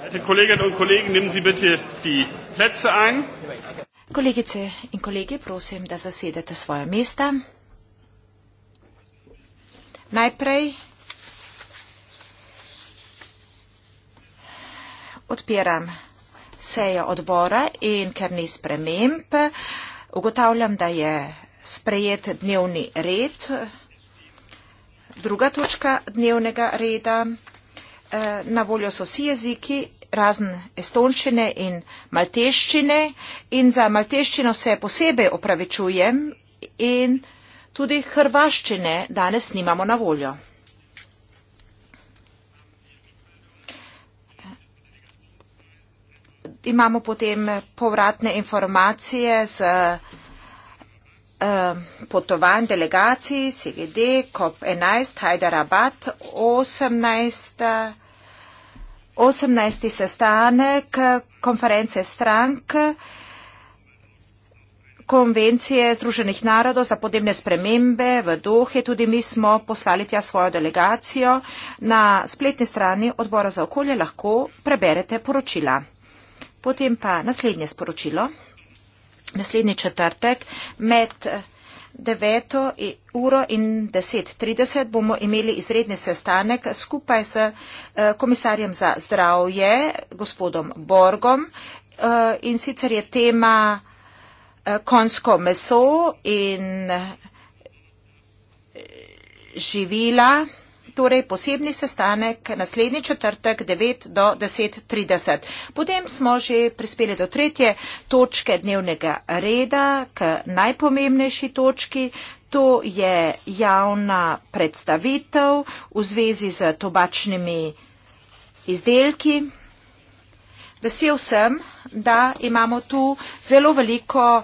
Herr ja Kollege und Kollegen, nehmen Sie bitte die Plätze ein. Kolegice in kolege, prosim, da zasedete svoje mesta. Najprej odpiram sejo odbora in ker ni sprememb, ugotavljam, da je sprejet dnevni red druga točka dnevnega reda. Eh, na voljo so vsi jeziki, razen estonščine in malteščine. In za malteščino se posebej opravičujem in tudi hrvaščine danes nimamo na voljo. Imamo potem povratne informacije z informacijami, potovanj delegacij CGD, COP11, Hajderabad 18. 18. sestanek konference strank konvencije Združenih narodov za podnebne spremembe v Dohe. Tudi mi smo poslali tja svojo delegacijo. Na spletni strani odbora za okolje lahko preberete poročila. Potem pa naslednje sporočilo naslednji četrtek med 9. Eh, uro in 10.30 bomo imeli izredni sestanek skupaj s eh, komisarjem za zdravje, gospodom Borgom. Eh, in sicer je tema konsko meso in živila torej posebni sestanek naslednji četrtek 9 do 10.30. Potem smo že prispeli do tretje točke dnevnega reda, k najpomembnejši točki. To je javna predstavitev v zvezi z tobačnimi izdelki. Vesel sem, da imamo tu zelo veliko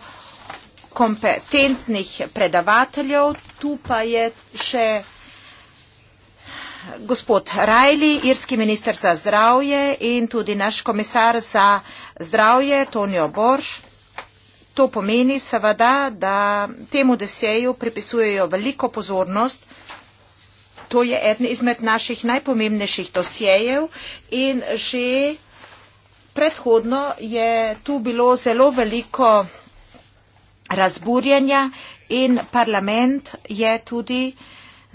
kompetentnih predavateljev. Tu pa je še gospod Rajli, irski minister za zdravje in tudi naš komisar za zdravje, Tonio Borš. To pomeni seveda, da temu deseju pripisujejo veliko pozornost. To je eden izmed naših najpomembnejših dosjejev in že predhodno je tu bilo zelo veliko razburjenja in parlament je tudi uh,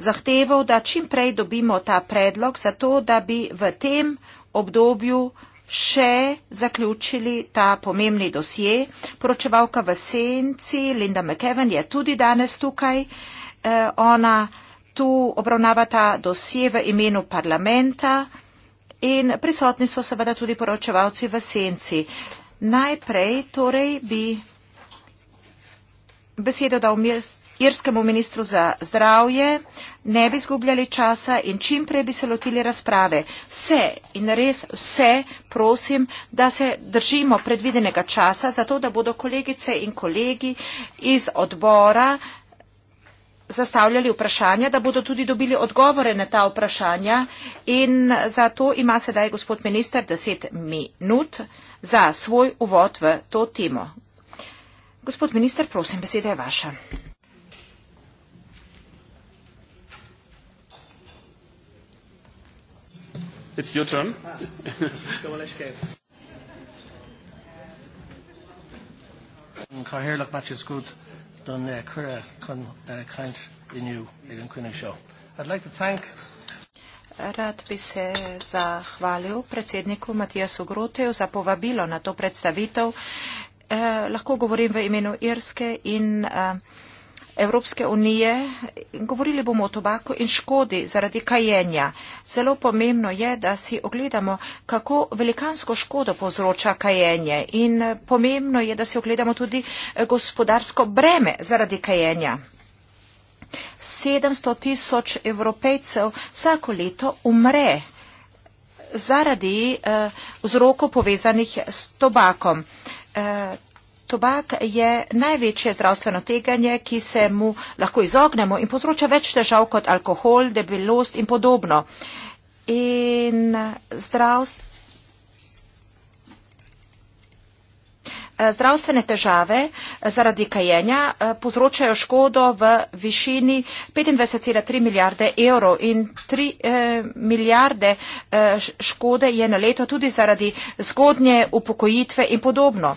zahteval, da čim prej dobimo ta predlog, zato da bi v tem obdobju še zaključili ta pomembni dosje. Poročevalka v senci Linda McKeven je tudi danes tukaj. Eh, ona tu obravnava ta dosje v imenu parlamenta in prisotni so seveda tudi poročevalci v senci. Najprej torej bi besedo dal irskemu ministru za zdravje. Eh, ne bi zgubljali časa in čim prej bi se lotili razprave. Vse in res vse prosim, da se držimo predvidenega časa, zato da bodo kolegice in kolegi iz odbora zastavljali vprašanja, da bodo tudi dobili odgovore na ta vprašanja in zato ima sedaj gospod minister deset minut za svoj uvod v to temo. Gospod minister, prosim, beseda je vaša. It's your turn. Cahirlach matches good don eh, cura eh, con kind eh, in you in Quinnish show. I'd like to thank Rad bi se zahvalil predsedniku Matijasu Groteju za povabilo na to predstavitev. Eh, lahko govorim v imenu Irske in eh, Evropske unije. Govorili bomo o tobaku in škodi zaradi kajenja. Zelo pomembno je, da si ogledamo, kako velikansko škodo povzroča kajenje in eh, pomembno je, da si ogledamo tudi eh, gospodarsko breme zaradi kajenja. 700 tisoč evropejcev vsako leto umre zaradi eh, vzrokov povezanih s tobakom. Tobak je največje zdravstveno teganje, ki se mu lahko izognemo in povzroča več težav kot alkohol, debelost in podobno. In zdravstvene težave zaradi kajenja povzročajo škodo v višini 25,3 milijarde evrov in 3 eh, milijarde eh, škode je na leto tudi zaradi zgodnje upokojitve in podobno.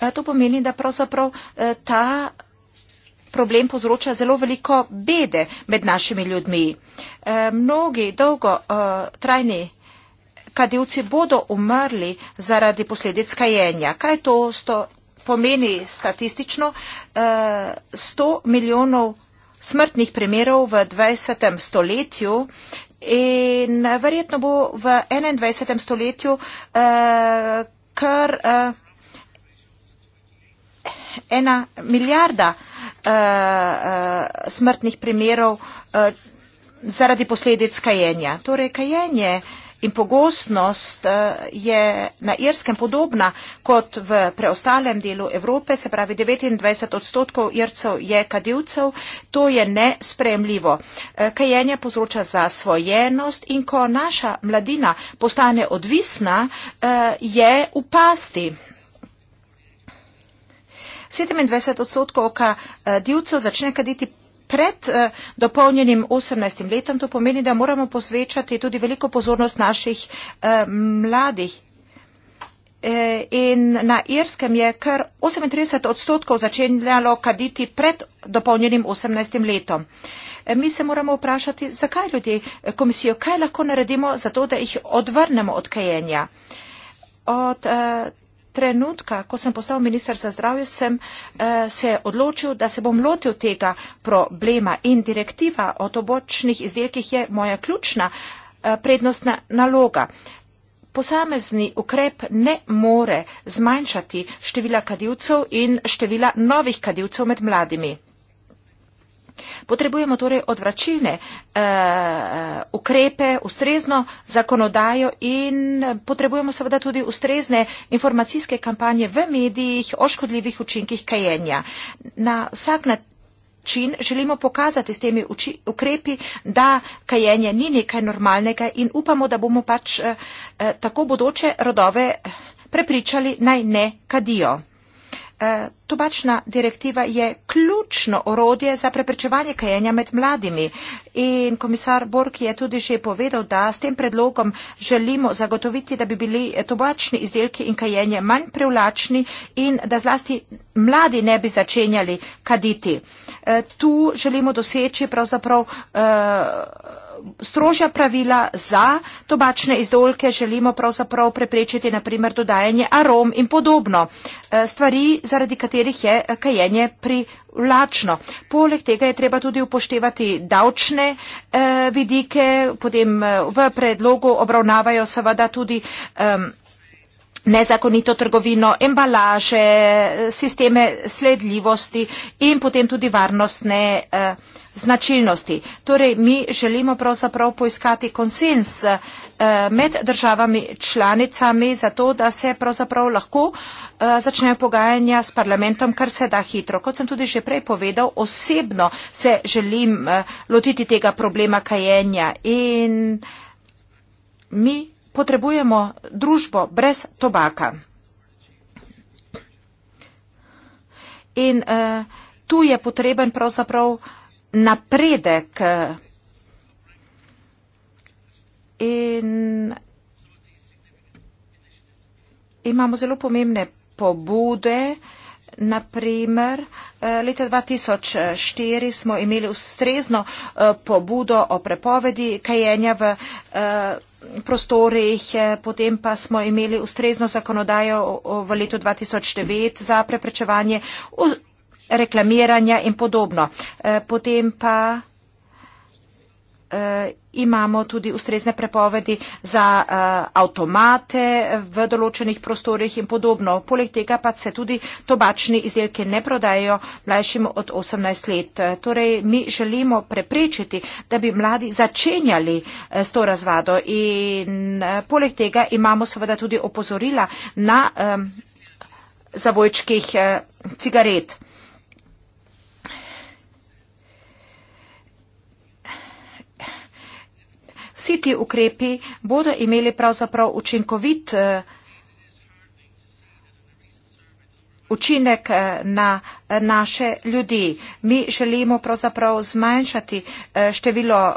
Eh, to pomeni, da pravzaprav eh, ta problem povzroča zelo veliko bede med našimi ljudmi. Eh, mnogi dolgo trajni kadilci bodo umrli zaradi posledic kajenja. Kaj to sto, pomeni statistično? 100 milijonov smrtnih primerov v 20. stoletju in verjetno bo v 21. stoletju kar ena milijarda uh, uh, smrtnih primerov uh, zaradi posledic kajenja. Torej, kajenje in pogostnost uh, je na Irskem podobna kot v preostalem delu Evrope, se pravi 29 odstotkov Ircev je kadilcev, to je nespremljivo. Uh, kajenje povzroča zasvojenost in ko naša mladina postane odvisna, uh, je upasti. 27 odstotkov kadilcev eh, začne kaditi pred eh, dopolnjenim 18. letom. To pomeni, da moramo posvečati tudi veliko pozornost naših eh, mladih. In na Irskem je kar 38 odstotkov začenjalo kaditi pred dopolnjenim 18. letom. Mi se moramo vprašati, zakaj ljudje komisijo, kaj lahko naredimo za to, da jih odvrnemo od kajenja. Od trenutka, ko sem postal minister za zdravje, sem eh, se odločil, da se bom lotil tega problema in direktiva o tobočnih izdelkih je moja ključna eh, prednostna naloga. Posamezni ukrep ne more zmanjšati števila kadilcev in števila novih kadilcev med mladimi. Potrebujemo torej odvračilne eh, ukrepe, ustrezno zakonodajo in potrebujemo seveda tudi ustrezne informacijske kampanje v medijih o škodljivih učinkih kajenja. Na vsak način želimo pokazati s temi uči, ukrepi, da kajenje ni nekaj normalnega in upamo, da bomo pač eh, eh tako bodoče rodove prepričali naj ne kadijo. Eh, tobačna direktiva je ključno orodje za preprečevanje kajenja med mladimi. In komisar Bork je tudi že povedal, da s tem predlogom želimo zagotoviti, da bi bili eh, tobačni izdelki in kajenje manj privlačni in da zlasti mladi ne bi začenjali kaditi. Eh, tu želimo doseči pravzaprav. Uh, strožja pravila za tobačne izdolke, želimo pravzaprav preprečiti naprimer dodajanje arom in podobno, eh, stvari, zaradi katerih je eh, kajenje privlačno. Poleg tega je treba tudi upoštevati davčne eh, vidike, potem v predlogu obravnavajo seveda tudi nezakonito trgovino, embalaže, sisteme sledljivosti in potem tudi varnostne eh, značilnosti. Torej, mi želimo pravzaprav poiskati konsens eh, med državami članicami za to, da se pravzaprav lahko eh, začnejo pogajanja s parlamentom, kar se da hitro. Kot sem tudi že prej povedal, osebno se želim eh, lotiti tega problema kajenja in mi potrebujemo družbo brez tobaka. In eh, tu je potreben pravzaprav napredek. In imamo zelo pomembne pobude. Naprimer, eh, leta 2004 smo imeli ustrezno eh, pobudo o prepovedi kajenja v eh, prostorih, eh, potem pa smo imeli ustrezno zakonodajo v letu 2009 za preprečevanje reklamiranja in podobno. Eh, potem pa eh, imamo tudi ustrezne prepovedi za eh, avtomate v določenih prostorih in podobno. Poleg tega pa se tudi tobačni izdelki ne prodajajo mlajšim od 18 let. Torej, mi želimo preprečiti, da bi mladi začenjali eh, s to razvado in eh, poleg tega imamo seveda tudi opozorila na zavojčkih cigaret. Vsi ti ukrepi bodo imeli pravzaprav učinkovit eh, učinek eh, na eh, naše ljudi. Mi želimo pravzaprav zmanjšati število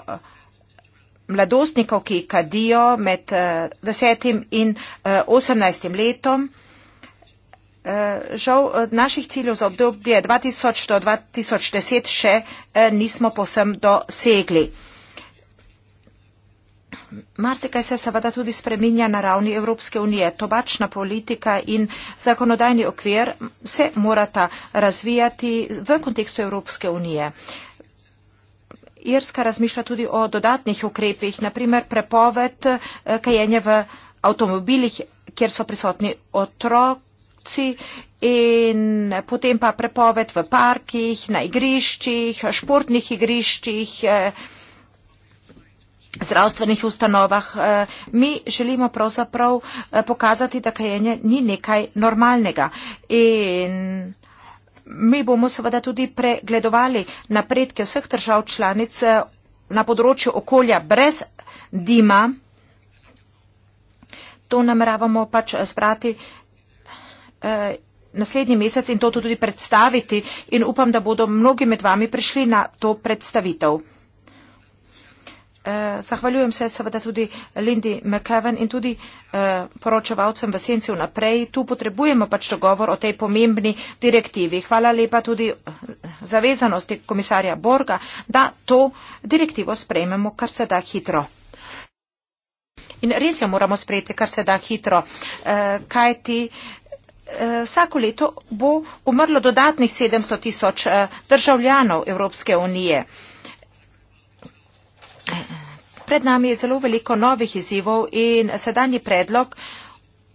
mladostnikov, ki kadijo med 10. in 18. letom. Žal naših ciljev za obdobje 2000 do 2010 še nismo posem dosegli. Marsikaj se seveda tudi spreminja na ravni Evropske unije. Tobačna politika in zakonodajni okvir se morata razvijati v kontekstu Evropske unije. Irska razmišlja tudi o dodatnih ukrepih, naprimer prepoved eh, kajenja v avtomobilih, kjer so prisotni otroci in potem pa prepoved v parkih, na igriščih, športnih igriščih. Eh, zdravstvenih ustanovah. Eh, mi želimo pravzaprav eh, pokazati, da kajenje ni nekaj normalnega. In mi bomo seveda tudi pregledovali napredke vseh držav članic eh, na področju okolja brez dima. To nameravamo pač zbrati naslednji mesec in to tudi predstaviti in upam, da bodo mnogi med vami prišli na to predstavitev. Eh, zahvaljujem se seveda tudi Lindi McKeven in tudi eh, poročevalcem v senci vnaprej. Tu potrebujemo pač dogovor o tej pomembni direktivi. Hvala lepa tudi eh, zavezanosti komisarja Borga, da to direktivo sprejmemo kar se da hitro. In res jo moramo sprejeti kar se da hitro, eh, kaj ti. Eh, vsako leto bo umrlo dodatnih 700 tisoč eh, državljanov Evropske unije. Pred nami je zelo veliko novih izzivov in sedanji predlog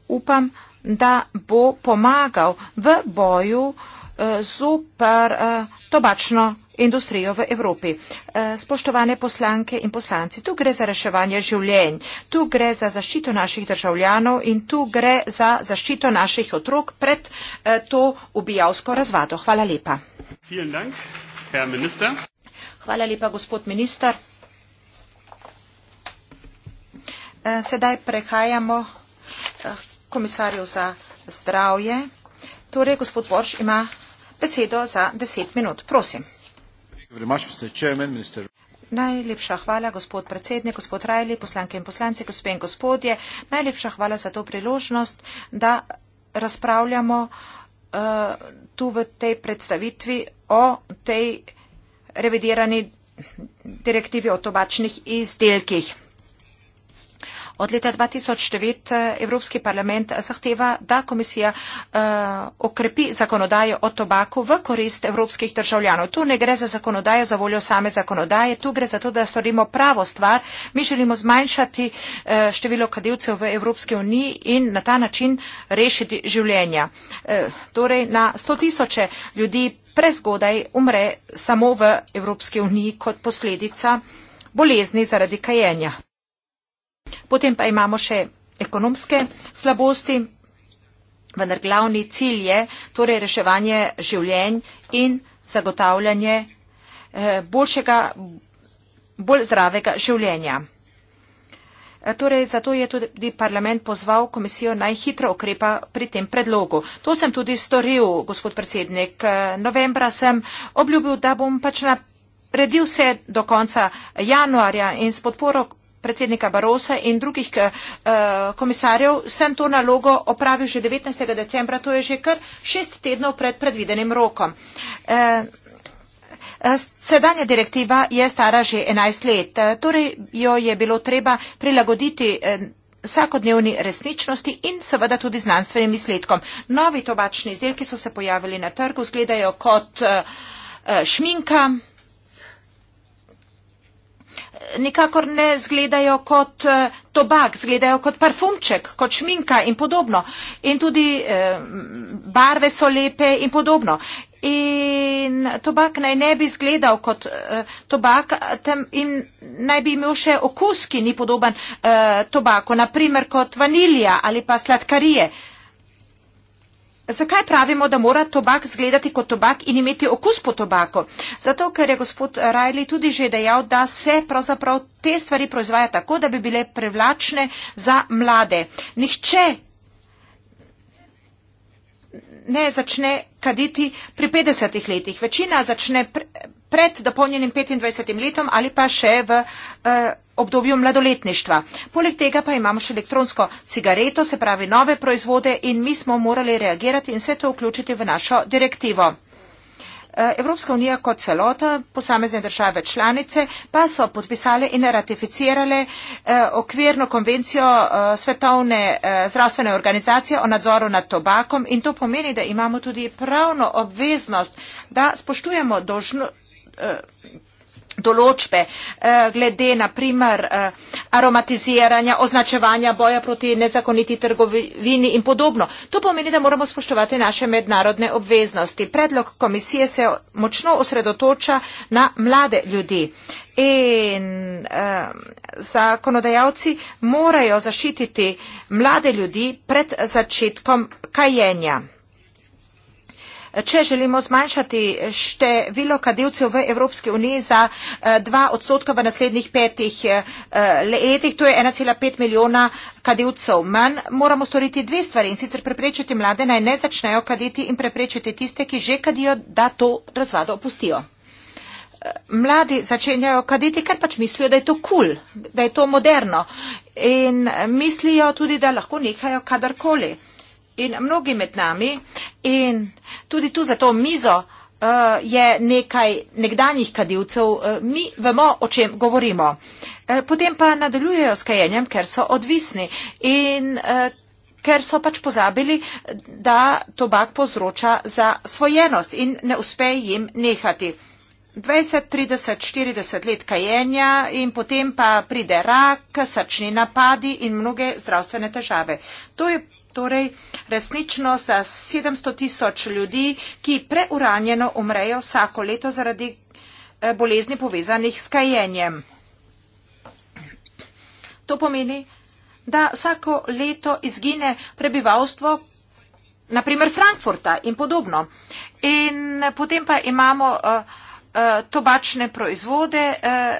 upam, da bo pomagal v boju eh, zoper eh, tobačno industrijo v Evropi. Eh, spoštovane poslanke in poslanci, tu gre za reševanje življenj, tu gre za zaščito naših državljanov in tu gre za zaščito naših otrok pred to ubijavsko razvado. Hvala lepa. Hvala lepa, gospod minister. Eh, sedaj prehajamo eh, komisarju za zdravje. Torej, gospod Borš ima besedo za deset minut. Prosim. Najlepša hvala, gospod predsednik, gospod Rajli, poslanke in poslanci, gospe in gospodje. Najlepša hvala za to priložnost, da razpravljamo uh, tu v tej predstavitvi o tej revidirani direktivi o tobačnih izdelkih. Od leta 2009 eh, Evropski parlament zahteva, da komisija eh, okrepi zakonodajo o tobaku v korist evropskih državljanov. Tu ne gre za zakonodajo za voljo same zakonodaje, tu gre za to, da storimo pravo stvar. Mi želimo zmanjšati eh, število kadilcev v Evropski uniji in na ta način rešiti življenja. Torej na 100 tisoče ljudi prezgodaj umre samo v Evropski uniji kot posledica bolezni zaradi kajenja. Potem pa imamo še ekonomske slabosti, vendar glavni cilj je torej reševanje življenj in zagotavljanje eh, boljšega, bolj zdravega življenja. Eh, torej, zato je tudi parlament pozval komisijo najhitro okrepa pri tem predlogu. To sem tudi storil, gospod predsednik. Eh, novembra sem obljubil, da bom pač napredil vse do konca januarja in s podporo predsednika Barosa in drugih eh, komisarjev, sem to nalogo opravil že 19. decembra, to je že kar šest tednov pred predvidenim rokom. Eh, eh, sedanja direktiva je stara že 11 let, torej jo je bilo treba prilagoditi vsakodnevni resničnosti in seveda tudi znanstvenim izsledkom. Novi tobačni izdelki so se pojavili na trgu, zgledajo kot šminka, nikakor ne zgledajo kot eh, tobak, zgledajo kot parfumček, kot šminka in podobno. In tudi eh, barve so lepe in podobno. In tobak naj ne bi zgledal kot eh, tobak tem, in naj bi imel še okus, ki ni podoben eh, tobaku, naprimer kot vanilija ali pa sladkarije. Eh, Zakaj pravimo, da mora tobak zgledati kot tobak in imeti okus po tobaku? Zato, ker je gospod Rajli tudi že dejal, da se pravzaprav te stvari proizvaja tako, da bi bile prevlačne za mlade. Nihče ne začne kaditi pri 50 letih. Večina začne pre, pred dopolnjenim 25 letom ali pa še v uh, obdobju mladoletništva. Poleg tega pa imamo še elektronsko cigareto, se pravi nove proizvode in mi smo morali reagirati in vse to vključiti v našo direktivo. Eh, Evropska unija kot celota, posamezne države članice pa so podpisale in ratificirale eh, okvirno konvencijo eh, Svetovne eh, zdravstvene organizacije o nadzoru nad tobakom in to pomeni, da imamo tudi pravno obveznost, da spoštujemo dožnost Eh, določbe eh, glede na primer eh, aromatiziranja, označevanja, boja proti nezakoniti trgovini in podobno. To pomeni, da moramo spoštovati naše mednarodne obveznosti. Predlog komisije se močno osredotoča na mlade ljudi in eh, zakonodajalci morajo zaščititi mlade ljudi pred začetkom kajenja če želimo zmanjšati število kadilcev v Evropski uniji za 2 eh, odstotka v naslednjih petih eh, letih, to je 1,5 milijona kadilcev manj, moramo storiti dve stvari in sicer preprečiti mlade naj ne začnejo kaditi in preprečiti tiste, ki že kadijo, da to razvado opustijo. Eh, mladi začenjajo kaditi, ker pač mislijo, da je to kul, cool, da je to moderno in mislijo tudi, da lahko nekajo kadarkoli in mnogi med nami in tudi tu za to mizo eh, je nekaj nekdanjih kadilcev, eh, mi vemo, o čem govorimo. Eh, potem pa nadaljujejo s kajenjem, ker so odvisni in ker so pač pozabili, da tobak povzroča zasvojenost in ne uspe jim nehati. 20, 30, 40 let kajenja in potem pa pride rak, srčni napadi in mnoge zdravstvene težave. To je torej resnično za 700 tisoč ljudi, ki preuranjeno umrejo vsako leto zaradi eh, bolezni povezanih s kajenjem. To pomeni, da vsako leto izgine prebivalstvo, naprimer Frankfurta in podobno. In potem pa imamo uh, uh, tobačne proizvode. Uh,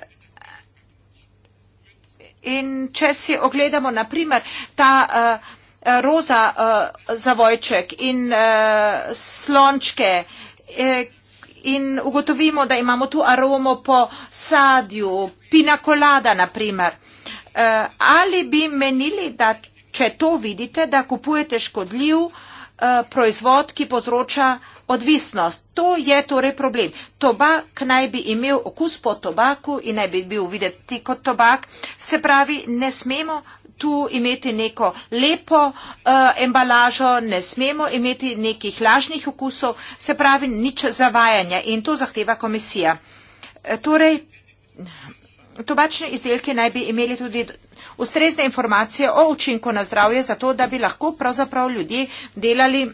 In če si ogledamo naprimer ta uh, roza uh, zavojček in uh, slončke eh, in ugotovimo, da imamo tu aromo po sadju, pinakolada naprimer. Uh, eh, ali bi menili, da če to vidite, da kupujete škodljiv uh, proizvod, ki povzroča odvisnost? To je torej problem. Tobak naj bi imel okus po tobaku in naj bi bil videti kot tobak. Se pravi, ne smemo tu imeti neko lepo uh, embalažo, ne smemo imeti nekih lažnih okusov, se pravi, nič zavajanja in to zahteva komisija. Eh, torej, tobačne izdelke naj bi imeli tudi ustrezne informacije o učinku na zdravje, zato da bi lahko pravzaprav ljudje delali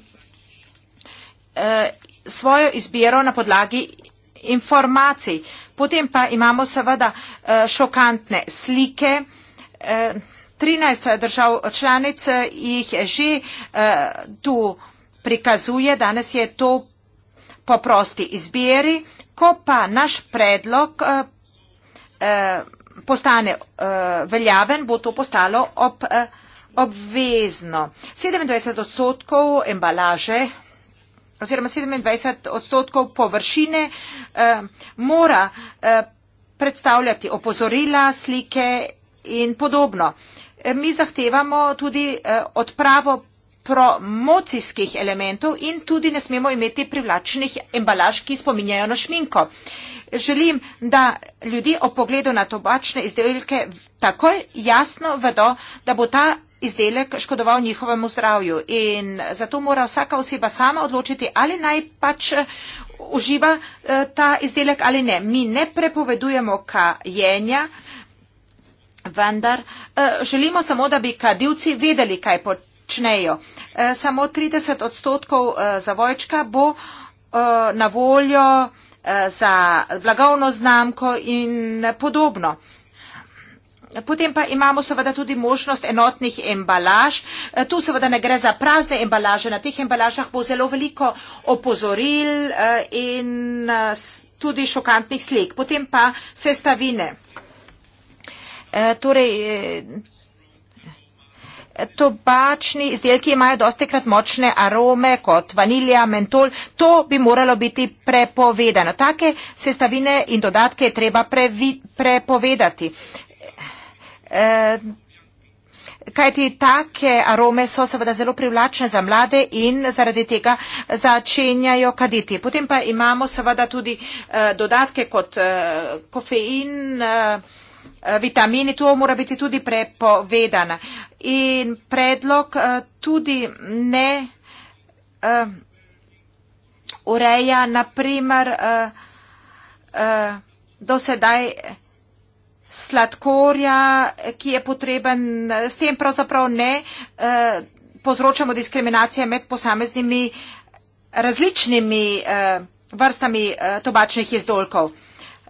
eh, svojo izbiro na podlagi informacij. Potem pa imamo seveda eh, šokantne slike. Eh, 13 držav članic jih že eh, tu prikazuje, danes je to po prosti izbiri, ko pa naš predlog eh, eh, postane veljaven, bo to postalo obvezno. 27 odstotkov embalaže oziroma 27 odstotkov površine mora predstavljati opozorila, slike in podobno mi zahtevamo tudi eh, odpravo promocijskih elementov in tudi ne smemo imeti privlačnih embalaž, ki spominjajo na šminko. Želim, da ljudi o pogledu na tobačne izdelke takoj jasno vedo, da bo ta izdelek škodoval njihovemu zdravju in zato mora vsaka oseba sama odločiti, ali naj pač eh, uživa eh, ta izdelek ali ne. Mi ne prepovedujemo kajenja, vendar eh, želimo samo, da bi kadilci vedeli, kaj počnejo. Eh, samo 30 odstotkov eh, zavojčka bo na voljo za blagovno znamko in podobno. Potem pa imamo seveda tudi možnost enotnih embalaž. Tu seveda ne gre za prazne embalaže, na teh embalažah bo zelo veliko opozoril in tudi šokantnih slik. Potem pa sestavine. Eh, torej, eh, tobačni izdelki imajo dosti krat močne arome kot vanilija, mentol, to bi moralo biti prepovedano. Take sestavine in dodatke je treba previ, prepovedati. Eh, Kaj ti take arome so seveda zelo privlačne za mlade in zaradi tega začenjajo kaditi. Potem pa imamo seveda tudi dodatke kot kofein, Eh, vitamini, to mora biti tudi prepovedan. In predlog eh, tudi ne uh, ureja, naprimer, uh, uh, do sedaj sladkorja, ki je potreben, s tem pravzaprav ne uh, povzročamo diskriminacije med posameznimi različnimi uh, vrstami uh, tobačnih izdolkov.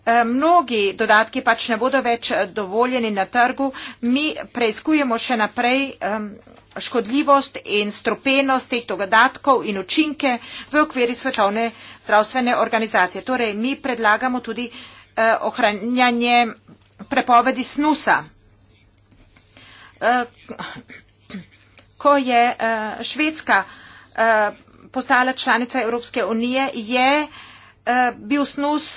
Eh, mnogi dodatki pač ne bodo več eh, dovoljeni na trgu. Mi preizkujemo še naprej škodljivost in stropenost teh dodatkov in učinke v okviri svetovne zdravstvene organizacije. Torej, mi predlagamo tudi eh, ohranjanje prepovedi snusa. Ko je Švedska postala članica Evropske unije, je bil snus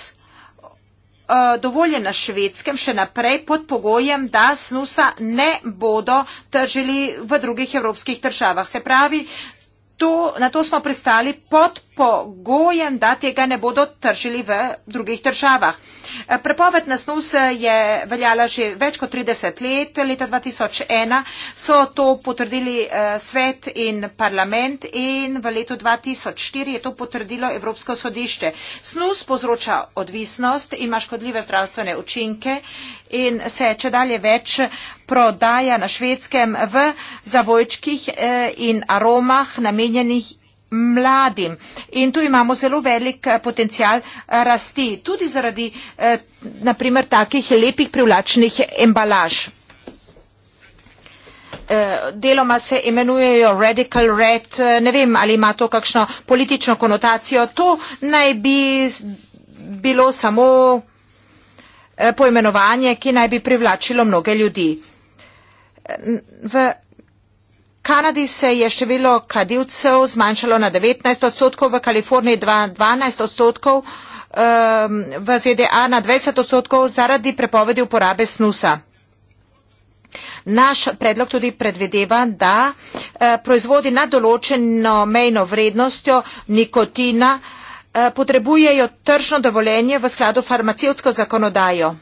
Eh, dovoljen na švedskem še naprej pod pogojem, da snusa ne bodo tržili v drugih evropskih državah. Se pravi, to, na to smo pristali pod pogojem, da tega ne bodo tržili v drugih državah. Eh, prepoved na snus eh, je veljala že več kot 30 let. Leta 2001 so to potrdili eh, svet in parlament in v letu 2004 je to potrdilo Evropsko sodišče. Snus povzroča odvisnost, ima škodljive zdravstvene učinke in se če dalje več prodaja na švedskem v zavojčkih in aromah namenjenih mladim. In tu imamo zelo velik eh, potencial eh, rasti, tudi zaradi eh, naprimer takih lepih privlačnih embalaž. Deloma se imenujejo Radical Red, ne vem, ali ima to kakšno politično konotacijo. To naj bi bilo samo poimenovanje, ki naj bi privlačilo mnoge ljudi. V Kanadi se je število kadilcev zmanjšalo na 19 odstotkov, v Kaliforniji 12 odstotkov, ehm, v ZDA na 20 odstotkov zaradi prepovedi uporabe snusa. Naš predlog tudi predvedeva, da eh, proizvodi nad določeno mejno vrednostjo nikotina eh, potrebujejo tržno dovoljenje v skladu farmacijsko zakonodajo.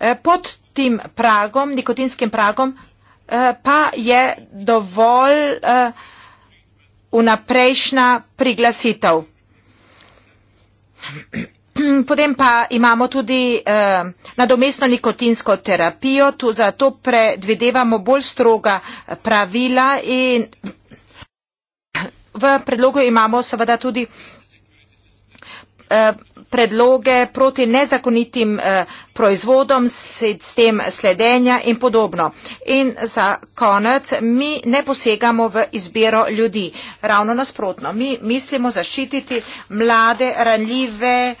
Eh, pod tem pragom, nikotinskim pragom, Eh, pa je dovolj eh, vnaprejšnja priglasitev. Potem pa imamo tudi eh, nadomestno nikotinsko terapijo, tu zato predvidevamo bolj stroga pravila in v predlogu imamo seveda tudi eh, predloge proti nezakonitim eh, proizvodom, s tem sledenja in podobno. In za konec, mi ne posegamo v izbiro ljudi. Ravno nasprotno, mi mislimo zaščititi mlade, ranljive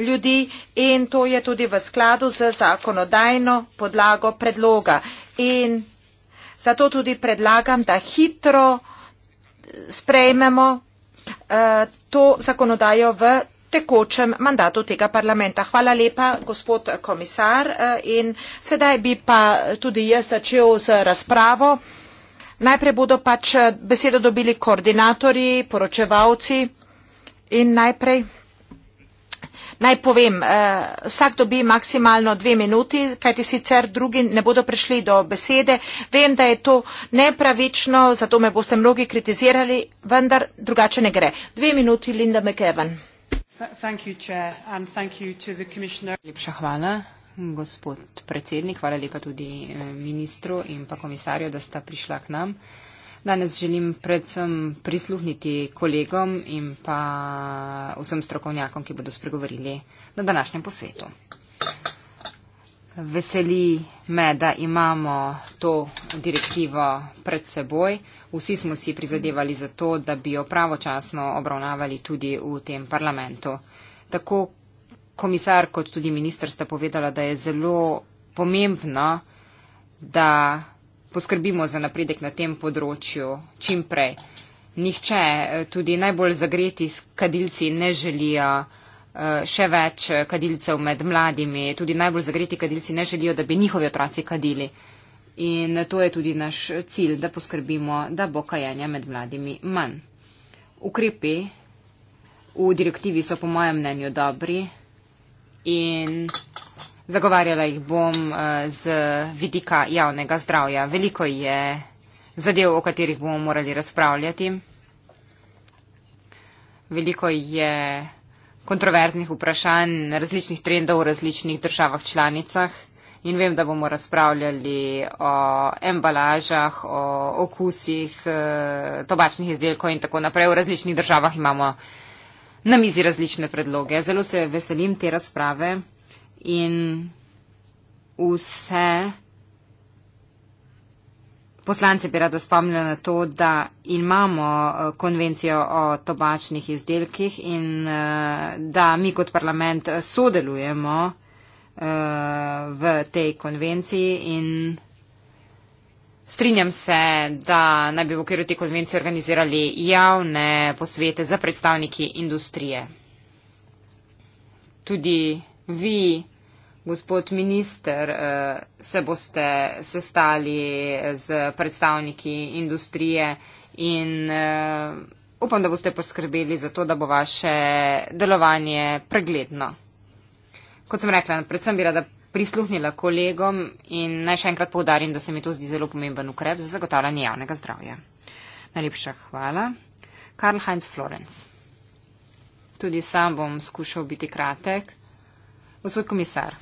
ljudi in to je tudi v skladu z zakonodajno podlago predloga. In zato tudi predlagam, da hitro sprejmemo eh, to zakonodajo v tekočem mandatu tega parlamenta. Hvala lepa, gospod komisar. Eh, in sedaj bi pa tudi jaz začel z razpravo. Najprej bodo pač eh, besedo dobili koordinatorji, poročevalci in najprej. Naj povem, eh, vsak dobi maksimalno dve minuti, kajti sicer drugi ne bodo prišli do besede. Vem, da je to nepravično, zato me boste mnogi kritizirali, vendar drugače ne gre. Dve minuti, Linda McEwan. Lepša hvala, gospod predsednik, hvala lepa tudi eh, ministru in pa komisarju, da sta prišla k nam. Danes želim predvsem prisluhniti kolegom in pa vsem strokovnjakom, ki bodo spregovorili na današnjem posvetu. Veseli me, da imamo to direktivo pred seboj. Vsi smo si prizadevali za to, da bi jo pravočasno obravnavali tudi v tem parlamentu. Tako komisar kot tudi minister sta povedala, da je zelo pomembno, da poskrbimo za napredek na tem področju čim prej. Nihče, eh, tudi najbolj zagreti kadilci, ne želijo Eh, še več eh, kadilcev med mladimi. Tudi najbolj zagreti kadilci ne želijo, da bi njihovi otroci kadili. In to je tudi naš cilj, da poskrbimo, da bo kajanja med mladimi manj. Ukrepi v direktivi so po mojem mnenju dobri in zagovarjala jih bom eh, z vidika javnega zdravja. Veliko je zadev, o katerih bomo morali razpravljati. Veliko je kontroverznih vprašanj, različnih trendov v različnih državah članicah. In vem, da bomo razpravljali o embalažah, o okusih, eh, tobačnih izdelkov in tako naprej. V različnih državah imamo na mizi različne predloge. Zelo se veselim te razprave in vse. Poslanci bi rada spomnila na to, da imamo eh, konvencijo o tobačnih izdelkih in eh, da mi kot parlament sodelujemo eh, v tej konvenciji in strinjam se, da naj bi v okviru te konvencije organizirali javne posvete za predstavniki industrije. Tudi vi. Gospod minister, eh, se boste sestali z predstavniki industrije in eh, upam, da boste poskrbeli za to, da bo vaše delovanje pregledno. Kot sem rekla, predvsem bi rada prisluhnila kolegom in naj še enkrat povdarim, da se mi to zdi zelo pomemben ukrep za zagotavljanje javnega zdravja. Najlepša hvala. Karl Heinz Florenc. Tudi sam bom skušal biti kratek. Gospod komisar,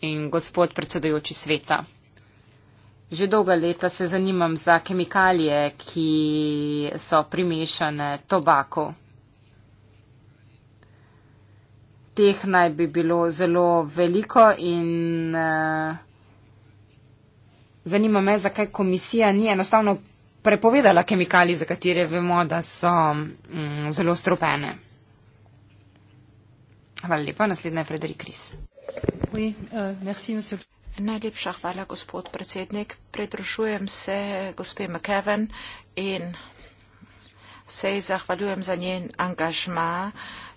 in gospod predsedujoči sveta. Že dolga leta se zanimam za kemikalije, ki so primešane tobaku. Teh naj bi bilo zelo veliko in uh, zanima me, zakaj komisija ni enostavno prepovedala kemikalij, za katere vemo, da so um, zelo stropene. Hvala lepa, naslednja je Frederik Kris. Oui, euh, merci, Najlepša hvala, gospod predsednik. Pridružujem se gospe McKevin in se ji zahvaljujem za njen angažma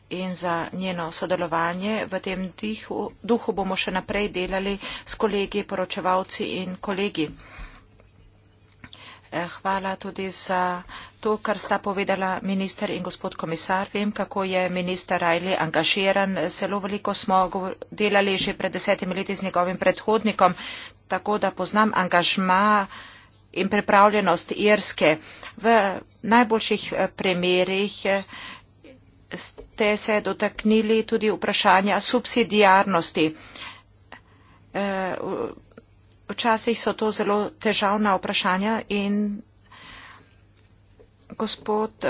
in za njeno sodelovanje. V tem dihu, duhu bomo še naprej delali s kolegi, poročevalci in kolegi. Hvala tudi za to, kar sta povedala minister in gospod komisar. Vem, kako je minister Rajli angažiran. Zelo veliko smo delali že pred desetimi leti z njegovim predhodnikom, tako da poznam angažma in pripravljenost Irske. V najboljših eh, primerih eh, ste se dotaknili tudi vprašanja subsidijarnosti. Eh, Včasih so to zelo težavna vprašanja in gospod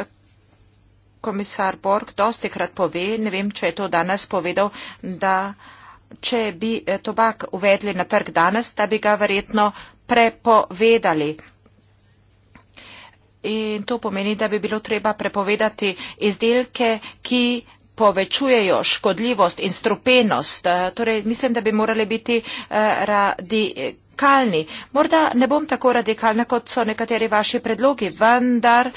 komisar Borg dosti krat pove, ne vem, če je to danes povedal, da če bi eh, tobak uvedli na trg danes, da bi ga verjetno prepovedali. In to pomeni, da bi bilo treba prepovedati izdelke, ki povečujejo škodljivost in strupenost. Eh, torej, mislim, da bi morali biti eh, radi radikalni. Morda ne bom tako radikalna, kot so nekateri vaši predlogi, vendar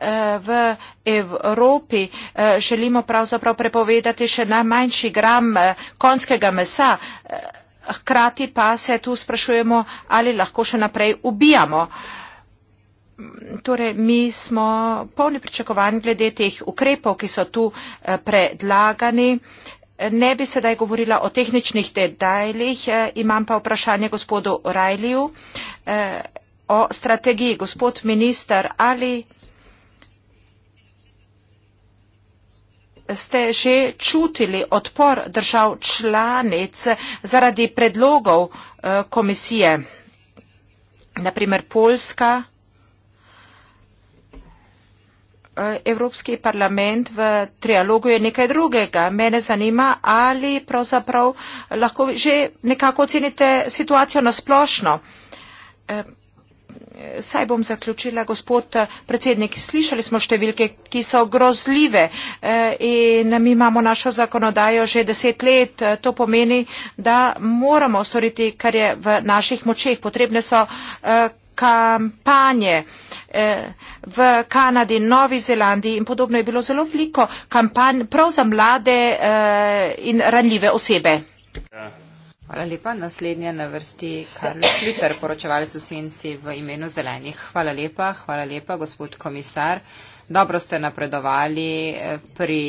eh, v Evropi eh, želimo pravzaprav prepovedati še najmanjši gram eh, konskega mesa, hkrati pa se tu sprašujemo, ali lahko še naprej ubijamo. Torej, mi smo polni pričakovanj glede teh ukrepov, ki so tu predlagani ne bi sedaj govorila o tehničnih detajlih, e, imam pa vprašanje gospodu Rajliju e, o strategiji. Gospod minister, ali ste že čutili odpor držav članic zaradi predlogov e, komisije, naprimer Poljska, Eh, Evropski parlament v trialogu je nekaj drugega. Mene zanima, ali pravzaprav lahko že nekako ocenite situacijo na splošno. Eh, saj bom zaključila, gospod eh, predsednik, slišali smo številke, ki so grozljive in mi imamo našo zakonodajo že deset let. To pomeni, da moramo storiti, kar je v naših močeh. Potrebne so kampanje eh, v Kanadi, Novi Zelandiji in podobno je bilo zelo veliko kampanj prav za mlade eh, in ranljive osebe. Hvala lepa. Naslednja na vrsti Karl Sliter, poročevalec v Senci v imenu Zelenih. Hvala lepa, hvala lepa, gospod komisar. Dobro ste napredovali eh, pri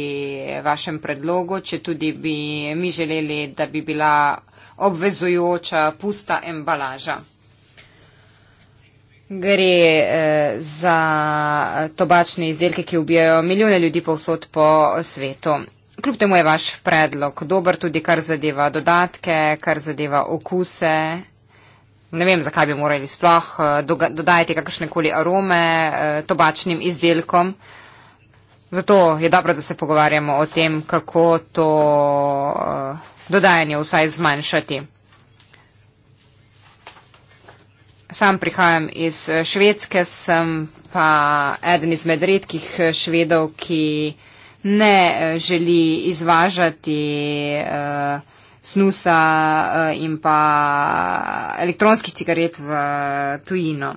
vašem predlogu, če tudi bi mi želeli, da bi bila obvezujoča pusta embalaža. Gre eh, za tobačne izdelke, ki ubijajo milijone ljudi povsod po svetu. Kljub temu je vaš predlog dober tudi, kar zadeva dodatke, kar zadeva okuse. Ne vem, zakaj bi morali sploh eh, doga, dodajati kakršnekoli arome eh, tobačnim izdelkom. Zato je dobro, da se pogovarjamo o tem, kako to eh, dodajanje vsaj zmanjšati. Sam prihajam iz eh, Švedske, sem pa eden izmed redkih eh, švedov, ki ne eh, želi izvažati uh, snusa in pa elektronskih cigaret v tujino.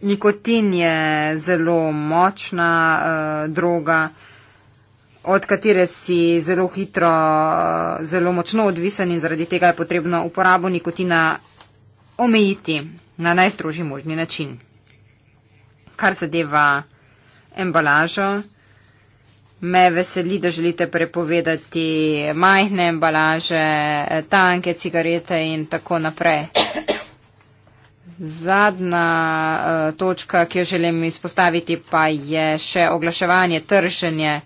Nikotin je zelo močna uh, droga, od katere si zelo hitro, uh, zelo močno odvisen in zaradi tega je potrebno uporabo nikotina omejiti na najstrožji možni način. Kar zadeva embalažo, me veseli, da želite prepovedati majhne embalaže, tanke, cigarete in tako naprej. Zadnja uh, točka, ki jo želim izpostaviti, pa je še oglaševanje, tršenje.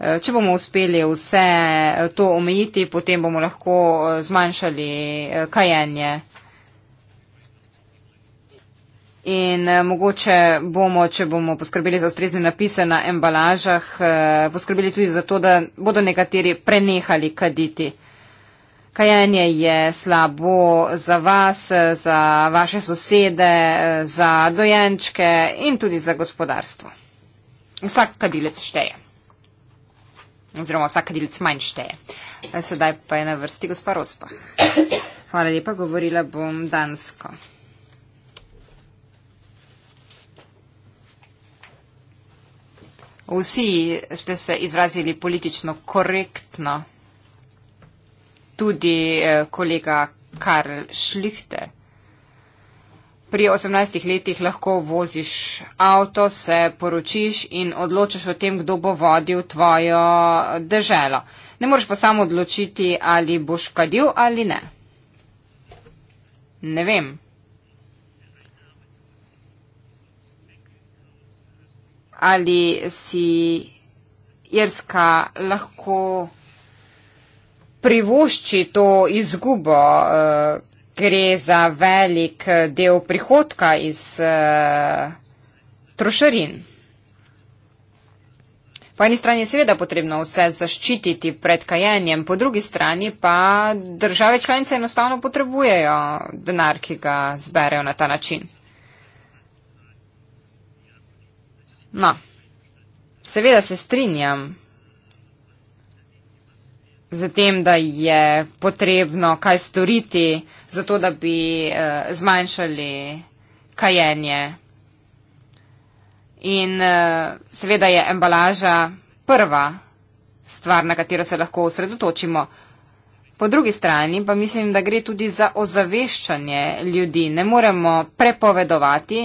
Eh, če bomo uspeli vse eh, to omejiti, potem bomo lahko zmanjšali kajenje in eh, mogoče bomo, če bomo poskrbeli za ustrezne napise na embalažah, eh, poskrbeli tudi za to, da bodo nekateri prenehali kaditi. Kajanje je slabo za vas, za vaše sosede, eh, za dojenčke in tudi za gospodarstvo. Vsak kadilec šteje. Oziroma vsak kadilec manj šteje. Sedaj pa je na vrsti gospa Rospa. Hvala lepa, govorila bom dansko. Vsi ste se izrazili politično korektno, tudi eh, kolega Karl Schlichter. Pri 18 letih lahko voziš avto, se poročiš in odločiš o tem, kdo bo vodil tvojo deželo. Ne moreš pa samo odločiti, ali boš kadil ali ne. Ne vem. ali si Irska lahko privošči to izgubo, eh, gre za velik eh, del prihodka iz eh, trošarin. Po eni strani je seveda potrebno vse zaščititi pred kajenjem, po drugi strani pa države članice enostavno potrebujejo denar, ki ga zberejo na ta način. No, seveda se strinjam z tem, da je potrebno kaj storiti, zato da bi uh, zmanjšali kajenje. In uh, seveda je embalaža prva stvar, na katero se lahko osredotočimo. Po drugi strani pa mislim, da gre tudi za ozaveščanje ljudi. Ne moremo prepovedovati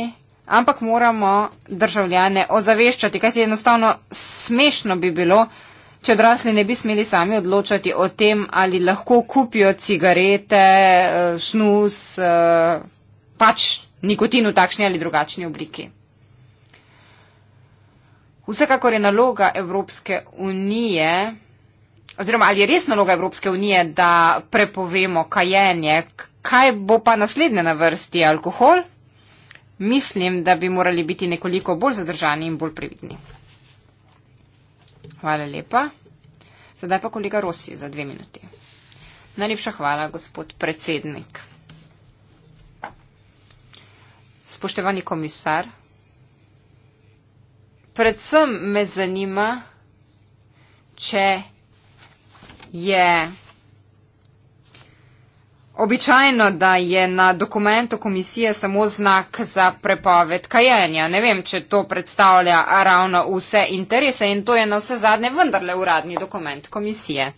ampak moramo državljane ozaveščati, kajti enostavno smešno bi bilo, če odrasli ne bi smeli sami odločati o tem, ali lahko kupijo cigarete, eh, snus, eh, pač nikotin v takšni ali drugačni obliki. Vsekakor je naloga Evropske unije, oziroma ali je res naloga Evropske unije, da prepovemo kajenje, kaj bo pa naslednje na vrsti alkohol? mislim, da bi morali biti nekoliko bolj zadržani in bolj previdni. Hvala lepa. Sedaj pa kolega Rosi za dve minuti. Najlepša hvala, gospod predsednik. Spoštovani komisar, predvsem me zanima, če je Običajno, da je na dokumentu komisije samo znak za prepoved kajenja. Ne vem, če to predstavlja ravno vse interese in to je na vse zadnje vendarle uradni dokument komisije.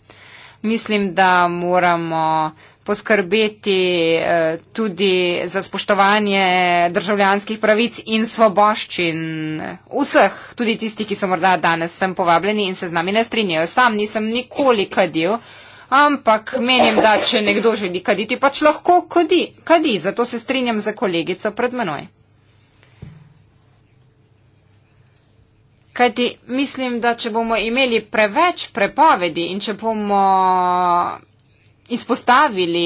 Mislim, da moramo poskrbeti eh, tudi za spoštovanje državljanskih pravic in svoboščin vseh, tudi tistih, ki so morda danes sem povabljeni in se z nami ne strinjajo. Sam nisem nikoli kadil ampak menim, da če nekdo želi kaditi, pač lahko kodi, kadi. Zato se strinjam za kolegico pred menoj. Kajti mislim, da če bomo imeli preveč prepovedi in če bomo izpostavili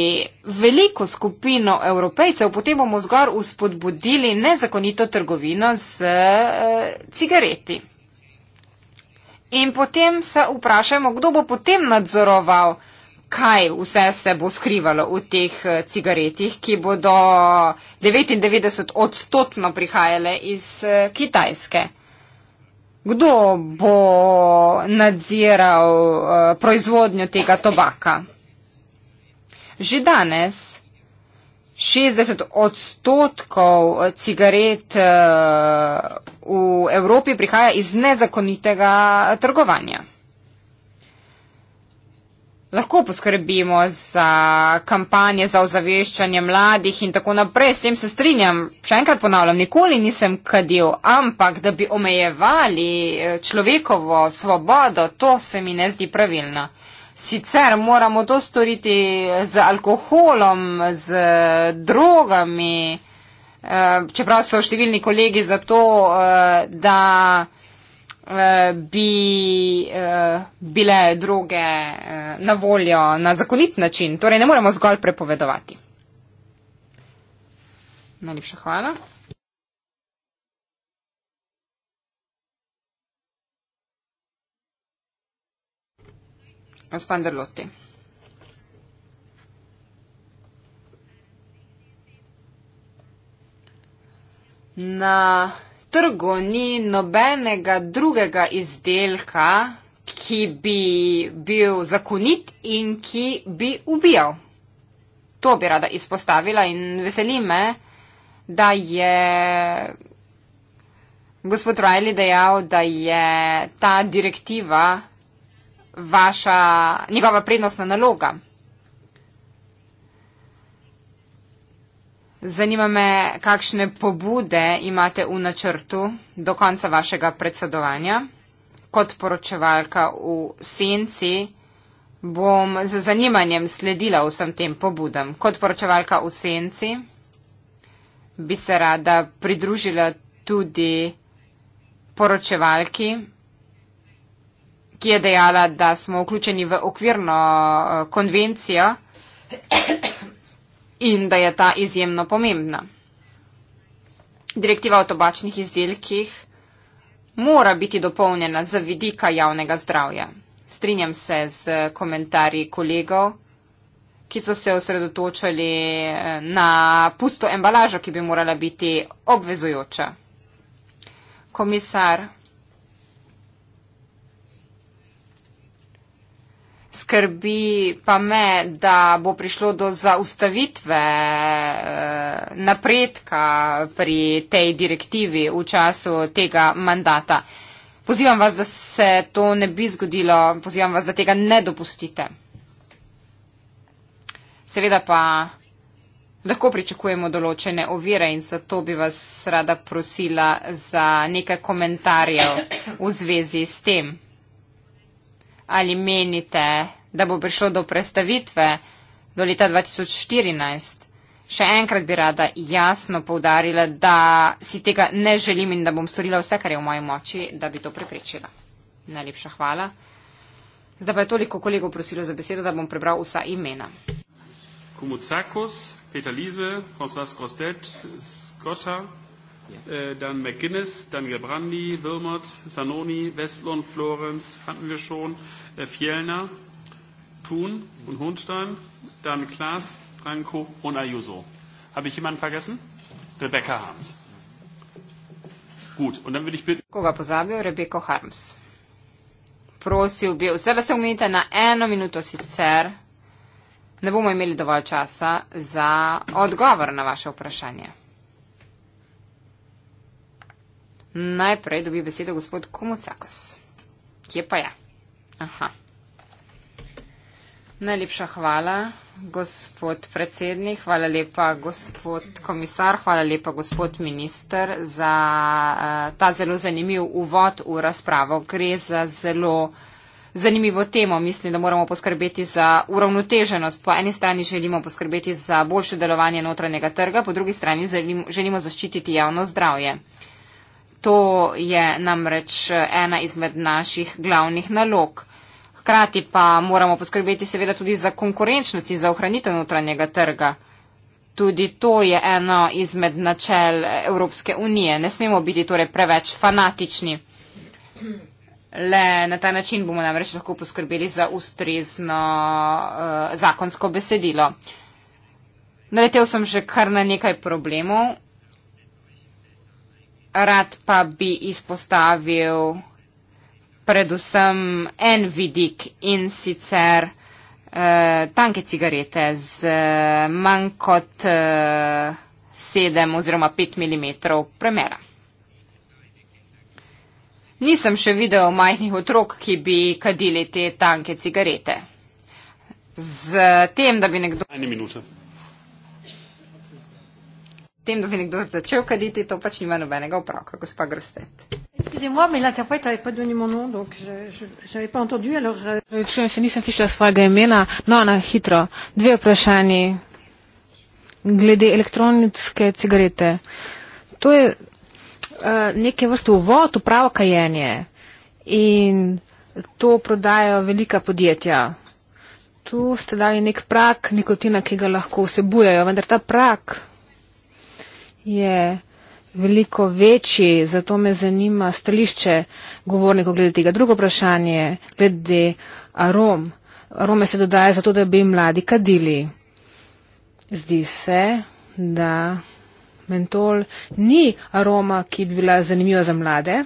veliko skupino evropejcev, potem bomo zgor uspodbudili nezakonito trgovino z e, cigareti. In potem se vprašajmo, kdo bo potem nadzoroval kaj vse se bo skrivalo v teh eh, cigaretih, ki bodo 99 odstotno prihajale iz eh, Kitajske. Kdo bo nadziral eh, proizvodnjo tega tobaka? Že danes 60 odstotkov cigaret v Evropi prihaja iz nezakonitega trgovanja lahko poskrbimo za kampanje za ozaveščanje mladih in tako naprej. S tem se strinjam. Še enkrat ponavljam, nikoli nisem kadil, ampak da bi omejevali eh, človekovo svobodo, to se mi ne zdi pravilno. Sicer moramo to storiti z alkoholom, z eh, drogami, eh, čeprav so številni kolegi za to, da. Eh, bi eh, bile droge eh, na voljo na zakonit način. Torej ne moremo zgolj prepovedovati. Najlepša hvala. Gospod Derloti. Na trgu ni nobenega drugega izdelka, ki bi bil zakonit in ki bi ubijal. To bi rada izpostavila in veseli me, da je gospod Riley dejal, da je ta direktiva vaša, njegova prednostna naloga. Zanima me, kakšne pobude imate v načrtu do konca vašega predsedovanja. Kot poročevalka v senci bom z zanimanjem sledila vsem tem pobudam. Kot poročevalka v senci bi se rada pridružila tudi poročevalki, ki je dejala, da smo vključeni v okvirno eh, konvencijo in da je ta izjemno pomembna. Direktiva o tobačnih izdelkih mora biti dopolnjena za vidika javnega zdravja. Strinjam se z komentarji kolegov, ki so se osredotočali eh, na pusto embalažo, ki bi morala biti obvezujoča. Komisar skrbi pa me, da bo prišlo do zaustavitve eh, napredka pri tej direktivi v času tega mandata. Pozivam vas, da se to ne bi zgodilo, pozivam vas, da tega ne dopustite. Seveda pa lahko pričakujemo določene ovire in zato bi vas rada prosila za nekaj komentarjev v zvezi s tem ali menite, da bo prišlo do predstavitve do leta 2014? Še enkrat bi rada jasno povdarila, da si tega ne želim in da bom storila vse, kar je v moji moči, da bi to preprečila. Najlepša hvala. Zdaj pa je toliko kolegov prosilo za besedo, da bom prebral vsa imena. Kumutsakos, Petalize, Hosvas Kostet, Skota. Ja. Äh, dann McGuinness, dann Gebrandi, Wilmot, Sanoni, Westlund, Florenz hatten wir schon, äh, Fjellner, Thun und Hohnstein, dann Klaas, Franco und Ayuso. Habe ich jemanden vergessen? Rebecca Harms. Gut, und dann würde ich bitten. Koga pozabil, Rebecca Harms. Prosil bi vse, da se umite na eno minuto sicer. Ne bomo imeli dovolj časa za odgovor na vaše vprašanje. Najprej dobi besedo gospod Komucakos. Kje pa je? Aha. Najlepša hvala, gospod predsednik, hvala lepa, gospod komisar, hvala lepa, gospod minister, za uh, ta zelo zanimiv uvod v razpravo. Gre za zelo zanimivo temo. Mislim, da moramo poskrbeti za uravnoteženost. Po eni strani želimo poskrbeti za boljše delovanje notranjega trga, po drugi strani želimo, želimo zaščititi javno zdravje. Uh, To je namreč eh, ena izmed naših glavnih nalog. Hkrati pa moramo poskrbeti seveda tudi za konkurenčnost in za ohranitev notranjega trga. Tudi to je eno izmed načel Evropske unije. Ne smemo biti torej preveč fanatični. Le na ta način bomo namreč lahko poskrbeli za ustrezno uh, zakonsko besedilo. Naletel sem že kar na nekaj problemov rad pa bi izpostavil predvsem en vidik in sicer eh, tanke cigarete z eh, manj kot eh, 7 oziroma 5 mm premera. Nisem še videl majhnih otrok, ki bi kadili te tanke cigarete. Z tem, da bi nekdo. Eno minuto tem, da bi nekdo začel kaditi, to pač nima nobenega opravka, gospa Grostet. Excusez-moi, mais l'interprète n'avait pas donné mon nom, donc je n'avais pas entendu. Alors, je ne sais pas si je suis imena. Non, non, hitro. Deux vprašanji. Glede elektronske cigarete. To je uh, neke vrste uvod v pravo kajenje in to prodajajo velika podjetja. Tu ste dali nek prak nikotina, ki ga lahko vsebujejo, vendar ta prak je veliko večji, zato me zanima stališče govornikov glede tega. Drugo vprašanje glede arom. Arome se dodaja zato, da bi mladi kadili. Zdi se, da mentol ni aroma, ki bi bila zanimiva za mlade.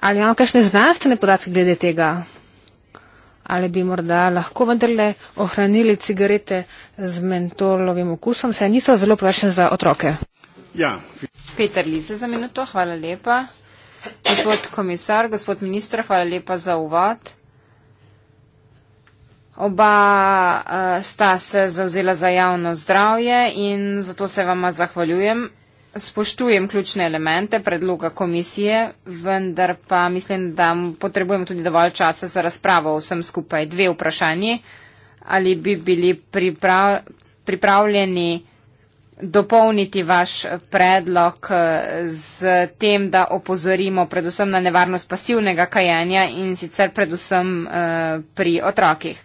Ali imamo kakšne znanstvene podatke glede tega? ali bi morda lahko vendarle ohranili cigarete z mentolovim okusom, saj niso zelo plašne za otroke. Ja. Peter Lice za minuto, hvala lepa. Gospod komisar, gospod ministr, hvala lepa za uvod. Oba uh, sta se zauzela za javno zdravje in zato se vama zahvaljujem spoštujem ključne elemente predloga komisije, vendar pa mislim, da potrebujemo tudi dovolj časa za razpravo o vsem skupaj. Dve vprašanje. Ali bi bili priprav, pripravljeni dopolniti vaš predlog z tem, da opozorimo predvsem na nevarnost pasivnega kajanja in sicer predvsem eh, pri otrokih?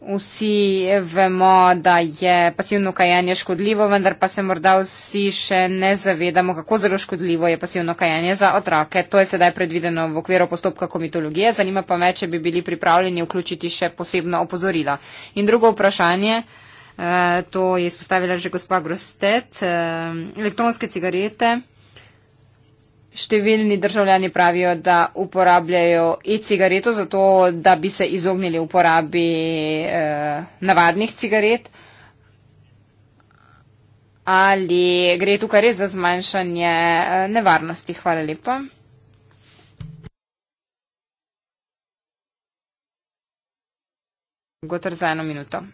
Vsi vemo, da je pasivno kajanje škodljivo, vendar pa se morda vsi še ne zavedamo, kako zelo škodljivo je pasivno kajanje za otroke. To je sedaj predvideno v okviru postopka komitologije. Zanima pa me, če bi bili pripravljeni vključiti še posebno opozorilo. In drugo vprašanje, eh, to je izpostavila že gospa Grostet, eh, elektronske cigarete. Številni državljani pravijo, da uporabljajo e-cigareto zato, da bi se izognili uporabi eh, navadnih cigaret. Ali gre tukaj res za zmanjšanje eh, nevarnosti? Hvala lepa. Gotr za eno minuto.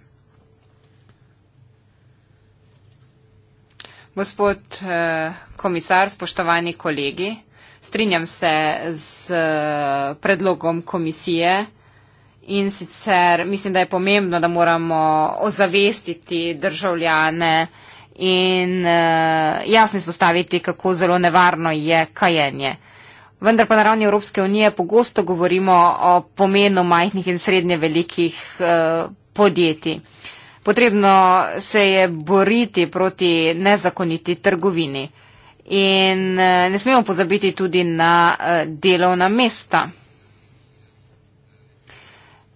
Gospod eh, komisar, spoštovani kolegi, strinjam se z eh, predlogom komisije in sicer mislim, da je pomembno, da moramo ozavestiti državljane in eh, jasno izpostaviti, kako zelo nevarno je kajenje. Vendar pa na ravni Evropske unije pogosto govorimo o pomenu majhnih in srednje velikih podjetij. Potrebno se je boriti proti nezakoniti trgovini in eh, ne smemo pozabiti tudi na eh, delovna mesta.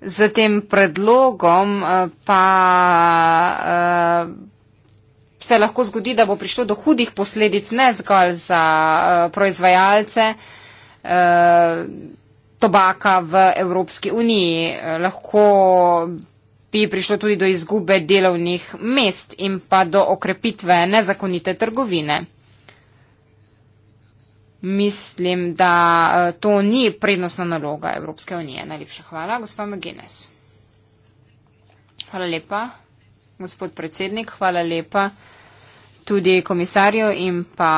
Z tem predlogom eh, pa se lahko zgodi, da bo prišlo do hudih posledic ne zgolj za proizvajalce tobaka v Evropski uniji. Lahko bi prišlo tudi do izgube delovnih mest in pa do okrepitve nezakonite trgovine. Mislim, da e, to ni prednostna naloga Evropske unije. Najlepša hvala, gospa McGuinness. Hvala lepa, gospod predsednik. Hvala lepa tudi komisarju in pa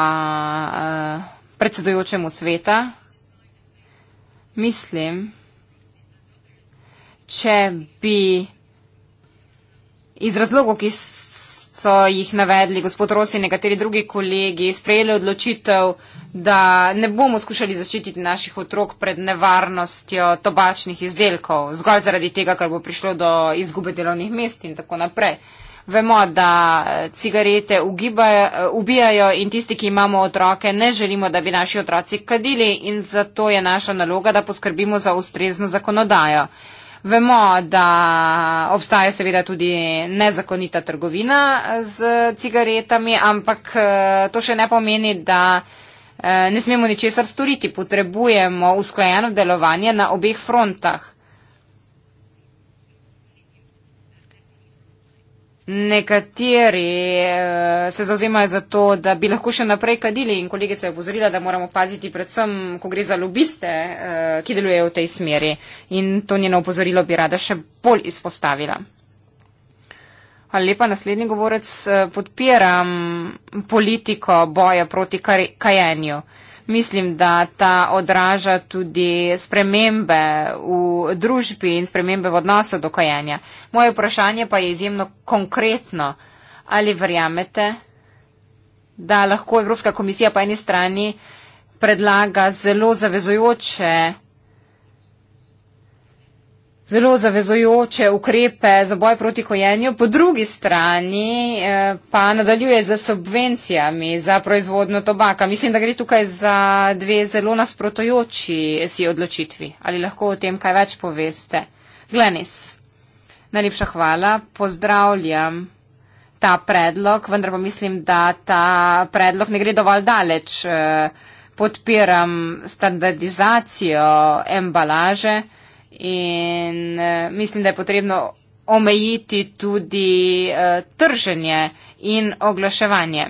uh, predsedujočemu sveta. Mislim, če bi iz razlogov, ki so jih navedli gospod Rosi in nekateri drugi kolegi, sprejeli odločitev, da ne bomo skušali zaščititi naših otrok pred nevarnostjo tobačnih izdelkov, zgolj zaradi tega, ker bo prišlo do izgube delovnih mest in tako naprej. Vemo, da eh, cigarete eh, ubijajo in tisti, ki imamo otroke, ne želimo, da bi naši otroci kadili in zato je naša naloga, da poskrbimo za ustrezno zakonodajo. Vemo, da obstaja seveda tudi nezakonita trgovina z cigaretami, ampak eh, to še ne pomeni, da eh, ne smemo ničesar storiti. Potrebujemo usklajeno delovanje na obeh frontah. nekateri eh, se zauzemajo za to, da bi lahko še naprej kadili in kolegica je upozorila, da moramo paziti predvsem, ko gre za lobiste, eh, ki delujejo v tej smeri. In to njeno upozorilo bi rada še bolj izpostavila. Hvala lepa, naslednji govorec. Eh, podpiram politiko boja proti kajenju. Kaj mislim, da ta odraža tudi spremembe v družbi in spremembe v odnosu do kajenja. Moje vprašanje pa je izjemno konkretno. Ali verjamete, da lahko Evropska komisija po eni strani predlaga zelo zavezojoče zelo zavezojoče ukrepe za boj proti kojenju, po drugi strani eh, pa nadaljuje za subvencijami za proizvodno tobaka. Mislim, da gre tukaj za dve zelo nasprotojoči si odločitvi. Ali lahko o tem kaj več poveste? Glenis, najlepša hvala, pozdravljam ta predlog, vendar pa mislim, da ta predlog ne gre dovolj daleč. Eh, podpiram standardizacijo embalaže. In uh, mislim, da je potrebno omejiti tudi uh, trženje in oglaševanje.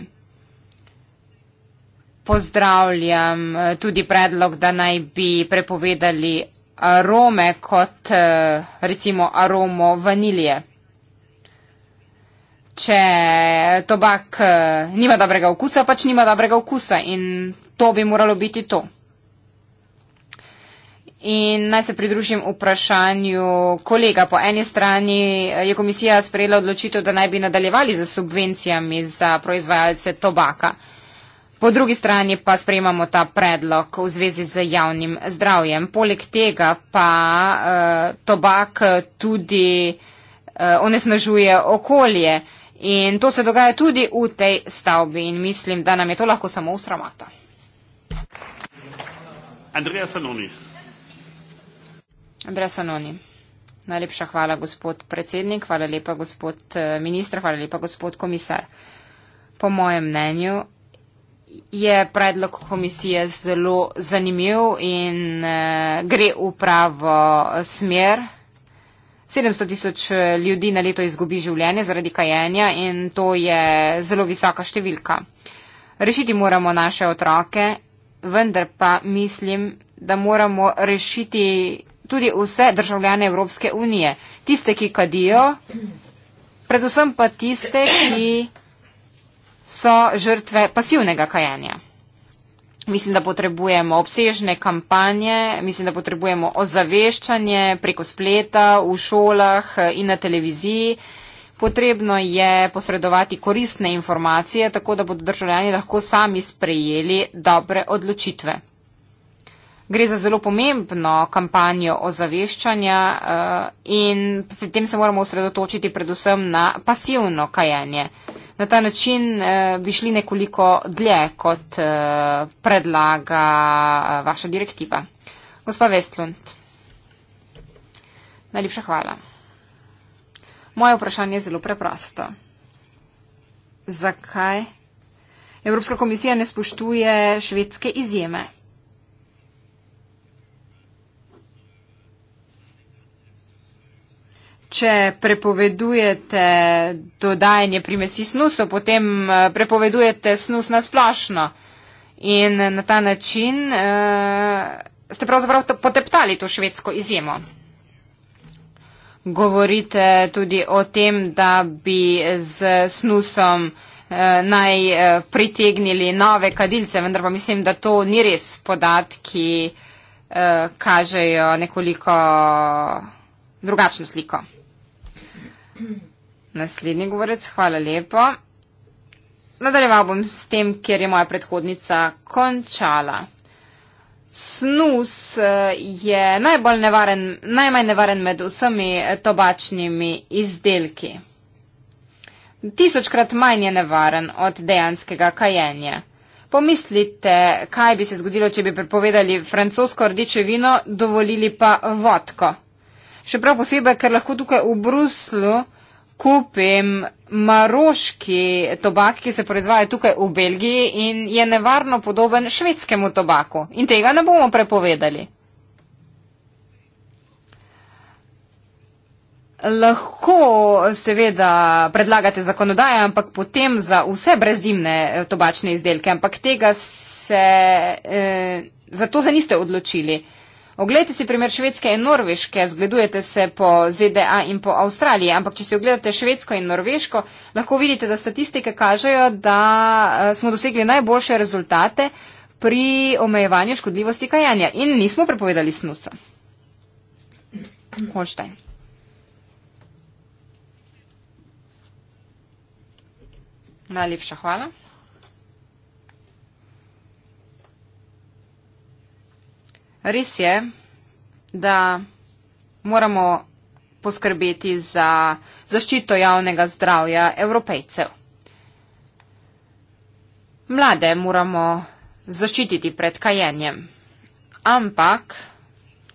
Pozdravljam uh, tudi predlog, da naj bi prepovedali arome kot uh, recimo aromo vanilije. Če tobak uh, nima dobrega okusa, pač nima dobrega okusa in to bi moralo biti to. In naj se pridružim vprašanju kolega. Po eni strani je komisija sprejela odločitev, da naj bi nadaljevali z subvencijami za proizvajalce tobaka. Po drugi strani pa sprejemamo ta predlog v zvezi z javnim zdravjem. Poleg tega pa eh, tobak tudi eh, onesnažuje okolje in to se dogaja tudi v tej stavbi in mislim, da nam je to lahko samo usramata. Andreja Sanoni. Andres Anoni. Najlepša hvala, gospod predsednik, hvala lepa, gospod eh, ministr, hvala lepa, gospod komisar. Po mojem mnenju je predlog komisije zelo zanimiv in eh, gre v pravo eh, smer. 700 tisoč ljudi na leto izgubi življenje zaradi kajenja in to je zelo visoka številka. Rešiti moramo naše otroke, vendar pa mislim, da moramo rešiti tudi vse državljane Evropske unije. Tiste, ki kadijo, predvsem pa tiste, ki so žrtve pasivnega kajanja. Mislim, da potrebujemo obsežne kampanje, mislim, da potrebujemo ozaveščanje preko spleta, v šolah in na televiziji. Potrebno je posredovati koristne informacije, tako da bodo državljani lahko sami sprejeli dobre odločitve. Gre za zelo pomembno kampanjo ozaveščanja eh, in pri tem se moramo osredotočiti predvsem na pasivno kajenje. Na ta način eh, bi šli nekoliko dlje, kot eh, predlaga vaša direktiva. Gospa Vestlund, najlepša hvala. Moje vprašanje je zelo preprosto. Zakaj Evropska komisija ne spoštuje švedske izjeme? Če prepovedujete dodajanje primesi snusu, potem eh, prepovedujete snus na splošno. In na ta način uh, ste pravzaprav to, poteptali to švedsko izjemo. Govorite tudi o tem, da bi z snusom uh, naj uh, pritegnili nove kadilce, vendar pa mislim, da to ni res podatki, uh, kažejo nekoliko drugačno sliko. Naslednji govorec, hvala lepo. Nadaljeval bom s tem, kjer je moja predhodnica končala. Snus eh, je najbolj nevaren, najmanj nevaren med vsemi tobačnimi izdelki. Tisočkrat manj je nevaren od dejanskega kajenja. Pomislite, kaj bi se zgodilo, če bi prepovedali francosko rdeče vino, dovolili pa vodko še prav posebej, ker lahko tukaj v Bruslu kupim maroški tobak, ki se proizvaja tukaj v Belgiji in je nevarno podoben švedskemu tobaku. In tega ne bomo prepovedali. Lahko seveda predlagate zakonodajo, ampak potem za vse brezdimne eh, tobačne izdelke, ampak tega se, eh, za to se niste odločili. Eh, Oglejte si primer Švedske in Norveške, zgledujete se po ZDA in po Avstraliji, ampak če si ogledate Švedsko in Norveško, lahko vidite, da statistike kažejo, da eh, smo dosegli najboljše rezultate pri omejevanju škodljivosti kajanja in nismo prepovedali snusa. Holstein. Najlepša hvala. Res je, da moramo poskrbeti za zaščito javnega zdravja evropejcev. Mlade moramo zaščititi pred kajenjem. Ampak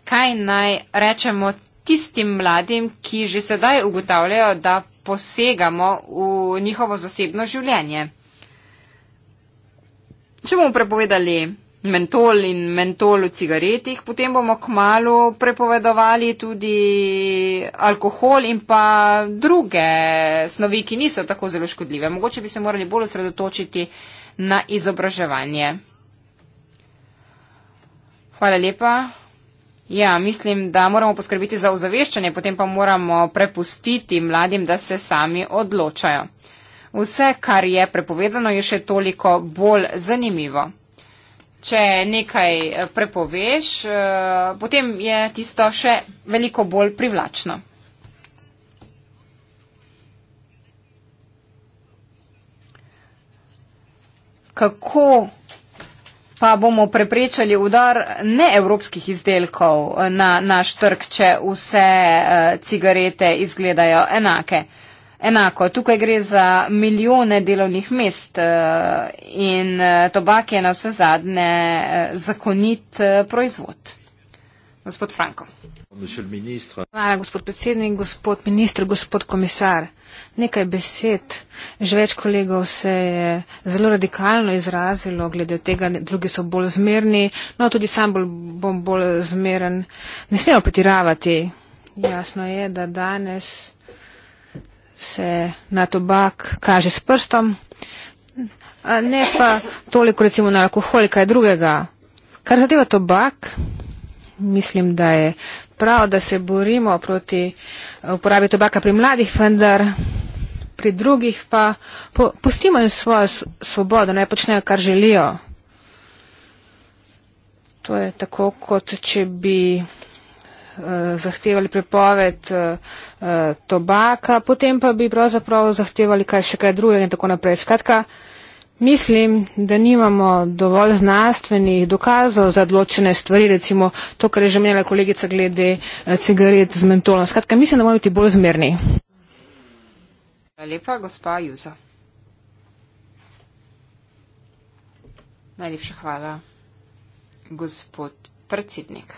kaj naj rečemo tistim mladim, ki že sedaj ugotavljajo, da posegamo v njihovo zasebno življenje? Če bomo prepovedali mentol in mentol v cigaretih, potem bomo k malu prepovedovali tudi alkohol in pa druge snovi, ki niso tako zelo škodljive. Mogoče bi se morali bolj osredotočiti na izobraževanje. Hvala lepa. Ja, mislim, da moramo poskrbiti za ozaveščanje, potem pa moramo prepustiti mladim, da se sami odločajo. Vse, kar je prepovedano, je še toliko bolj zanimivo če nekaj eh, prepoveš, eh, potem je tisto še veliko bolj privlačno. Kako pa bomo preprečali udar neevropskih izdelkov eh, na naš trg, če vse cigarete izgledajo enake? enako. Tukaj gre za milijone delovnih mest eh, in eh, tobak je na vse zadnje eh, zakonit proizvod. Gospod Franko. Hvala, gospod predsednik, gospod ministr, gospod komisar. Nekaj besed. Že več kolegov se je zelo radikalno izrazilo glede tega, drugi so bolj zmerni. No, tudi sam bol, bom bolj zmeren. Ne smemo pretiravati. Jasno je, da danes se na tobak kaže s prstom, ne pa toliko recimo na alkohol, kaj drugega. Kar zadeva tobak, mislim, da je prav, da se borimo proti eh, uporabi tobaka pri mladih, vendar pri drugih pa po, pustimo jim svojo svobodo, naj počnejo, kar želijo. To je tako, kot če bi Eh, zahtevali prepoved eh, eh, tobaka, potem pa bi pravzaprav zahtevali kaj še kaj drugega in tako naprej. Skratka, mislim, da nimamo dovolj znanstvenih dokazov za odločene stvari, recimo to, kar je že menjala kolegica glede cigaret z mentolom. Skratka, mislim, da moramo biti bolj zmerni. Hvala lepa, gospa Juza. Najlepša hvala, gospod predsednik.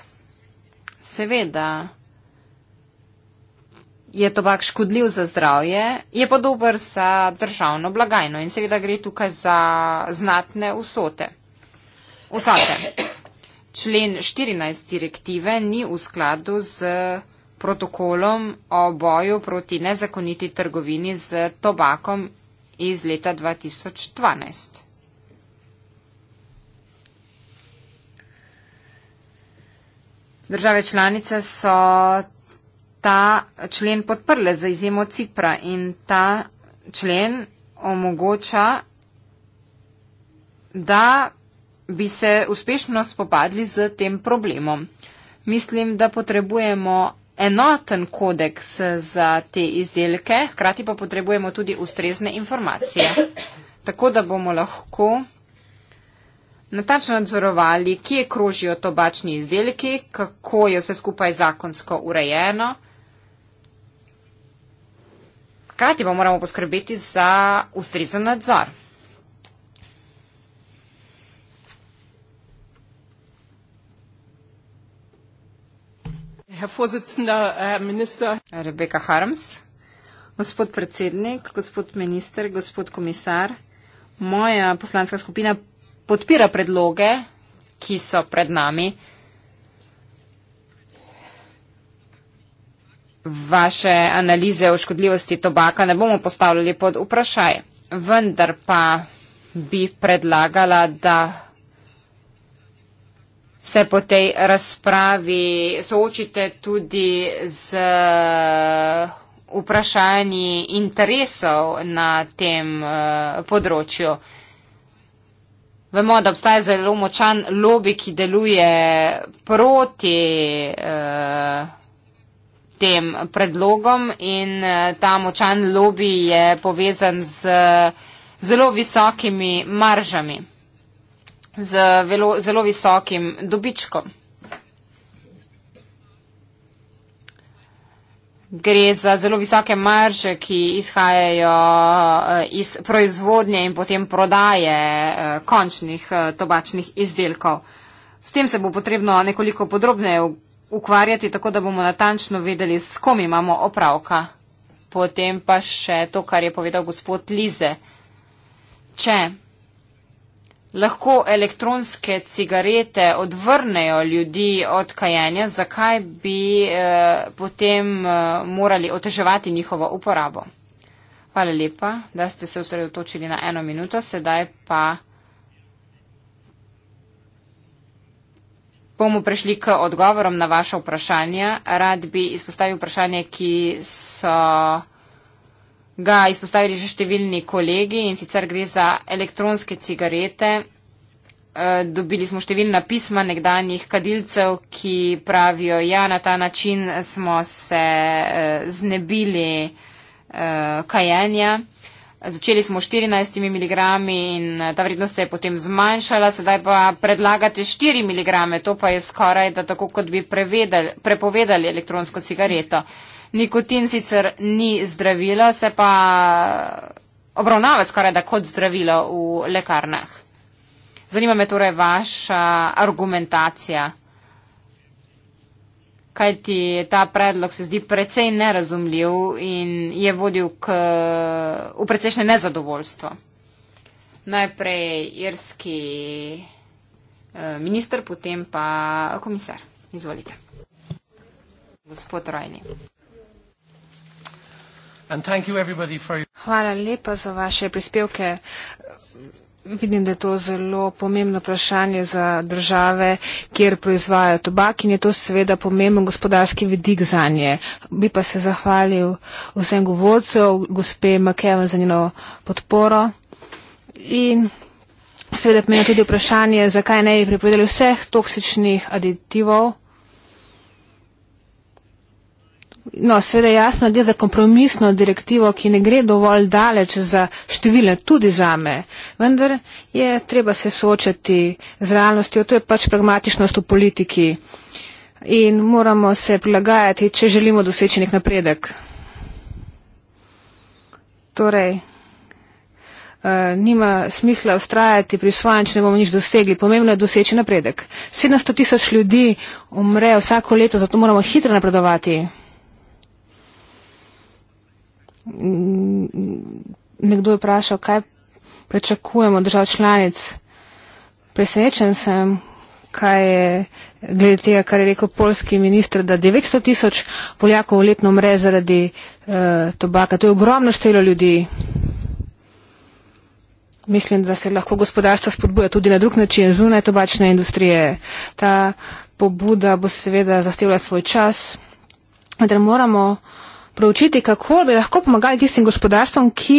Seveda je tobak škodljiv za zdravje, je pa dober za državno blagajno in seveda gre tukaj za znatne vsote. Vsote. Člen 14 direktive ni v skladu z protokolom o boju proti nezakoniti trgovini z tobakom iz leta 2012. Države članice so ta člen podprle za izjemo Cipra in ta člen omogoča, da bi se uspešno spopadli z tem problemom. Mislim, da potrebujemo enoten kodeks za te izdelke, hkrati pa potrebujemo tudi ustrezne informacije, tako da bomo lahko natančno nadzorovali, kje krožijo tobačni izdelki, kako je vse skupaj zakonsko urejeno. Kajti pa moramo poskrbeti za ustrezen nadzor. Rebeka Harms, gospod predsednik, gospod minister, gospod komisar, moja poslanska skupina podpira predloge, ki so pred nami. Vaše analize o škodljivosti tobaka ne bomo postavljali pod vprašaj, vendar pa bi predlagala, da se po tej razpravi soočite tudi z vprašanji interesov na tem eh, področju. Vemo, da obstaja zelo močan lobby, ki deluje proti eh, tem predlogom in eh, ta močan lobby je povezan z zelo visokimi maržami, z velo, zelo visokim dobičkom. gre za zelo visoke marže, ki izhajajo eh, iz proizvodnje in potem prodaje eh, končnih eh, tobačnih izdelkov. S tem se bo potrebno nekoliko podrobneje ukvarjati, tako da bomo natančno vedeli, s kom imamo opravka. Potem pa še to, kar je povedal gospod Lize. Če lahko elektronske cigarete odvrnejo ljudi od kajenja, zakaj bi eh, potem eh, morali oteževati njihovo uporabo? Hvala lepa, da ste se osredotočili na eno minuto, sedaj pa bomo prešli k odgovorom na vaša vprašanja. Rad bi izpostavil vprašanje, ki so ga izpostavili že številni kolegi in sicer gre za elektronske cigarete. E, dobili smo številna pisma nekdanjih kadilcev, ki pravijo, ja, na ta način smo se e, znebili e, kajenja. Začeli smo s 14 mg in ta vrednost se je potem zmanjšala, sedaj pa predlagate 4 mg, to pa je skoraj, da tako kot bi prevedali, prepovedali elektronsko cigareto. Mm. Nikotin sicer ni zdravilo, se pa obravnava skoraj da kot zdravilo v lekarnah. Zanima me torej vaša argumentacija. Kaj ti ta predlog se zdi precej nerazumljiv in je vodil k, v precejšnje nezadovoljstvo? Najprej irski eh, minister, potem pa komisar. Izvolite. Gospod Rajni. Hvala lepa za vaše prispevke. Vidim, da je to zelo pomembno vprašanje za države, kjer proizvajajo tobak in je to seveda pomemben gospodarski vidik za nje. Bi pa se zahvalil vsem govorcev, gospe McKevin za njeno podporo. In seveda pomeni tudi vprašanje, zakaj ne bi prepovedali vseh toksičnih aditivov. No, sveda je jasno, da je za kompromisno direktivo, ki ne gre dovolj daleč za številne, tudi za me. Vendar je treba se soočati z realnostjo, to je pač pragmatičnost v politiki in moramo se prilagajati, če želimo doseči nek napredek. Torej, eh, nima smisla ustrajati pri svojem, če ne bomo nič dosegli. Pomembno je doseči napredek. 700 tisoč ljudi umre vsako leto, zato moramo hitro napredovati nekdo je vprašal, kaj prečakujemo držav članic. Presenečen sem, kaj je glede tega, kar je rekel polski minister, da 900 tisoč Poljakov letno umre zaradi eh, tobaka. To je ogromno število ljudi. Mislim, da se lahko gospodarstvo spodbuja tudi na drug način zunaj tobačne industrije. Ta pobuda bo seveda zahtevala svoj čas, vendar moramo eh, proučiti, kako bi lahko pomagali tistim gospodarstvom, ki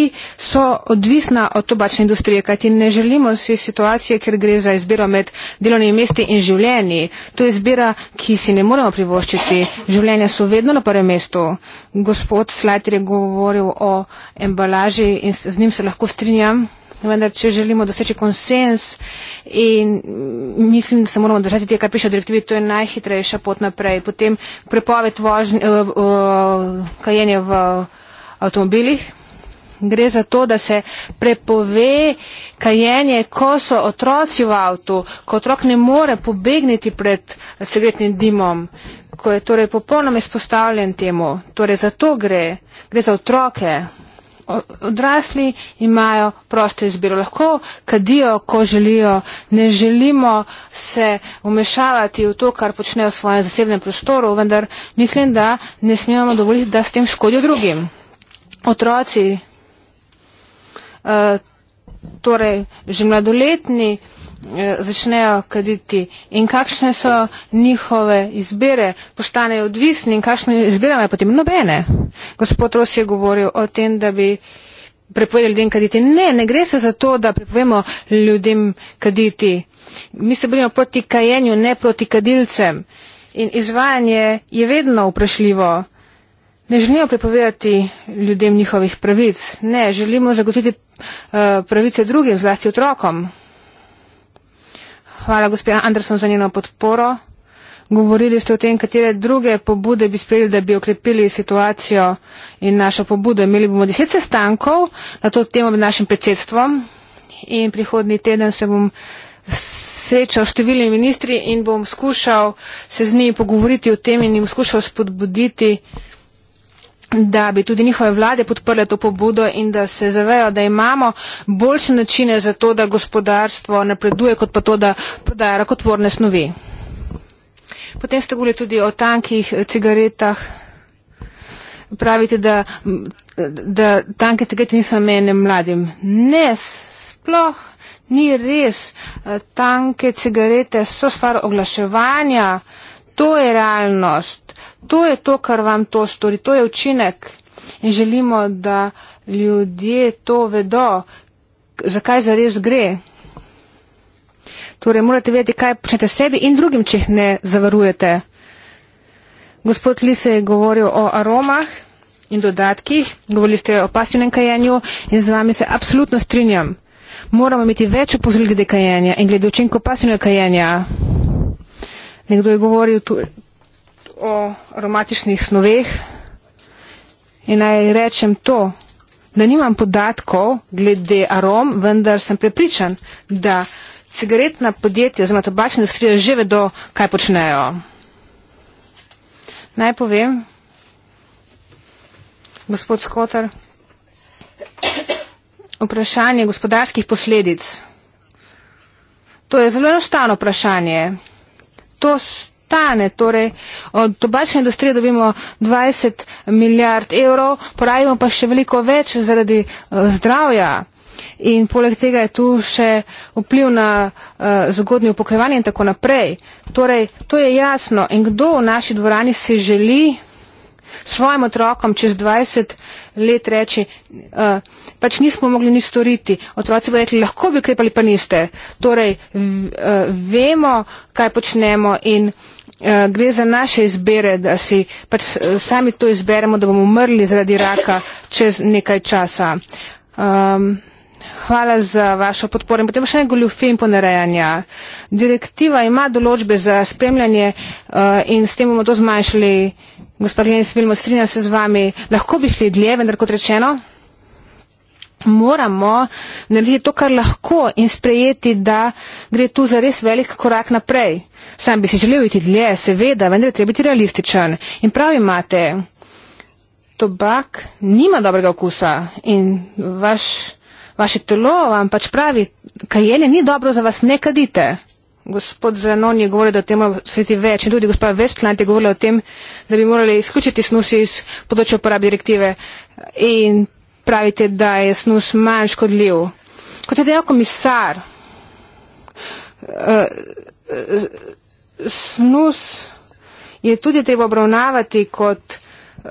so odvisna od tobačne industrije, kajti ne želimo si situacije, ker gre za izbiro med delovnimi mesti in življenji. To je izbira, ki si ne moremo privoščiti. Življenja so vedno na prvem mestu. Gospod Slater je govoril o embalaži in z njim se lahko strinjam vendar če želimo doseči konsens in mislim, da se moramo držati tega, kar piše v direktivi, to je najhitrejša pot naprej. Potem prepoved vožnje, uh, uh, kajenje v avtomobilih. Gre za to, da se prepove kajenje, ko so otroci v avtu, ko otrok ne more pobegniti pred segretnim dimom, ko je torej popolnoma izpostavljen temu. Torej za to gre, gre za otroke odrasli imajo prosto izbiro. Lahko kadijo, ko želijo. Ne želimo se umešavati v to, kar počnejo v svojem zasebnem prostoru, vendar mislim, da ne smemo dovoliti, da s tem škodijo drugim. Otroci, uh, torej že mladoletni, uh, Eh, začnejo kaditi in kakšne so njihove izbire, postanejo odvisni in kakšne izbire imajo potem nobene. Gospod Ros je govoril o tem, da bi prepovedali ljudem kaditi. Ne, ne gre se za to, da prepovemo ljudem kaditi. Mi se borimo proti kajenju, ne proti kadilcem. In izvajanje je vedno vprašljivo. Ne želimo prepovedati ljudem njihovih pravic. Ne, želimo zagotoviti uh, pravice drugim, zlasti otrokom. Hvala, gospod Anderson, za njeno podporo. Govorili ste o tem, katere druge pobude bi sprejeli, da bi okrepili situacijo in našo pobudo. Imeli bomo deset sestankov na to temo med našim predsedstvom in prihodni teden se bom srečal s številnimi ministri in bom skušal se z njimi pogovoriti o tem in jim skušal spodbuditi da bi tudi njihove vlade podprle to pobudo in da se zavejo, da imamo boljše načine za to, da gospodarstvo napreduje, kot pa to, da prodaja rakotvorne snovi. Potem ste govorili tudi o tankih cigaretah. Pravite, da, da tanke cigarete niso namenjene mladim. Ne, sploh ni res. Tanke cigarete so stvar oglaševanja. To je realnost to je to, kar vam to stori, to je učinek in želimo, da ljudje to vedo, zakaj zares gre. Torej, morate vedeti, kaj počnete sebi in drugim, če jih ne zavarujete. Gospod Lise je govoril o aromah in dodatkih, govorili ste o pasivnem kajenju in z vami se absolutno strinjam. Moramo imeti več opozoril glede kajenja in glede učinkov pasivnega kajenja. Nekdo je govoril o aromatičnih snoveh in naj rečem to, da nimam podatkov glede arom, vendar sem prepričan, da cigaretna podjetja oziroma tobačna industrija že vedo, kaj počnejo. Naj povem, gospod Skotar, vprašanje gospodarskih posledic. To je zelo enostavno vprašanje. To, stane. Torej, od tobačne industrije dobimo 20 milijard evrov, porabimo pa še veliko več zaradi uh, zdravja. In poleg tega je tu še vpliv na uh, zgodnje upokojevanje in tako naprej. Torej, to je jasno. In kdo v naši dvorani si želi svojim otrokom čez 20 let reči, uh, pač nismo mogli nič storiti. Otroci bodo rekli, lahko bi ukrepali, pa niste. Torej, v, uh, vemo, kaj počnemo in. Eh, gre za naše izbere, da si pač eh, sami to izberemo, da bomo umrli zaradi raka čez nekaj časa. Um, Hvala za vašo podporo. In potem še nekaj goljufe in ponarejanja. Direktiva ima določbe za spremljanje uh, in s tem bomo to zmanjšali. Gospod Lenin, smiljmo, strinjam se z vami. Lahko bi šli dlje, vendar kot rečeno moramo narediti to, kar lahko in sprejeti, da gre tu za res velik korak naprej. Sam bi si želel iti dlje, seveda, vendar je treba biti realističen. In prav imate, tobak nima dobrega okusa in vaš, vaše telo vam pač pravi, kajenje ni dobro za vas, ne kadite. Gospod Zanon je govoril, da o tem mora sveti več in tudi gospod Vestland je govoril o tem, da bi morali izključiti snusi iz področja uporabe direktive. In pravite, da je snus manj škodljiv. Kot je dejal komisar, eh, eh, snus je tudi treba obravnavati kot eh,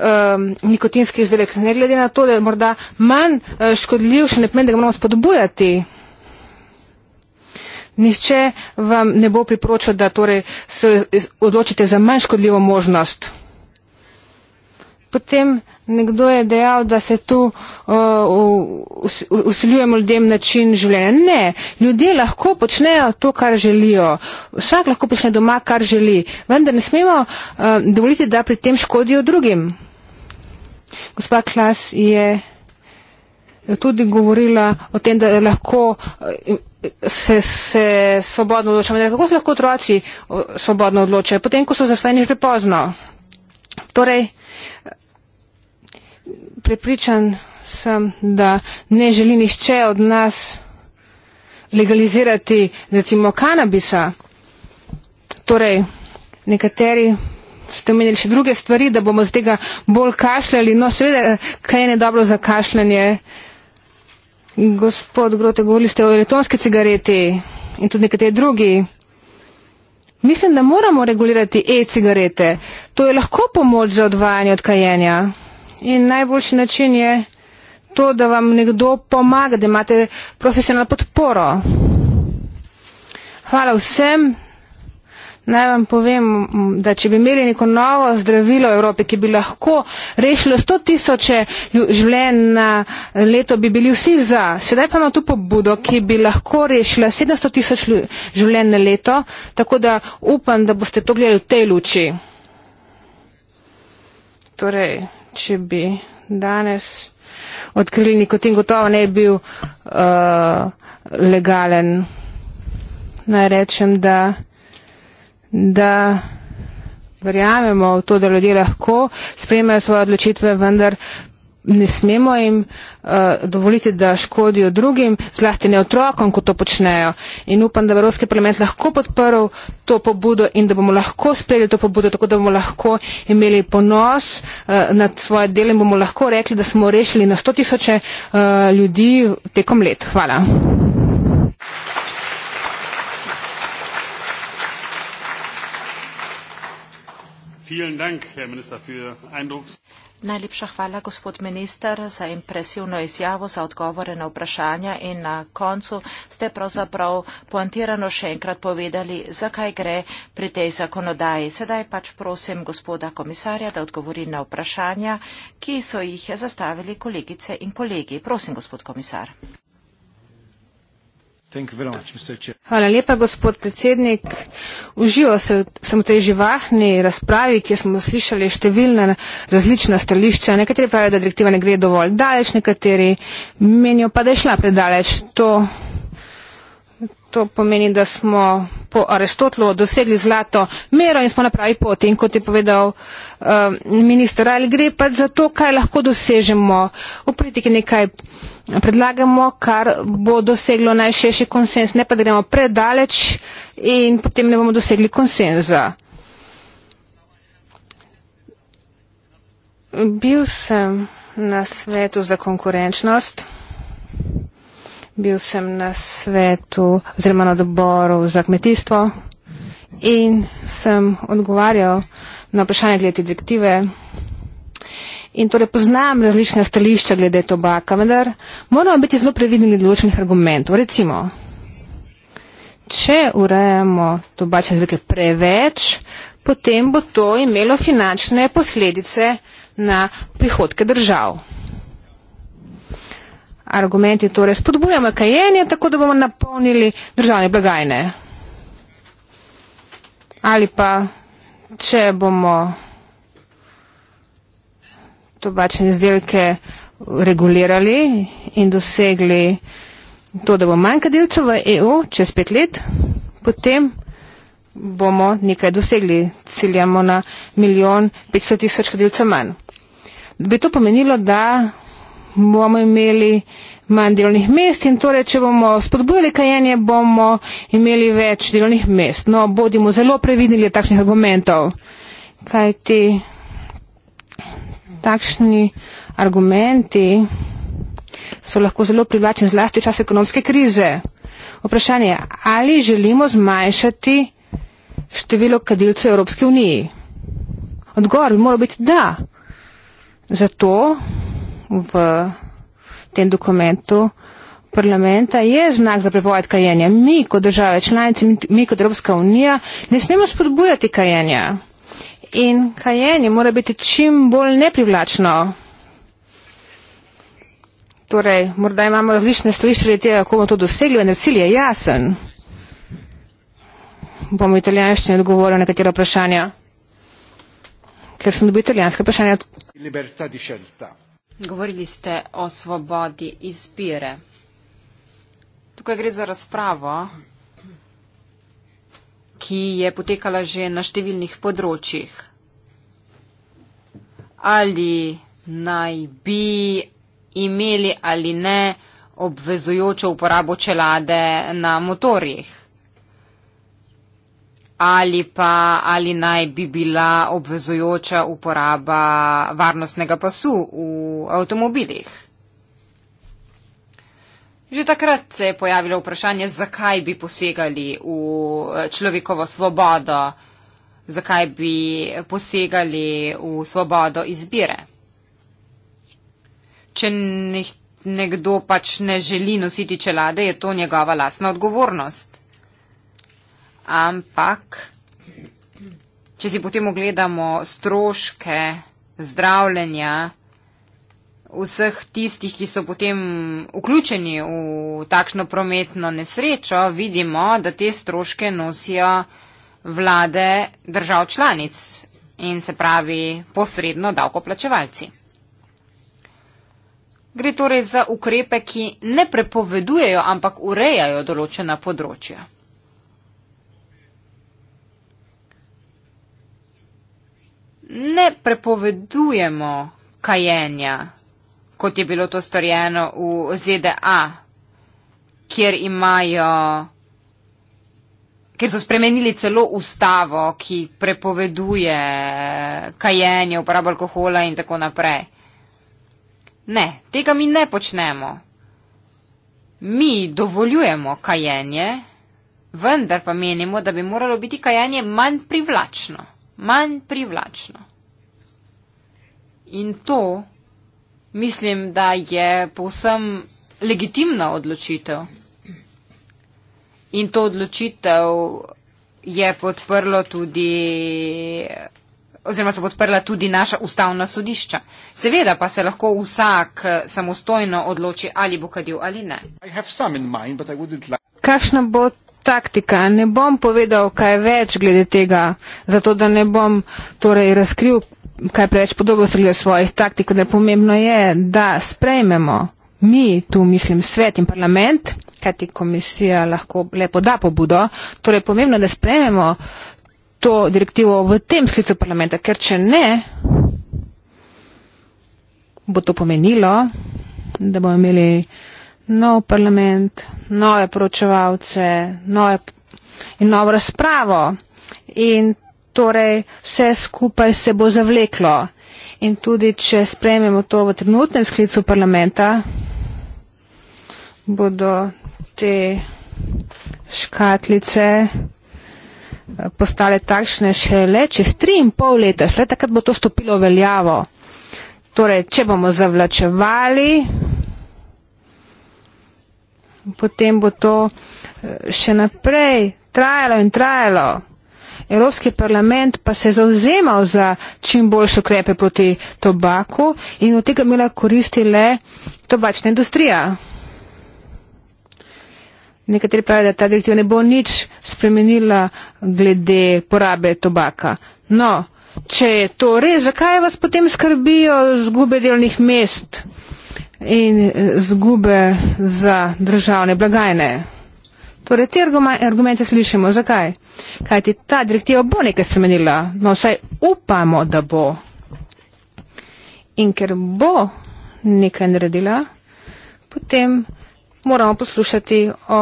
nikotinski izdelek, ne glede na to, da je morda manj škodljiv, še ne pomeni, da ga moramo spodbujati. Nihče vam ne bo priporočal, da torej se odločite za manj škodljivo možnost potem nekdo je dejal, da se tu uh, usiljujemo ljudem način življenja. Ne, ljudje lahko počnejo to, kar želijo. Vsak lahko počne doma, kar želi. Vendar ne smemo uh, dovoliti, da pri tem škodijo drugim. Gospa Klas je tudi govorila o tem, da lahko uh, se, se svobodno odločamo. Kako se lahko otroci uh, svobodno odločajo, potem, ko so zasvojeni že prepozno? Torej, prepričan sem, da ne želi nišče od nas legalizirati recimo kanabisa. Torej, nekateri ste omenjali še druge stvari, da bomo z tega bolj kašljali. No, seveda, kaj je nedobro za kašljanje? Gospod Grote, govorili ste o elektronski cigareti in tudi nekateri drugi. Mislim, da moramo regulirati e-cigarete. To je lahko pomoč za odvajanje od kajenja in najboljši način je to, da vam nekdo pomaga, da imate profesionalno podporo. Hvala vsem. Naj vam povem, da če bi imeli neko novo zdravilo v Evropi, ki bi lahko rešilo 100 tisoče življenj na leto, bi bili vsi za. Sedaj pa imamo tu pobudo, ki bi lahko rešila 700 tisoč življenj na leto, tako da upam, da boste to gledali v tej luči. Torej, če bi danes odkrili nikotin, gotovo ne bi bil uh, legalen. Naj rečem, da, da verjamemo v to, da ljudje lahko spremljajo svoje odločitve, vendar ne smemo jim uh, dovoliti, da škodijo drugim, zlasti ne otrokom, ko to počnejo. In upam, da bo Evropski parlament lahko podprl to pobudo in da bomo lahko sprejeli to pobudo, tako da bomo lahko imeli ponos uh, nad svoje delo in bomo lahko rekli, da smo rešili na sto tisoče uh, eh, ljudi tekom let. Hvala. Vielen Dank, Herr Minister, für Eindruck. Najlepša hvala, gospod minister, za impresivno izjavo, za odgovore na vprašanja in na koncu ste pravzaprav poantirano še enkrat povedali, zakaj gre pri tej zakonodaji. Sedaj pač prosim gospoda komisarja, da odgovori na vprašanja, ki so jih zastavili kolegice in kolegi. Prosim, gospod komisar. Hvala lepa, gospod predsednik. Uživo se v, sem v tej živahni razpravi, kjer smo slišali številne različna stališča. Nekateri pravijo, da direktiva ne gre dovolj daleč, nekateri menijo pa, da je šla predaleč. To to pomeni, da smo po Aristotelu dosegli zlato mero in smo na pravi poti. In kot je povedal uh, minister, ali gre pa za to, kaj lahko dosežemo v politiki nekaj. Predlagamo, kar bo doseglo najšešji konsens, ne pa da gremo predaleč in potem ne bomo dosegli konsenza. Bil sem na svetu za konkurenčnost bil sem na svetu oziroma na odboru za kmetijstvo in sem odgovarjal na vprašanje glede direktive. In torej poznam različna stališča glede tobaka, vendar moramo biti zelo previdni glede določenih argumentov. Recimo, če urejamo tobačne izdelke preveč, potem bo to imelo finančne posledice na prihodke držav argumenti, torej spodbujamo kajenje, tako da bomo napolnili državne blagajne. Ali pa, če bomo tobačne izdelke regulirali in dosegli to, da bo manj kadilcev v EU čez pet let, potem bomo nekaj dosegli, ciljamo na milijon petsto tisoč kadilcev manj. Bi to pomenilo, da bomo imeli manj delovnih mest in torej, če bomo spodbujali kajenje, bomo imeli več delovnih mest. No, bodimo zelo previdni glede takšnih argumentov, kajti takšni argumenti so lahko zelo privlačni zlasti v času ekonomske krize. Vprašanje je, ali želimo zmanjšati število kadilcev Evropske unije? Odgovor bi moral biti da. Zato v tem dokumentu parlamenta je znak za prepoved kajenja. Mi kot države članice, mi kot Evropska unija ne smemo spodbujati kajenja. In kajenje mora biti čim bolj neprivlačno. Torej, morda imamo različne stališče glede tega, kako bomo to dosegli, vendar cilj je jasen. Bom v italijanščini odgovoril na nekatera vprašanja, ker sem dobil italijanske vprašanja. Govorili ste o svobodi izbire. Tukaj gre za razpravo, ki je potekala že na številnih področjih. Ali naj bi imeli ali ne obvezujočo uporabo čelade na motorjih ali pa ali naj bi bila obvezujoča uporaba varnostnega pasu v avtomobilih. Že takrat se je pojavilo vprašanje, zakaj bi posegali v eh, človekovo svobodo, zakaj bi posegali v svobodo izbire. Če nekdo pač ne želi nositi čelade, je to njegova lasna odgovornost ampak če si potem ogledamo stroške zdravljenja vseh tistih, ki so potem vključeni v takšno prometno nesrečo, vidimo, da te stroške nosijo vlade držav članic in se pravi posredno davkoplačevalci. Gre torej za ukrepe, ki ne prepovedujejo, ampak urejajo določena področja. ne prepovedujemo kajenja, kot je bilo to storjeno v ZDA, kjer imajo, kjer so spremenili celo ustavo, ki prepoveduje kajenje, uporabo alkohola in tako naprej. Ne, tega mi ne počnemo. Mi dovoljujemo kajenje, vendar pa menimo, da bi moralo biti kajenje manj privlačno manj privlačno. In to mislim, da je povsem legitimna odločitev. In to odločitev je podprlo tudi, oziroma so podprla tudi naša ustavna sodišča. Seveda pa se lahko vsak samostojno odloči, ali bo kadil ali ne. Kakšna bo taktika. Ne bom povedal kaj več glede tega, zato da ne bom torej razkril kaj preveč podobno se gleda v svojih taktik, da pomembno je, da sprejmemo mi, tu mislim svet in parlament, kajti komisija lahko lepo da pobudo, torej pomembno, da sprejmemo to direktivo v tem sklicu parlamenta, ker če ne, bo to pomenilo, da bomo imeli nov parlament, nove poročevalce nove in novo razpravo. In torej vse skupaj se bo zavleklo. In tudi, če sprejmemo to v trenutnem sklicu parlamenta, bodo te škatlice eh, postale takšne še le čez tri in pol leta, šele takrat bo to stopilo v veljavo. Torej, če bomo zavlačevali, potem bo to eh, še naprej trajalo in trajalo. Evropski parlament pa se je zauzemal za čim boljše ukrepe proti tobaku in od tega bila koristi le tobačna industrija. Nekateri pravijo, da ta direktiva ne bo nič spremenila glede porabe tobaka. No, če je to res, zakaj vas potem skrbijo zgube delnih mest? in eh, zgube za državne blagajne. Torej, te argumente slišimo. Zakaj? Kaj ti ta direktiva bo nekaj spremenila? No, vsaj upamo, da bo. In ker bo nekaj naredila, potem moramo poslušati o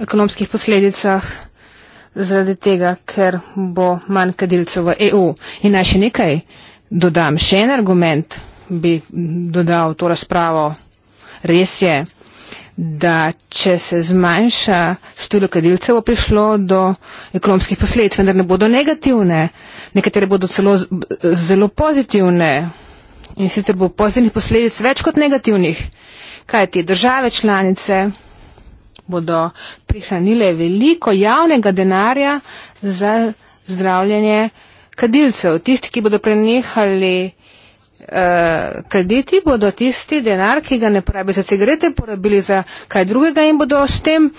ekonomskih posledicah zaradi tega, ker bo manj kadilcev v EU. In naj še nekaj dodam, še en argument bi dodal to razpravo. Res je, da če se zmanjša število kadilcev, bo prišlo do ekonomskih posledic, vendar ne bodo negativne, nekatere bodo celo zelo pozitivne in sicer bo pozitivnih posledic več kot negativnih, kaj te države članice bodo prihranile veliko javnega denarja za zdravljenje kadilcev, tisti, ki bodo prenehali Eh, krediti, bodo tisti denar, ki ga ne porabijo za cigarete, porabili za kaj drugega in bodo s tem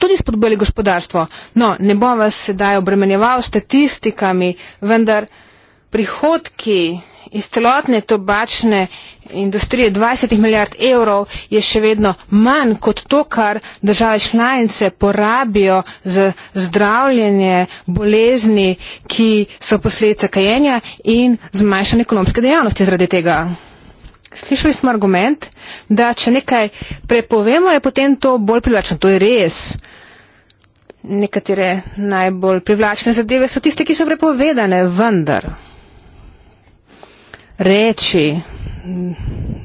tudi spodbujali gospodarstvo. No, ne bom vas sedaj obremenjeval statistikami, vendar prihodki iz celotne tobačne industrije 20 milijard evrov je še vedno manj kot to, kar države članice porabijo za zdravljenje bolezni, ki so posledica kajenja in zmanjšanje ekonomske dejavnosti zaradi tega. Slišali smo argument, da če nekaj prepovemo, je potem to bolj privlačno. To je res. Nekatere najbolj privlačne zadeve so tiste, ki so prepovedane, vendar reči,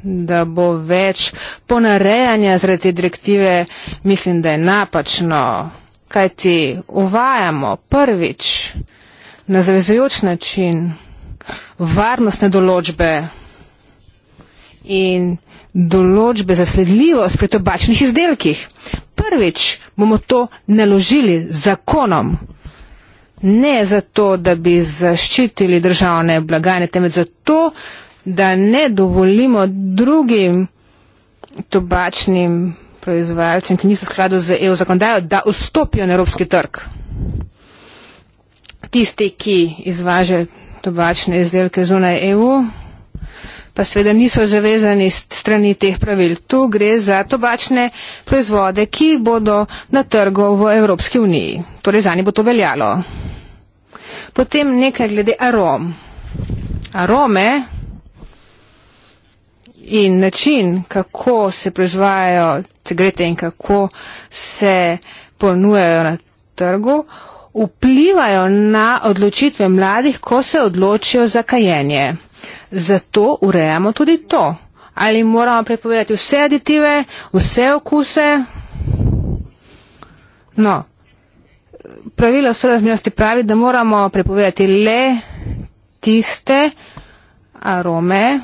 da bo več ponarejanja zaradi direktive, mislim, da je napačno, kajti uvajamo prvič na zavezujoč način varnostne določbe in določbe za sledljivost pri tobačnih izdelkih. Prvič bomo to naložili zakonom ne zato, da bi zaščitili državne blagajne, temveč zato, da ne dovolimo drugim tobačnim proizvajalcem, ki niso skladu z EU zakonodajo, da vstopijo na evropski trg. Tisti, ki izvažajo tobačne izdelke zunaj EU, pa seveda niso zavezani strani teh pravil. Tu gre za tobačne proizvode, ki bodo na trgu v Evropski uniji. Torej za njih bo to veljalo. Potem nekaj glede arom. Arome in način, kako se proizvajajo cigarete in kako se ponujajo na trgu, vplivajo na odločitve mladih, ko se odločijo za kajenje. Uh, Zato urejamo tudi to. Ali moramo prepovedati vse aditive, vse okuse? No, pravilo sorazmernosti pravi, da moramo prepovedati le tiste arome,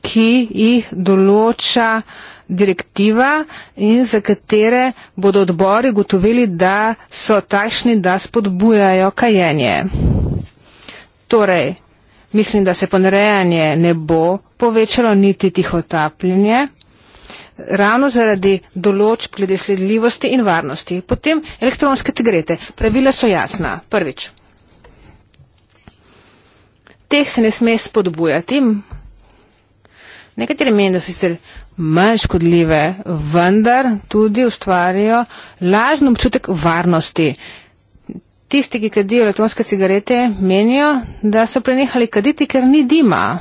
ki jih določa direktiva in za katere bodo odbori gotovili, da so takšni, da spodbujajo kajenje. Torej, mislim, da se ponarejanje ne bo povečalo, niti tihotapljenje, ravno zaradi določb glede sledljivosti in varnosti. Potem elektronske tigrete. Pravila so jasna. Prvič. Teh se ne sme spodbujati. Nekateri menijo, da so sicer manj škodljive, vendar tudi ustvarjajo lažen občutek varnosti tisti, ki kadijo elektronske cigarete, menijo, da so prenehali kaditi, ker ni dima.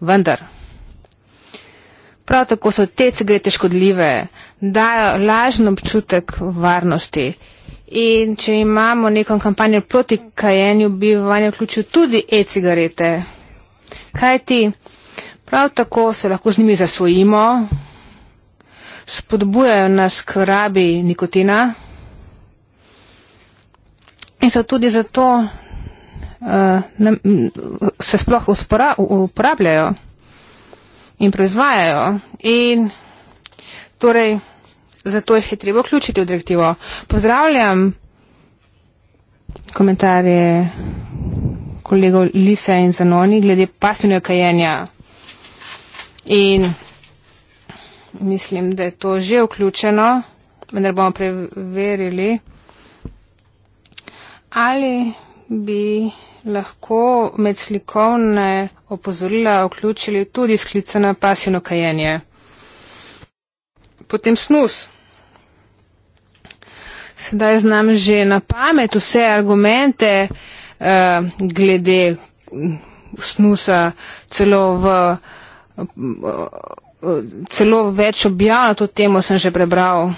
Vendar. Prav tako so te cigarete škodljive, dajo lažen občutek varnosti. In če imamo neko kampanjo proti kajenju, bi vanjo vključil tudi e-cigarete. Kaj ti? Prav tako se lahko z njimi zasvojimo, spodbujajo nas k rabi nikotina in so tudi zato uh, eh, ne, se sploh uspora, uporabljajo in proizvajajo. In torej, zato jih je treba vključiti v direktivo. Pozdravljam komentarje kolegov Lise in Zanoni glede pasivnega kajenja. In mislim, da je to že vključeno, vendar bomo preverili ali bi lahko med slikovne opozorila vključili tudi sklicana pasivno kajenje. Potem snus. Sedaj znam že na pamet vse argumente eh, glede snusa, celo v. Eh, celo več objav na to temo sem že prebral.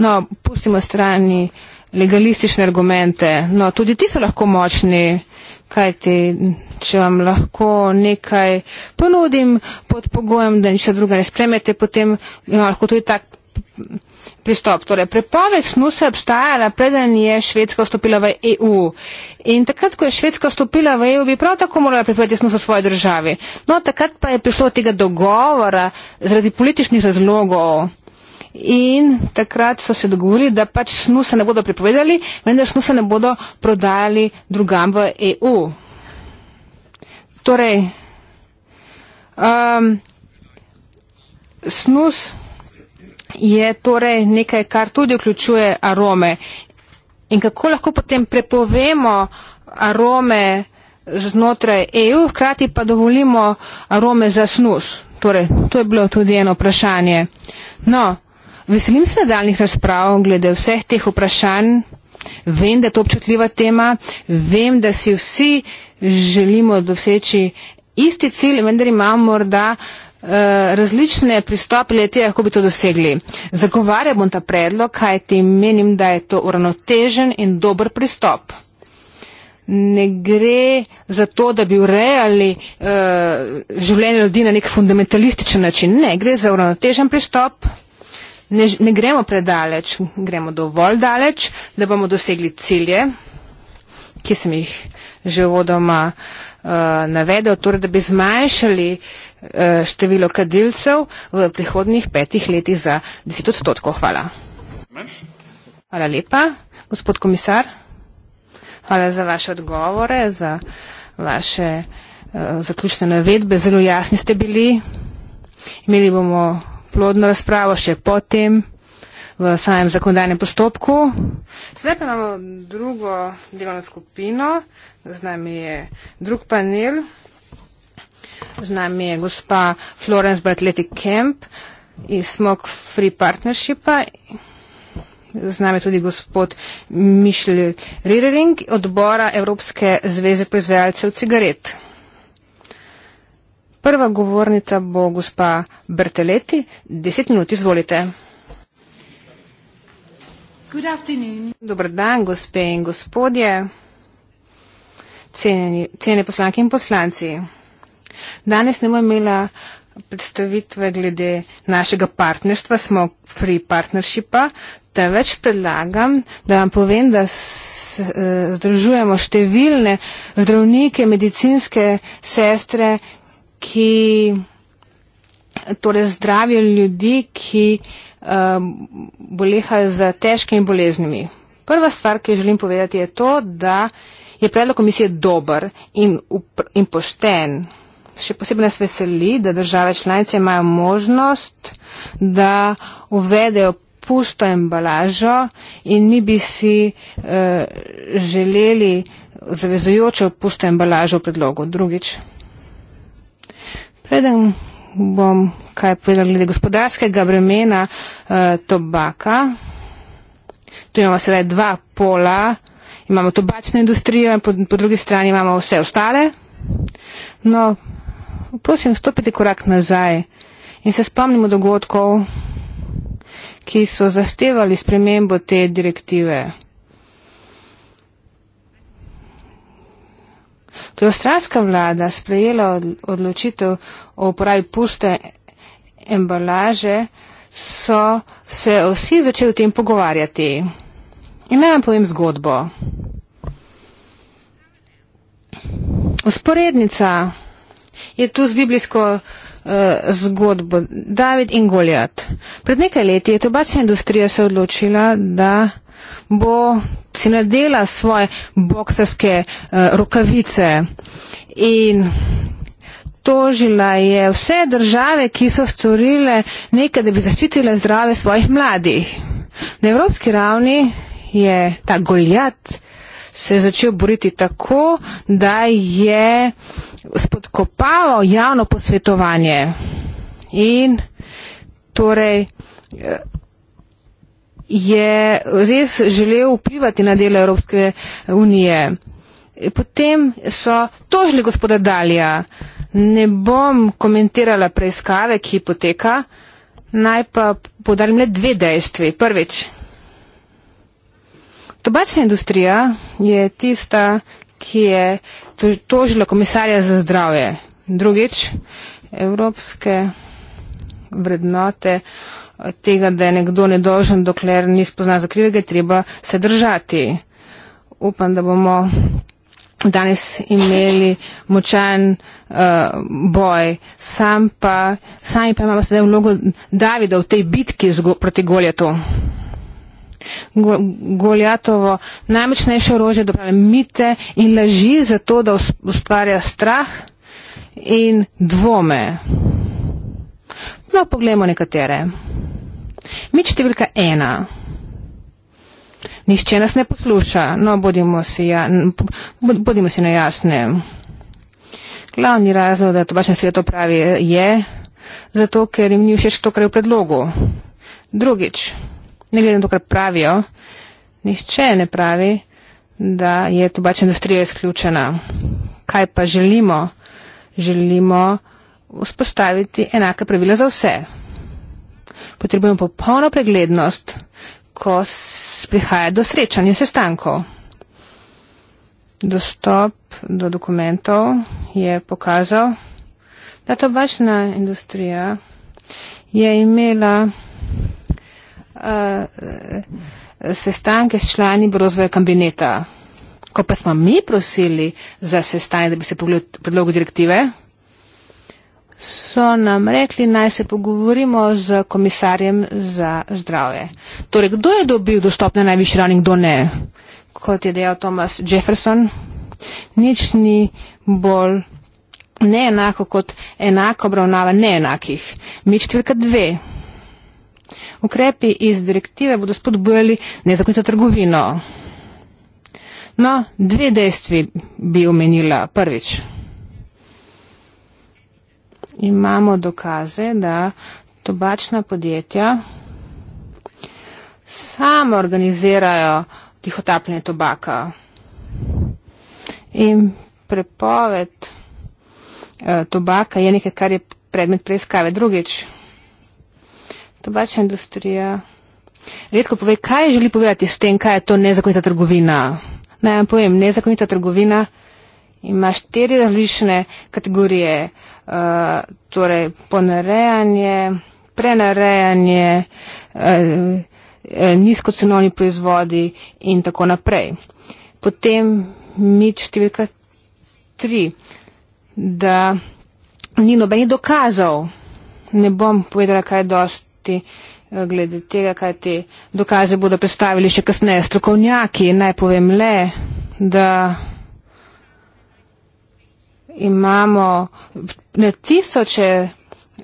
No, pustimo strani uh, legalistične argumente. No, tudi ti so lahko močni, kajti če vam lahko nekaj ponudim pod pogojem, da nič druga ne spremete, potem ima lahko tudi tak pristop. Torej, prepoved snusa obstajala, preden je Švedska vstopila v EU. In takrat, ko je Švedska vstopila v EU, bi prav tako morala prepovedati snus v svoji državi. No, takrat pa je prišlo tega dogovora zaradi političnih razlogov in takrat so se dogovorili, da pač snusa ne bodo prepovedali, vendar snusa ne bodo prodajali drugam v EU. Torej, um, snus je torej nekaj, kar tudi vključuje arome. In kako lahko potem prepovemo arome znotraj EU, hkrati pa dovolimo arome za snus? Torej, to je bilo tudi eno vprašanje. No, veselim se daljnih razprav glede vseh teh vprašanj. Vem, da je to občutljiva tema, vem, da si vsi želimo doseči isti cilj, vendar imamo morda eh, različne pristope leti, kako bi to dosegli. Zagovarjam bom ta predlog, kajti menim, da je to uravnotežen in dober pristop. Ne gre za to, da bi urejali uh, življenje ljudi na nek fundamentalističen način. Ne, gre za uravnotežen pristop, ne, ne gremo predaleč, gremo dovolj daleč, da bomo dosegli cilje, ki sem jih že vodoma uh, eh, navedel, torej da bi zmanjšali uh, število kadilcev v prihodnih petih letih za 10 odstotkov. Hvala. Hvala lepa, gospod komisar. Hvala za vaše odgovore, za vaše uh, zaključne navedbe. Zelo jasni ste bili. Imeli bomo plodno razpravo še potem v samem zakonodajnem postopku. Sedaj pa imamo drugo delovno skupino, z nami je drug panel, z nami je gospa Florence Bartleti Kemp iz Smog Free Partnershipa, z nami je tudi gospod Mišel Ririring odbora Evropske zveze proizvajalcev cigaret. Prva govornica bo gospa Brteleti. Deset minut, izvolite. Dobar dan, gospe in gospodje, cene poslanke in poslanci. Danes ne bom imela predstavitve glede našega partnerstva, smo free partnershipa, temveč predlagam, da vam povem, da eh, združujemo številne zdravnike, medicinske sestre, ki torej zdravijo ljudi, ki um, bolehajo za težkimi boleznimi. Prva stvar, ki jo želim povedati, je to, da je predlog komisije dober in, in pošten. Še posebej nas veseli, da države članice imajo možnost, da uvedejo pusto embalažo in mi bi si eh, želeli zavezujočo pusto embalažo v predlogu. Drugič, Preden bom kaj povedal glede gospodarskega bremena eh, tobaka, tu imamo sedaj dva pola, imamo tobačno industrijo in po, po drugi strani imamo vse ostale. No, prosim, stopite korak nazaj in se spomnimo dogodkov, ki so zahtevali spremembo te direktive. ko je avstralska vlada sprejela odločitev o uporabi puste embalaže, so se vsi začeli o tem pogovarjati. In naj vam povem zgodbo. Usporednica je tu z biblijsko uh, zgodbo David in Goljat. Pred nekaj leti je tobačna industrija se odločila, da bo si nadela svoje bokserske uh, rokavice in tožila je vse države, ki so storile nekaj, da bi zaščitile zdrave svojih mladih. Na evropski ravni je ta goljat se začel boriti tako, da je spodkopaval javno posvetovanje. In torej eh, je res želel vplivati na delo Evropske unije. Potem so tožili gospoda Dalija. Ne bom komentirala preiskave, ki poteka, naj pa podarim le dve dejstvi. Prvič, tobačna industrija je tista, ki je tožila komisarja za zdravje. Drugič, evropske vrednote tega, da je nekdo nedožen, dokler ni spoznan za krivega, je treba se držati. Upam, da bomo danes imeli močan uh, boj. Sam pa, sami pa imamo sedaj vlogo Davida v tej bitki proti Goljatu. Goljatovo najmočnejše orožje, da pravi mite in laži za to, da ustvarja strah in dvome. No, poglejmo nekatere. Mit številka ena. Nihče nas ne posluša. No, bodimo si, ja, bodimo si najasne. Glavni razlog, da tobačni svet to pravi, je zato, ker jim ni všeč to, kar je v predlogu. Drugič, ne glede na to, kar pravijo, nihče ne pravi, da je tobačna industrija izključena. Kaj pa želimo? Želimo vzpostaviti enake pravila za vse. Potrebujemo popolno preglednost, ko prihaja do srečanja sestankov. Dostop do dokumentov je pokazal, da ta bačna industrija je imela uh, sestanke s člani brozvoja kabineta. Ko pa smo mi prosili za sestanje, da bi se pogledali predlogu direktive, so nam rekli, naj se pogovorimo z komisarjem za zdravje. Torej, kdo je dobil dostop na najvišji ravni, kdo ne? Kot je dejal Thomas Jefferson, nič ni bolj neenako kot enako obravnava neenakih. Mič številka dve. Ukrepi iz direktive bodo spodbujali nezakonito trgovino. No, dve dejstvi bi omenila. Prvič imamo dokaze, da tobačna podjetja samo organizirajo tihotapljenje tobaka. In prepoved eh, tobaka je nekaj, kar je predmet preiskave. Drugič, tobačna industrija redko pove, kaj želi povedati s tem, kaj je to nezakonita trgovina. Naj vam povem, nezakonita trgovina ima štiri različne kategorije. Eh, Eh, torej ponarejanje, prenarejanje, eh, eh, nizkocenovni proizvodi in tako naprej. Potem mit številka tri, da ni nobenih dokazov, ne bom povedala, kaj dosti glede tega, kaj te dokaze bodo predstavili še kasneje strokovnjaki, naj povem le, da imamo na tisoče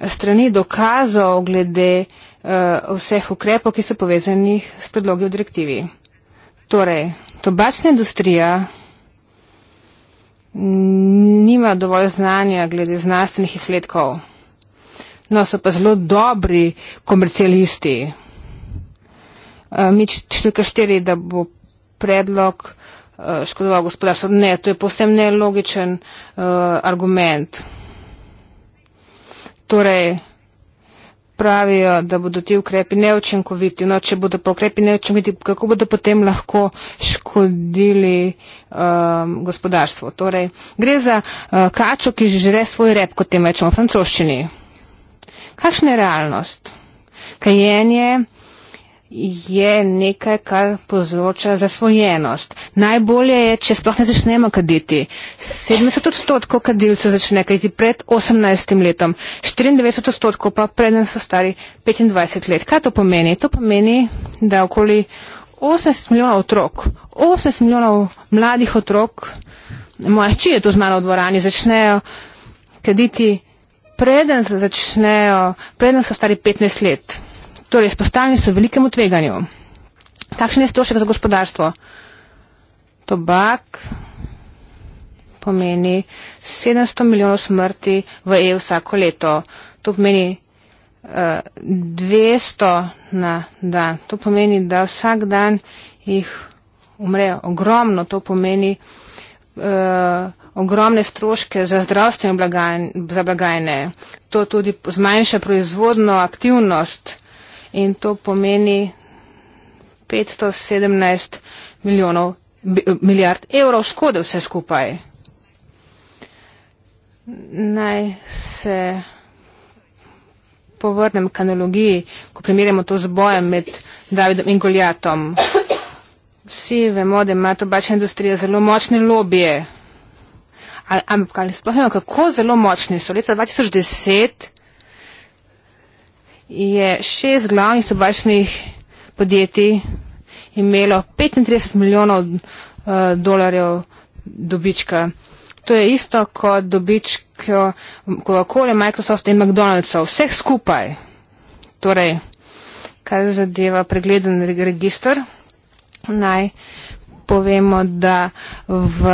strani dokazov glede uh, vseh ukrepov, ki so povezani s predlogi v direktivi. Torej, tobačna industrija nima dovolj znanja glede znanstvenih izsledkov, no so pa zelo dobri komercialisti. Uh, mi čutimo, da bo predlog uh, Eh, škodoval gospodarstvo. Ne, to je posebej nelogičen uh, argument. Torej, pravijo, da bodo ti ukrepi neočinkoviti. No, če bodo pa ukrepi neočinkoviti, kako bodo potem lahko škodili um, ehm, gospodarstvo? Torej, gre za uh, kačo, ki že žere svoj rep, kot temveč v francoščini. Kakšna je realnost? Kajenje, je nekaj, kar povzroča zasvojenost. Najbolje je, če sploh ne začnemo kaditi. 70 odstotkov kadilcev začne kaditi pred 18 letom, 94 odstotkov pa preden so stari 25 let. Kaj to pomeni? To pomeni, da okoli 80 milijonov otrok, 80 milijonov mladih otrok, moja hči je to znala v dvorani, začnejo kaditi preden, začnejo, preden so stari 15 let. Torej, izpostavljeni so velikemu tveganju. Kakšen je strošek za gospodarstvo? Tobak pomeni 700 milijonov smrti v EU vsako leto. To pomeni uh, eh, 200 na dan. To pomeni, da vsak dan jih umre ogromno. To pomeni uh, ogromne stroške za zdravstvene blagajne. To tudi zmanjša proizvodno aktivnost in to pomeni 517 milijonov, milijard evrov škode vse skupaj. Naj se povrnem k analogiji, ko primerjamo to z bojem med Davidom in Goljatom. Vsi vemo, da ima tobačna industrija zelo močne lobije. Ampak ali sploh vemo, kako zelo močni so leta 2010 je šest glavnih tobačnih podjetij imelo 35 milijonov uh, dolarjev dobička. To je isto kot dobiček Coca-Cola, Microsoft in McDonald'sa, vseh skupaj. Torej, kar zadeva pregleden registr, naj povemo, da v,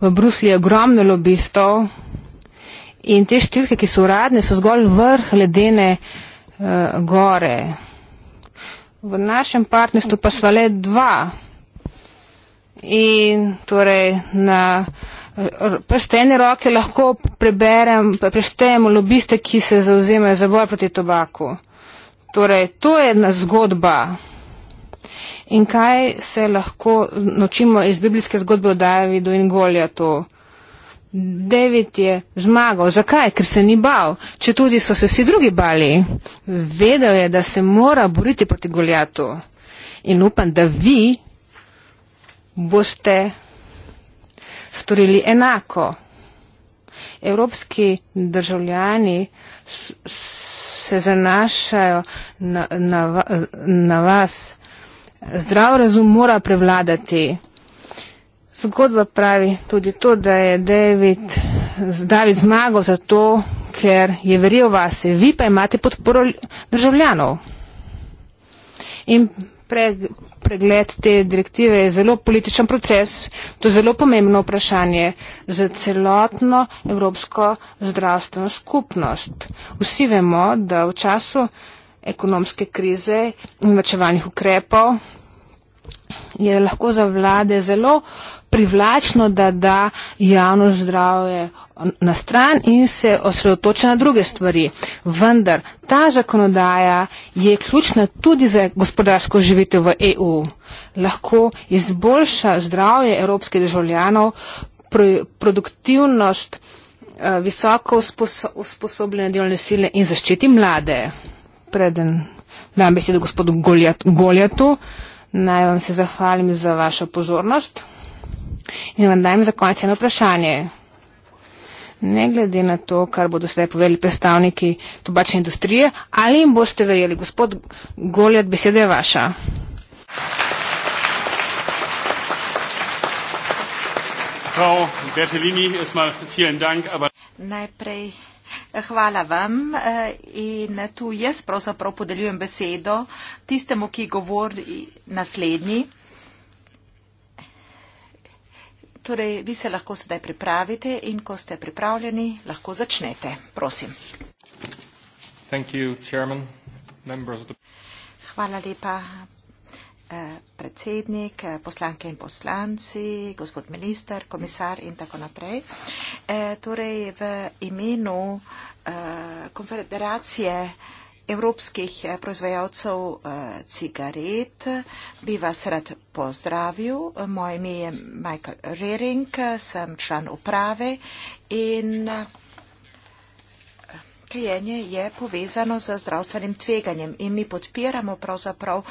v Bruslju je ogromno lobistov, In te številke, ki so uradne, so zgolj vrh ledene uh, gore. V našem partnerstvu pa so le dva. In torej na prstene roke lahko preberem, preštejemo lobiste, ki se zauzemajo za boj proti tobaku. Torej, to je ena zgodba. In kaj se lahko naučimo iz biblijske zgodbe o Davidu in Goljatu? David je zmagal. Zakaj? Ker se ni bal. Če tudi so se vsi drugi bali, vedel je, da se mora boriti proti Goljatu. In upam, da vi boste storili enako. Evropski državljani se zanašajo na, na, na vas. Zdrav razum mora prevladati. Zgodba pravi tudi to, da je David, David zmagal zato, ker je veril vase, vi pa imate podporo državljanov. In pregled te direktive je zelo političen proces, to je zelo pomembno vprašanje za celotno evropsko zdravstveno skupnost. Vsi vemo, da v času ekonomske krize in vačevalnih ukrepov je lahko za vlade zelo privlačno, da da javno zdravje na stran in se osredotoča na druge stvari. Vendar ta zakonodaja je ključna tudi za gospodarsko živitev v EU. Lahko izboljša zdravje evropskih državljanov, produktivnost, eh, visoko usposobljene delovne sile in zaščiti mlade. Preden dam besedo gospodu Goljatu, naj vam se zahvalim za vašo pozornost. In vam dajem za konec eno vprašanje. Ne glede na to, kar bodo sedaj povedali predstavniki tobačne industrije, ali jim boste verjeli, gospod Goljat, beseda je vaša. Najprej eh, hvala vam eh, in tu jaz pravzaprav podeljujem besedo tistemu, ki govori naslednji. Torej, vi se lahko sedaj pripravite in ko ste pripravljeni, lahko začnete. Prosim. You, chairman, the... Hvala lepa, eh, predsednik, eh, poslanke in poslanci, gospod minister, komisar in tako naprej. Eh, torej, v imenu konfederacije evropskih eh, proizvajalcev eh, cigaret bi vas rad pozdravil. Moje ime je Michael Rering, sem član uprave in eh, kajenje je povezano z zdravstvenim tveganjem in mi podpiramo pravzaprav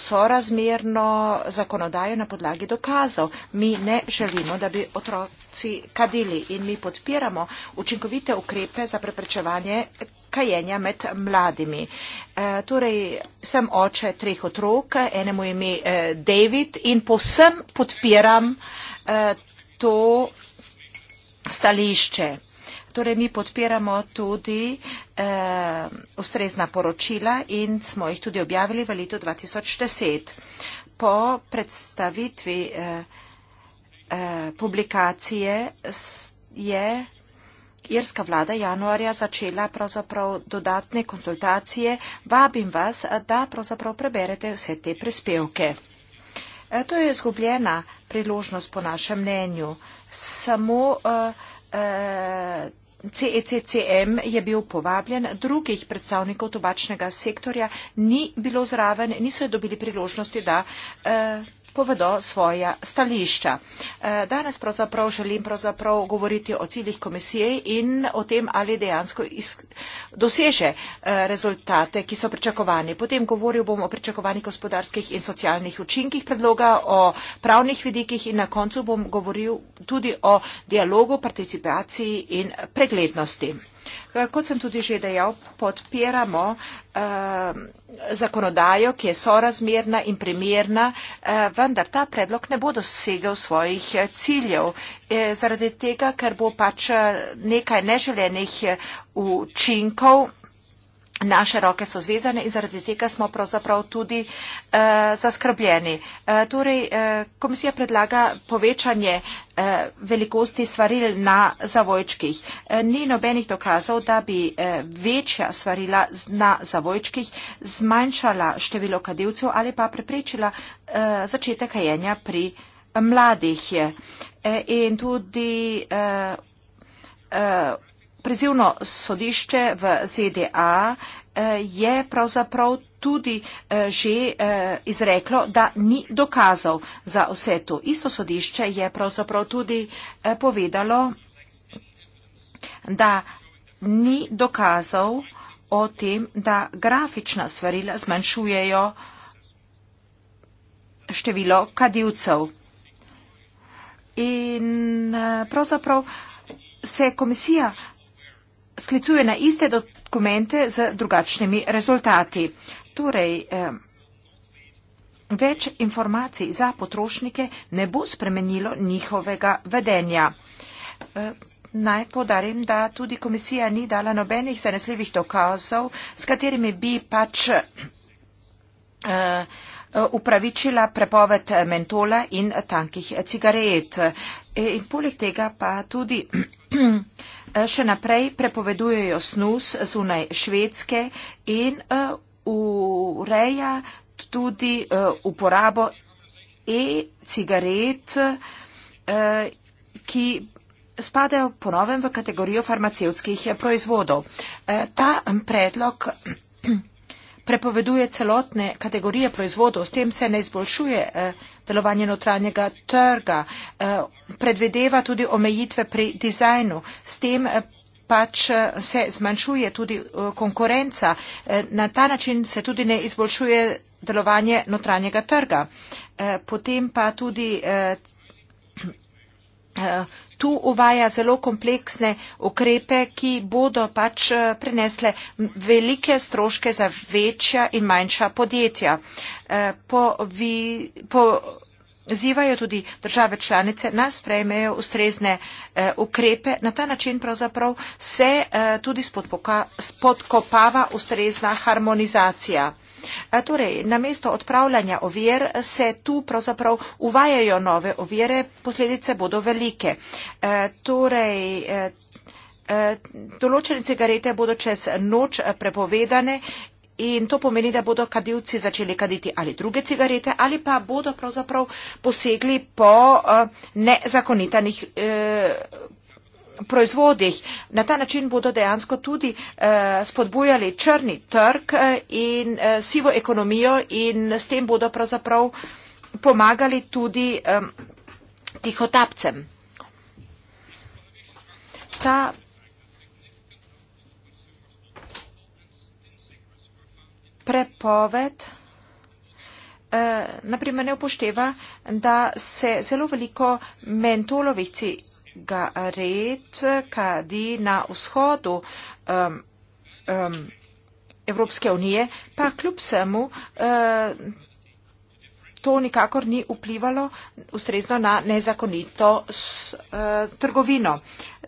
sorazmerno zakonodajo na podlagi dokazov. Mi ne želimo, da bi otroci kadili in mi podpiramo učinkovite ukrepe za preprečevanje kajenja med mladimi. E, torej, sem oče treh otrok, enemu ime e, David in posem podpiram e, to stališče. Torej, mi podpiramo tudi ustrezna poročila in smo jih tudi objavili v letu 2010. Po predstavitvi publikacije je irska vlada januarja začela pravzaprav dodatne konsultacije, vabim vas, da pravzaprav preberete vse te prispevke. E, to je izgubljena priložnost po našem mnenju. Samo e, e, CECCM je bil povabljen, drugih predstavnikov tobačnega sektorja ni bilo zraven, niso dobili priložnosti, da povedo svoja stališča. Eh, danes pravzaprav želim pravzaprav govoriti o ciljih komisije in o tem, ali dejansko iz, doseže eh, rezultate, ki so pričakovani. Potem govoril bom o pričakovanih gospodarskih in socialnih učinkih predloga, o pravnih vidikih in na koncu bom govoril tudi o dialogu, participaciji in preglednosti. Eh, kot sem tudi že dejal, podpiramo eh, zakonodajo, ki je sorazmerna in primerna, eh, vendar ta predlog ne bo dosegel svojih ciljev, zaradi tega, ker bo pač nekaj neželenih učinkov Naše roke so zvezane in zaradi tega smo pravzaprav tudi uh, zaskrbljeni. Uh, torej, uh, komisija predlaga povečanje uh, velikosti svaril na zavojčkih. Uh, ni nobenih dokazov, da bi uh, večja svarila na zavojčkih zmanjšala število kadilcev ali pa preprečila uh, začetek kajenja pri mladih. Uh, in tudi uh, uh, prizivno sodišče v ZDA eh, je pravzaprav tudi eh, že eh, izreklo, da ni dokazal za vse to. Isto sodišče je pravzaprav tudi povedalo, da ni dokazal o tem, da grafična svarila zmanjšujejo število kadivcev. In pravzaprav se komisija sklicuje na iste dokumente z drugačnimi rezultati. Torej, več informacij za potrošnike ne bo spremenilo njihovega vedenja. Naj podarim, da tudi komisija ni dala nobenih zanesljivih dokazov, s katerimi bi pač upravičila prepoved mentola in tankih cigaret. E, in poleg tega pa tudi Eh, še naprej prepovedujejo snus zunaj švedske in eh, ureja tudi eh, uporabo e-cigaret, ki spadajo ponovem v kategorijo farmacevskih proizvodov. Ta predlog prepoveduje celotne kategorije proizvodov, s tem se ne izboljšuje eh, delovanje notranjega trga, eh, predvedeva tudi omejitve pri dizajnu, s tem eh, pač se zmanjšuje tudi konkurenca, na ta način se tudi ne izboljšuje delovanje notranjega trga. Potem pa tudi tu uvaja zelo kompleksne ukrepe, ki bodo pač eh, prinesle velike stroške za večja in manjša podjetja. Eh, po vi, po Zivajo tudi države članice, nas sprejmejo ustrezne eh, ukrepe. Na ta način pravzaprav se eh, tudi spodpoka, spodkopava ustrezna harmonizacija. Torej, namesto odpravljanja ovir se tu pravzaprav uvajajo nove ovire, posledice bodo velike. E, torej, e, e, določene cigarete bodo čez noč prepovedane. In to pomeni, da bodo kadilci začeli kaditi ali druge cigarete ali pa bodo pravzaprav posegli po uh, nezakonitanih uh, proizvodih. Na ta način bodo dejansko tudi eh, spodbujali črni trg eh, in eh, sivo ekonomijo in s tem bodo pravzaprav pomagali tudi eh, tihotapcem. Ta prepoved eh, naprimer ne upošteva, da se zelo veliko mentolovih cigaret ga red kadi na vzhodu um, um, Evropske unije, pa kljub vsemu uh, to nikakor ni vplivalo ustrezno na nezakonito s, uh, trgovino.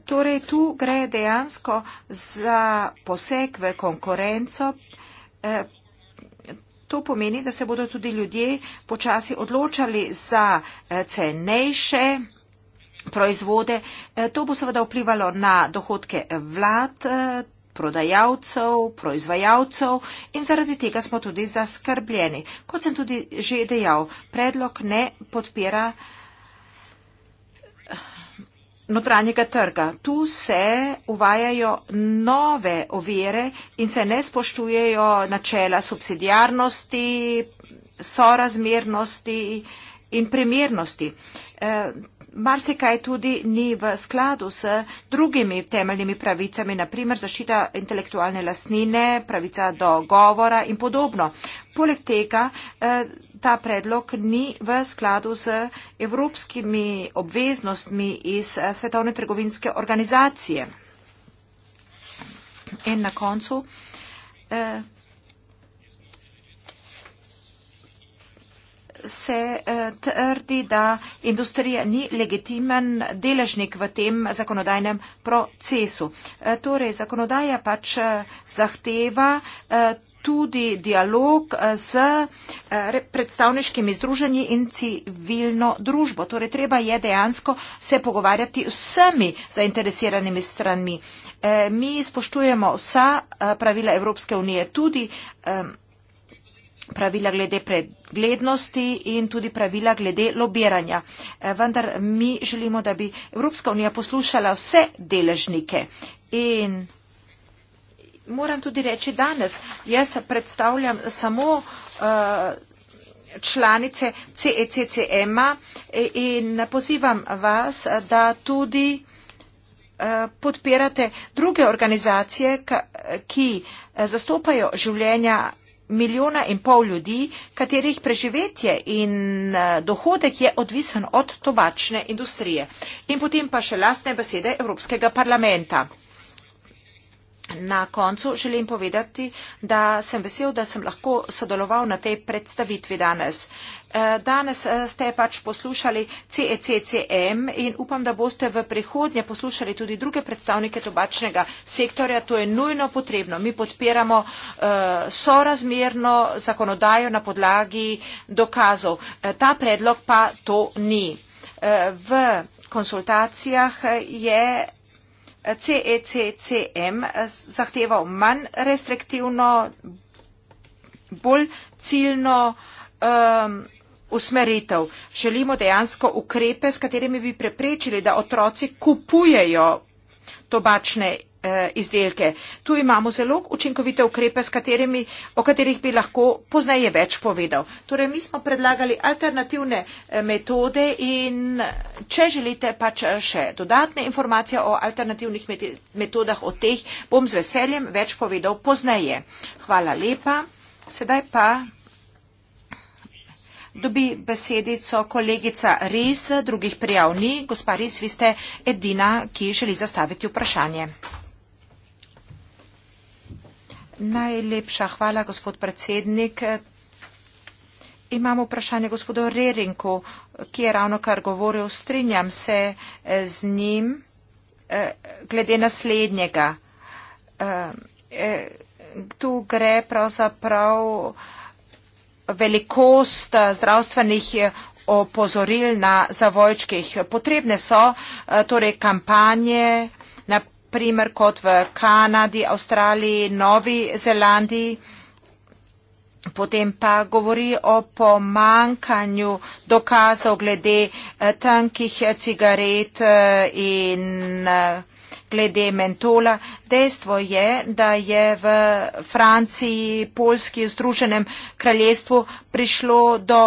Torej, tu gre dejansko za poseg v konkurenco. Uh, To pomeni, da se bodo tudi ljudje počasi odločali za uh, cenejše proizvode. E, to bo seveda vplivalo na dohodke vlad, e, prodajalcev, proizvajalcev in zaradi tega smo tudi zaskrbljeni. Kot sem tudi že dejal, predlog ne podpira e, notranjega trga. Tu se uvajajo nove ovire in se ne spoštujejo načela subsidijarnosti, sorazmernosti in primernosti marsikaj tudi ni v skladu s drugimi temeljnimi pravicami, naprimer zaščita intelektualne lasnine, pravica do govora in podobno. Poleg tega eh, ta predlog ni v skladu z evropskimi obveznostmi iz eh, Svetovne trgovinske organizacije. In na koncu. Eh, se eh, trdi, da industrija ni legitimen deležnik v tem zakonodajnem procesu. Eh, torej, zakonodaja pač eh, zahteva tudi dialog z predstavniškimi združenji in civilno družbo. Torej, treba je dejansko se pogovarjati vsemi zainteresiranimi stranmi. Mi spoštujemo vsa pravila Evropske unije, tudi pravila glede preglednosti in tudi pravila glede lobiranja. Eh, vendar mi želimo, da bi Evropska unija poslušala vse deležnike in moram tudi reči danes, jaz predstavljam samo eh, članice CECCM-a e eh, in pozivam vas, da tudi podpirate druge organizacije, ki zastopajo življenja milijona in pol ljudi, katerih preživetje in eh, dohodek je odvisen od tobačne industrije. In potem pa še lastne besede Evropskega parlamenta. Na koncu želim povedati, da sem vesel, da sem lahko sodeloval na tej predstavitvi danes. Eh, danes eh, ste pač poslušali CECCM in upam, da boste v prihodnje poslušali tudi druge predstavnike tobačnega sektorja. To je nujno potrebno. Mi podpiramo eh, sorazmerno zakonodajo na podlagi dokazov. Ta predlog pa to ni. V konsultacijah je CECCM zahteval manj restriktivno, bolj ciljno um, usmeritev. Želimo dejansko ukrepe, s katerimi bi preprečili, da otroci kupujejo tobačne Eh, izdelke. Tu imamo zelo učinkovite ukrepe, katerimi, o katerih bi lahko poznaje več povedal. Torej, mi smo predlagali alternativne eh, metode in eh, če želite pač še dodatne informacije o alternativnih metodah, o teh bom z veseljem več povedal poznaje. Hvala lepa. Sedaj pa dobi besedico kolegica Riz, drugih prijav ni. Gospa Riz, vi ste edina, ki želi zastaviti vprašanje. Najlepša hvala, gospod predsednik. Imam vprašanje gospodu Rerinku, ki je ravno kar govoril. Strinjam se eh, z njim eh, glede naslednjega. Eh, tu gre pravzaprav velikost zdravstvenih opozoril na zavojčkih. Potrebne so torej kampanje, primer kot v Kanadi, Avstraliji, Novi Zelandiji. Potem pa govori o pomankanju dokazov glede eh, tankih eh, cigaret eh, in glede mentola. Dejstvo je, da je v Franciji, Polski, v Združenem kraljestvu prišlo do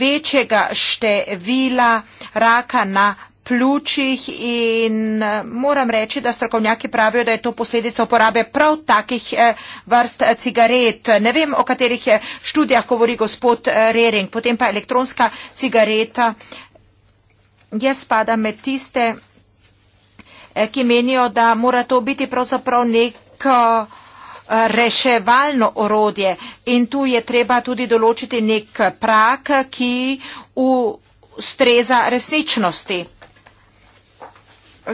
večjega števila raka na pljučih in eh, moram reči, da strokovnjaki pravijo, da je to posledica uporabe prav takih eh, vrst eh, cigaret. Ne vem, o katerih študijah govori gospod Rering, potem pa elektronska cigareta. Jaz spada med tiste, ki menijo, da mora to biti pravzaprav neko reševalno orodje in tu je treba tudi določiti nek prak, ki ustreza resničnosti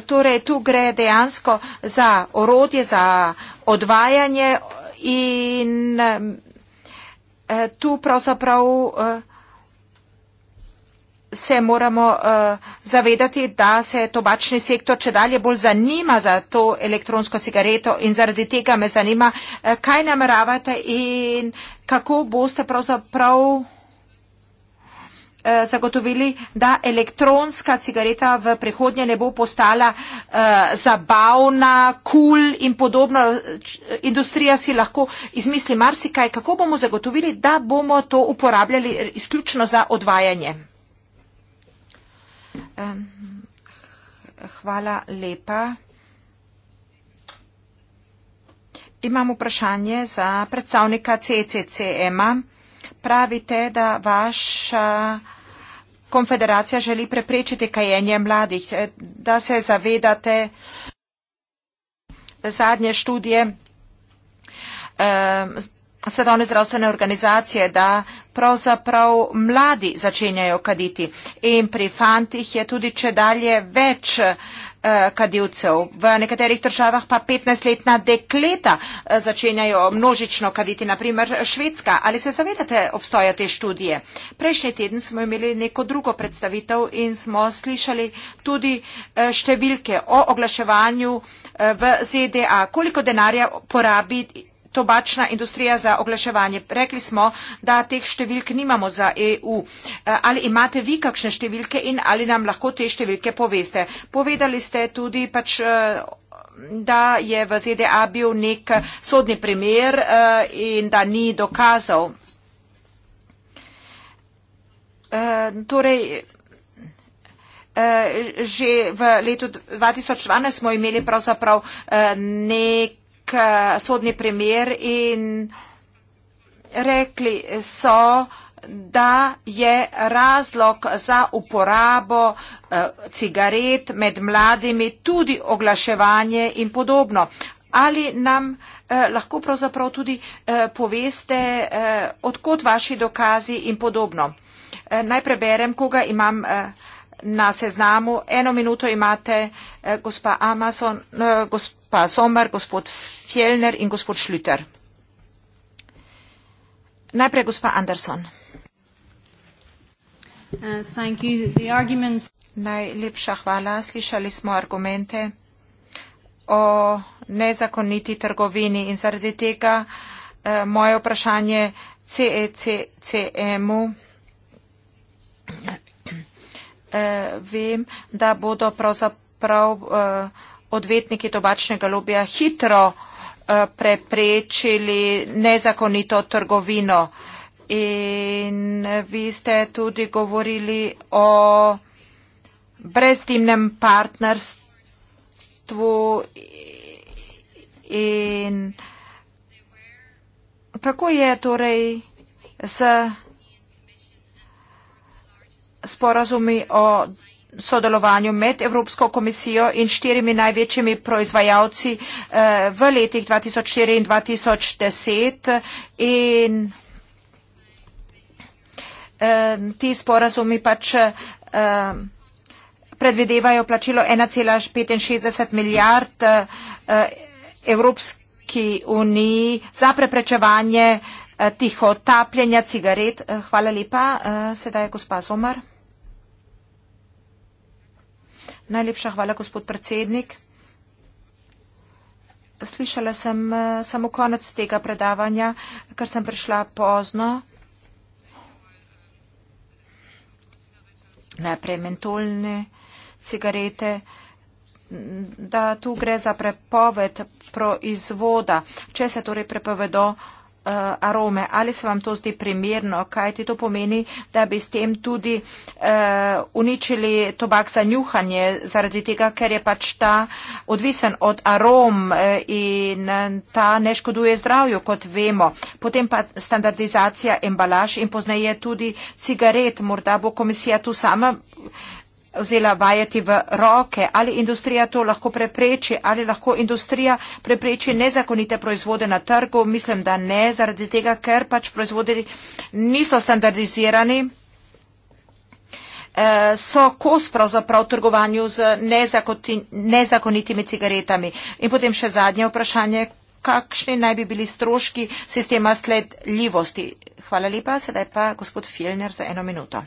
torej tu gre dejansko za orodje, za odvajanje in eh, tu pravzaprav eh, se moramo eh, zavedati, da se tobačni sektor če dalje bolj zanima za to elektronsko cigareto in zaradi tega me zanima, kaj nameravate in kako boste pravzaprav prav Eh, zagotovili, da elektronska cigareta v prihodnje ne bo postala uh, zabavna, kul cool in podobno. Industrija si lahko izmisli marsikaj. Kako bomo zagotovili, da bomo to uporabljali izključno za odvajanje? Hvala lepa. Imam vprašanje za predstavnika CCCM-a. E Pravite, da vaša konfederacija želi preprečiti kajenje mladih, e, da se zavedate zadnje študije e, Svetovne zdravstvene organizacije, da pravzaprav mladi začenjajo kaditi in pri fantih je tudi če dalje več uh, Eh, kadilcev. V nekaterih državah pa 15-letna dekleta eh, začenjajo množično kaditi, naprimer Švedska. Ali se zavedate obstoja te študije? Prejšnji teden smo imeli neko drugo predstavitev in smo slišali tudi eh, številke o oglaševanju v ZDA. Koliko denarja porabi tobačna industrija za oglaševanje. Rekli smo, da teh številk nimamo za EU. Eh, ali imate vi kakšne številke in ali nam lahko te številke poveste? Povedali ste tudi pač eh, da je v ZDA bil nek sodni primer eh, in da ni dokazal. Torej, že v letu 2012 smo imeli pravzaprav nek nek sodni primer in rekli so, da je razlog za uporabo eh, cigaret med mladimi tudi oglaševanje in podobno. Ali nam eh, lahko pravzaprav tudi eh, poveste, eh, odkot vaši dokazi in podobno? Eh, najprej berem, koga imam eh, na seznamu. Eno minuto imate, eh, gospa Amazon. Eh, gospa pa Sombar, gospod Fjellner in gospod Šlüter. Najprej gospa Anderson. Uh, Najlepša hvala. Slišali smo argumente o nezakoniti trgovini in zaradi tega uh, moje vprašanje CECCM-u. E uh, vem, da bodo pravzaprav uh, odvetniki tobačnega lobija hitro eh, preprečili nezakonito trgovino. In vi ste tudi govorili o brezdimnem partnerstvu in kako je torej z sporazumi o sodelovanju med Evropsko komisijo in štirimi največjimi proizvajalci eh, v letih 2004 in 2010 in eh, ti sporazumi pač eh, predvidevajo plačilo 1,65 milijard Evropski uniji za preprečevanje tiho tapljenja cigaret. Hvala lepa, sedaj je gospa Zomar. Najlepša hvala, gospod predsednik. Slišala sem eh, samo konec tega predavanja, ker sem prišla pozno. Najprej mentolne cigarete, da tu gre za prepoved proizvoda. Če se torej prepovedo, Eh, arome. Ali se vam to zdi primerno, kaj ti to pomeni, da bi s tem tudi uh, uničili tobak za njuhanje, zaradi tega, ker je pač ta odvisen od arom eh, in ta ne škoduje zdravju, kot vemo. Potem pa standardizacija embalaž in poznaje tudi cigaret. Morda bo komisija tu sama vzela vajeti v roke, ali industrija to lahko prepreči, ali lahko industrija prepreči nezakonite proizvode na trgu. Mislim, da ne, zaradi tega, ker pač proizvode niso standardizirani, eh, so kos pravzaprav trgovanju z nezakonitimi cigaretami. In potem še zadnje vprašanje, kakšni naj bi bili stroški sistema sledljivosti. Hvala lepa, sedaj pa gospod Filner za eno minuto.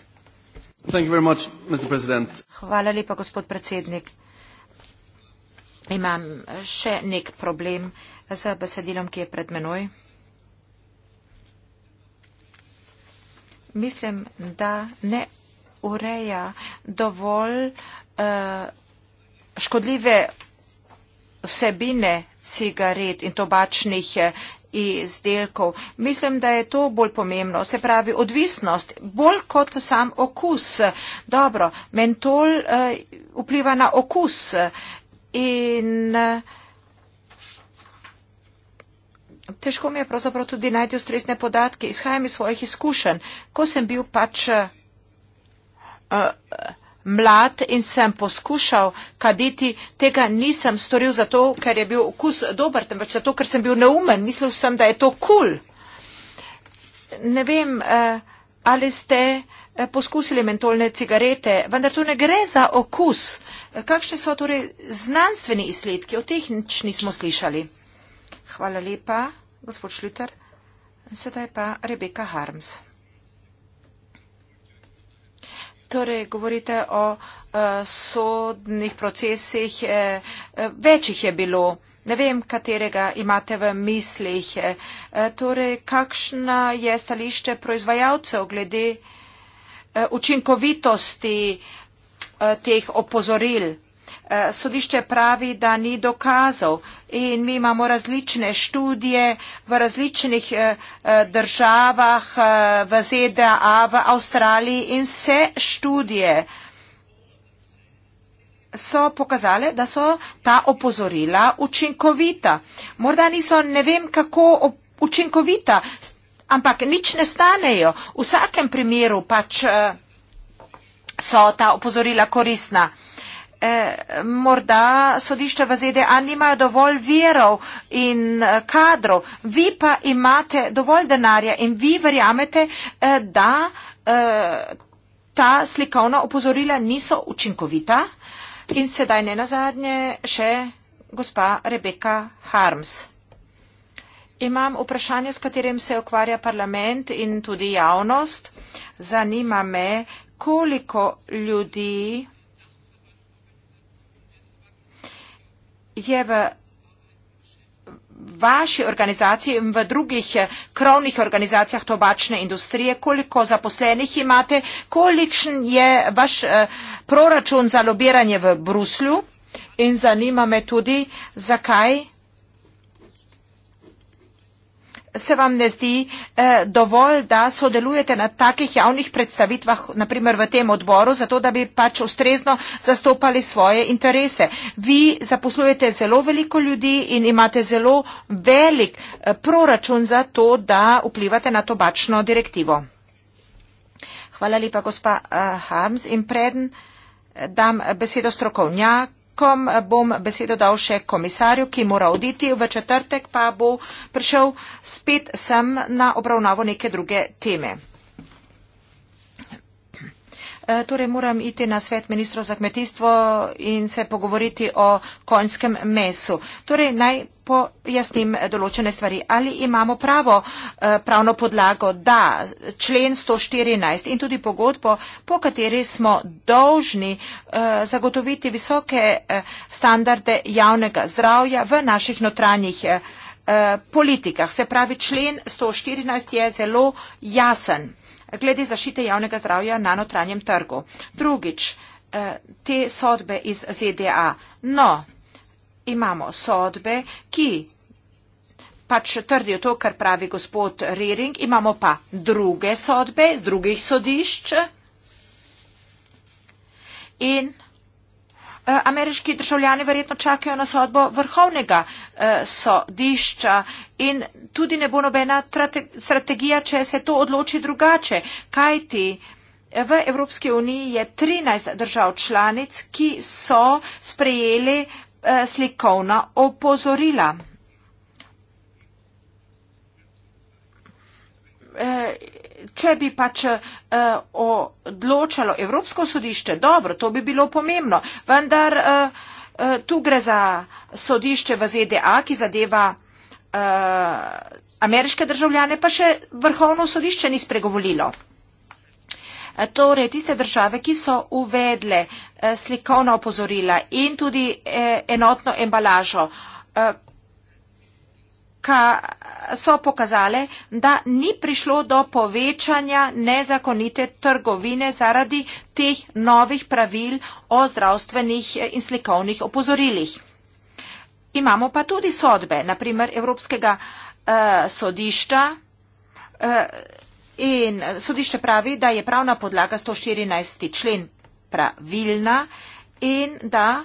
Much, Hvala lepa, gospod predsednik. Imam še nek problem z besedilom, ki je pred menoj. Mislim, da ne ureja dovolj uh, škodljive vsebine cigaret in tobačnih eh, izdelkov. Mislim, da je to bolj pomembno. Se pravi, odvisnost bolj kot sam okus. Dobro, mentol uh, vpliva na okus in uh, težko mi je pravzaprav tudi najti ustrezne podatke. Izhajam iz svojih izkušenj, ko sem bil pač. Uh, uh, mlad in sem poskušal kaditi, tega nisem storil zato, ker je bil okus dober, temveč zato, ker sem bil neumen, mislil sem, da je to kul. Cool. Ne vem, eh, ali ste eh, poskusili mentolne cigarete, vendar tu ne gre za okus. Kakšne so torej znanstveni izsledki? O teh nič nismo slišali. Hvala lepa, gospod Šljuter. Sedaj pa Rebeka Harms. Torej, govorite o uh, sodnih procesih, uh, uh, večjih je bilo, ne vem, katerega imate v mislih. Uh, torej, kakšna je stališče proizvajalcev glede uh, učinkovitosti uh, teh opozoril? Uh, Eh, sodišče pravi, da ni dokazov in mi imamo različne študije v različnih eh, eh, državah, v ZDA, v Avstraliji in vse študije so pokazale, da so ta opozorila učinkovita. Morda niso ne vem kako učinkovita, ampak nič ne stanejo. V vsakem primeru pač so ta opozorila koristna. Eh, morda sodišče v ZDA nimajo dovolj verov in eh, kadrov, vi pa imate dovolj denarja in vi verjamete, eh, da ta slikovna opozorila niso učinkovita in sedaj ne nazadnje še gospa Rebeka Harms. Imam vprašanje, s katerim se okvarja parlament in tudi javnost. Zanima me, koliko ljudi. je v vaši organizaciji in v drugih eh, krovnih organizacijah tobačne industrije, koliko zaposlenih imate, kolikšen je vaš eh, proračun za lobiranje v Bruslju in zanima me tudi, zakaj se vam ne zdi eh, dovolj, da sodelujete na takih javnih predstavitvah, naprimer v tem odboru, zato da bi pač ustrezno zastopali svoje interese. Vi zaposlujete zelo veliko ljudi in imate zelo velik eh, proračun za to, da vplivate na tobačno direktivo. Hvala lepa, gospa eh, Harms. In preden eh, dam eh, besedo strokovnjak stavkom bom besedo dal še komisarju, ki mora oditi v četrtek, pa bo prišel spet sem na obravnavo neke druge teme. E, torej moram iti na svet ministrov za kmetijstvo in se pogovoriti o konjskem mesu. Torej naj pojasnim določene stvari. Ali imamo pravo, e, pravno podlago, da člen 114 in tudi pogodbo, po kateri smo dolžni e, zagotoviti visoke standarde javnega zdravja v naših notranjih politikah. Se pravi, člen 114 je zelo jasen glede zašite javnega zdravja na notranjem trgu. Drugič, eh, te sodbe iz ZDA. No, imamo sodbe, ki pač trdijo to, kar pravi gospod Rering, imamo pa druge sodbe z drugih sodišč in Eh, ameriški državljani verjetno čakajo na sodbo vrhovnega eh, sodišča in tudi ne bo nobena strategija, če se to odloči drugače. Kaj ti? Eh, v Evropski uniji je 13 držav članic, ki so sprejeli slikovna opozorila. če bi pač eh, odločalo Evropsko sodišče, dobro, to bi bilo pomembno, vendar eh, eh, tu gre za sodišče v ZDA, ki zadeva ameriške državljane, pa še vrhovno sodišče ni spregovolilo. Torej, tiste države, ki so uvedle slikovna opozorila in tudi enotno embalažo, ka, so pokazale, da ni prišlo do povečanja nezakonite trgovine zaradi teh novih pravil o zdravstvenih eh, in slikovnih opozorilih. Imamo pa tudi sodbe, naprimer Evropskega uh, sodišča. Uh, In sodišče pravi, da je pravna podlaga 114. člen pravilna in da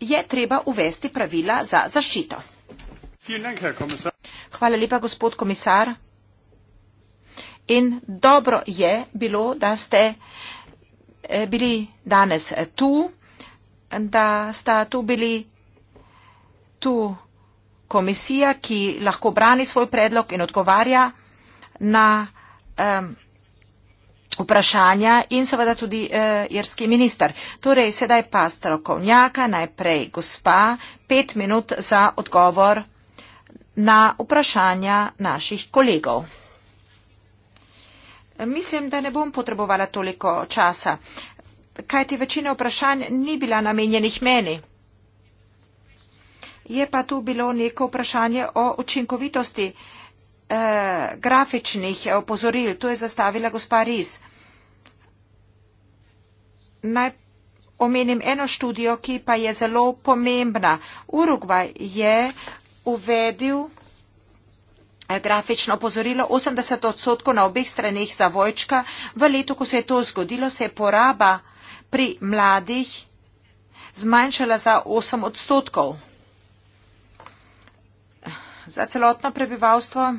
je treba uvesti pravila za zaščito. Hvala lepa, gospod komisar. In dobro je bilo, da ste eh, bili danes tu, da sta tu bili tu komisija, ki lahko brani svoj predlog in odgovarja na um, vprašanja in seveda tudi uh, irski minister. Torej, sedaj pa strokovnjaka, najprej gospa, pet minut za odgovor na vprašanja naših kolegov. Mislim, da ne bom potrebovala toliko časa, kaj ti večina vprašanj ni bila namenjenih meni. Je pa tu bilo neko vprašanje o učinkovitosti eh, grafičnih eh, opozoril, to je zastavila gospa Riz. Naj omenim eno študijo, ki pa je zelo pomembna. Urugvaj je uvedel eh, grafično opozorilo 80 odstotkov na obeh straneh za vojčka. V letu, ko se je to zgodilo, se je poraba pri mladih zmanjšala za 8 odstotkov. Za celotno prebivalstvo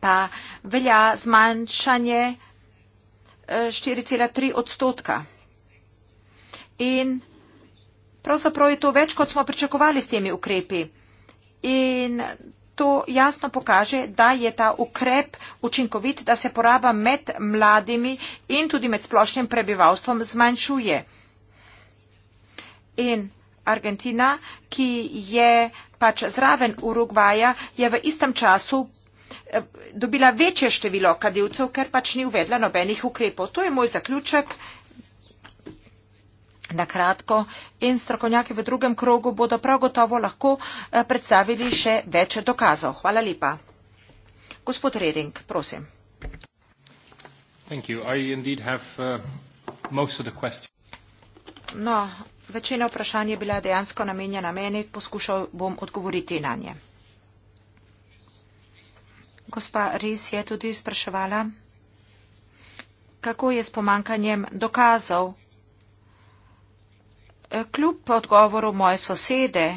pa velja zmanjšanje 4,3 eh, odstotka. In pravzaprav je to več, kot smo pričakovali s temi ukrepi. In to jasno pokaže, da je ta ukrep učinkovit, da se poraba med mladimi in tudi med splošnim prebivalstvom zmanjšuje. In Argentina, ki je pač zraven Urugvaja, je v istem času eh, dobila večje število kadilcev, ker pač ni uvedla nobenih ukrepov. To je moj zaključek. Na kratko in strokovnjaki v drugem krogu bodo prav gotovo lahko eh, predstavili še več dokazov. Hvala lepa. Gospod Rering, prosim. Uh, no, večina vprašanj je bila dejansko namenjena meni, poskušal bom odgovoriti na nje. Gospa Riz je tudi spraševala, kako je s pomankanjem dokazov, Eh, kljub odgovoru moje sosede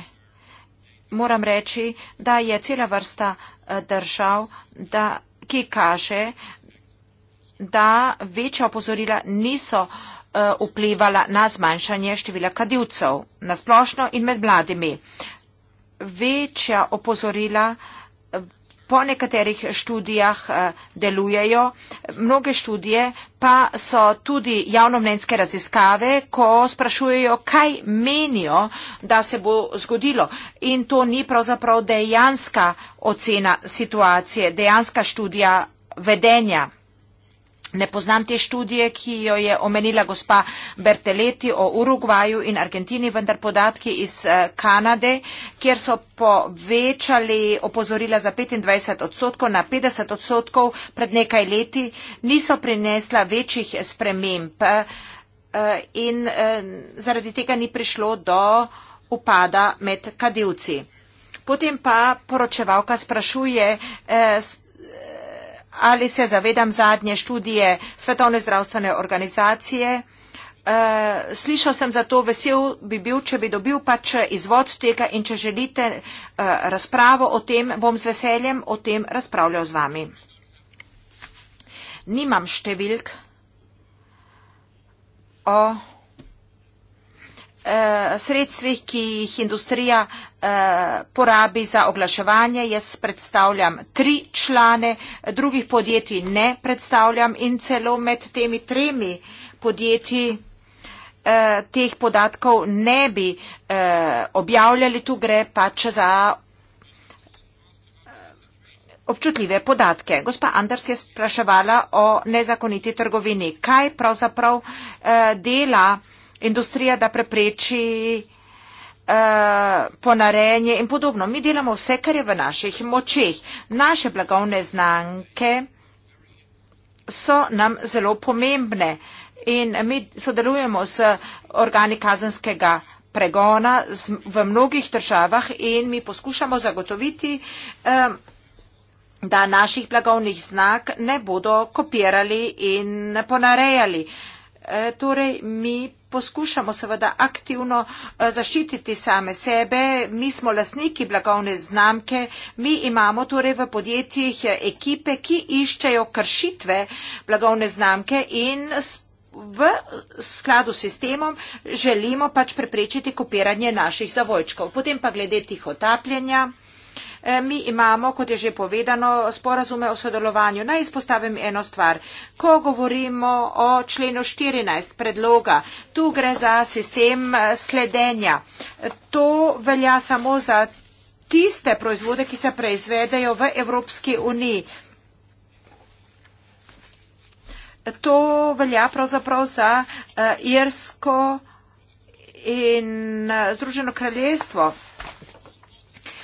moram reči, da je cela vrsta eh, držav, da, ki kaže, da večja opozorila niso eh, vplivala na zmanjšanje števila kadilcev na splošno in med mladimi. Večja opozorila po nekaterih študijah eh, delujejo, mnoge študije pa so tudi javnomnenjske raziskave, ko sprašujejo, kaj menijo, da se bo zgodilo. In to ni pravzaprav dejanska ocena situacije, dejanska študija vedenja. Ne poznam te študije, ki jo je omenila gospa Berteleti o Urugvaju in Argentini, vendar podatki iz eh, Kanade, kjer so povečali opozorila za 25 odstotkov na 50 odstotkov pred nekaj leti, niso prinesla večjih sprememb eh, in eh, zaradi tega ni prišlo do upada med kadilci. Potem pa poročevalka sprašuje, ali se zavedam zadnje študije Svetovne zdravstvene organizacije. Eh, slišal sem za to, vesel bi bil, če bi dobil pač izvod tega in če želite eh, razpravo o tem, bom z veseljem o tem razpravljal z vami. Nimam številk o Eh, sredstvih, ki jih industrija eh, porabi za oglaševanje. Jaz predstavljam tri člane, drugih podjetij ne predstavljam in celo med temi tremi podjetji eh, teh podatkov ne bi objavljali. Tu gre pač za občutljive podatke. Gospa Anders je spraševala o nezakoniti trgovini. Kaj pravzaprav dela trgovina? industrija, da prepreči uh, eh, ponarejanje in podobno. Mi delamo vse, kar je v naših močeh. Naše blagovne znamke so nam zelo pomembne in mi sodelujemo z organi kazenskega pregona z, v mnogih državah in mi poskušamo zagotoviti, um, da naših blagovnih znak ne bodo kopirali in ponarejali. E, torej, mi poskušamo seveda aktivno eh, zaščititi same sebe. Mi smo lastniki blagovne znamke, mi imamo torej v podjetjih ekipe, ki iščejo kršitve blagovne znamke in v skladu s sistemom želimo pač preprečiti kopiranje naših zavojčkov. Potem pa glede tih otapljenja. Eh, mi imamo, kot je že povedano, sporazume o sodelovanju. Naj izpostavim eno stvar. Ko govorimo o členu 14 predloga, tu gre za sistem eh, sledenja. To velja samo za tiste proizvode, ki se preizvedejo v Evropski uniji. To velja pravzaprav za uh, Irsko in uh, Združeno kraljestvo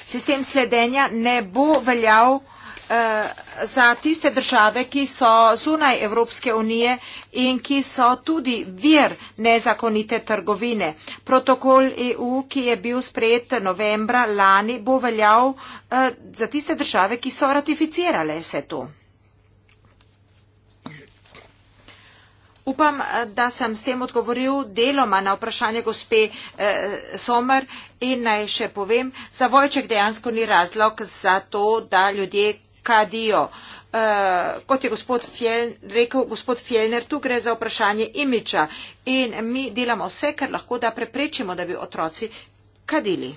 sistem sledenja ne bo veljal eh, za tiste države, ki so zunaj Evropske unije in ki so tudi vir nezakonite trgovine. Protokol EU, ki je bil sprejet novembra lani, bo veljal eh, za tiste države, ki so ratificirale vse to. Upam, da sem s tem odgovoril deloma na vprašanje gospe eh, Somer in naj še povem, za vojček dejansko ni razlog za to, da ljudje kadijo. Uh, kot je gospod Fjell, rekel gospod Fjellner, tu gre za vprašanje imiča in mi delamo vse, kar lahko, da preprečimo, da bi otroci kadili.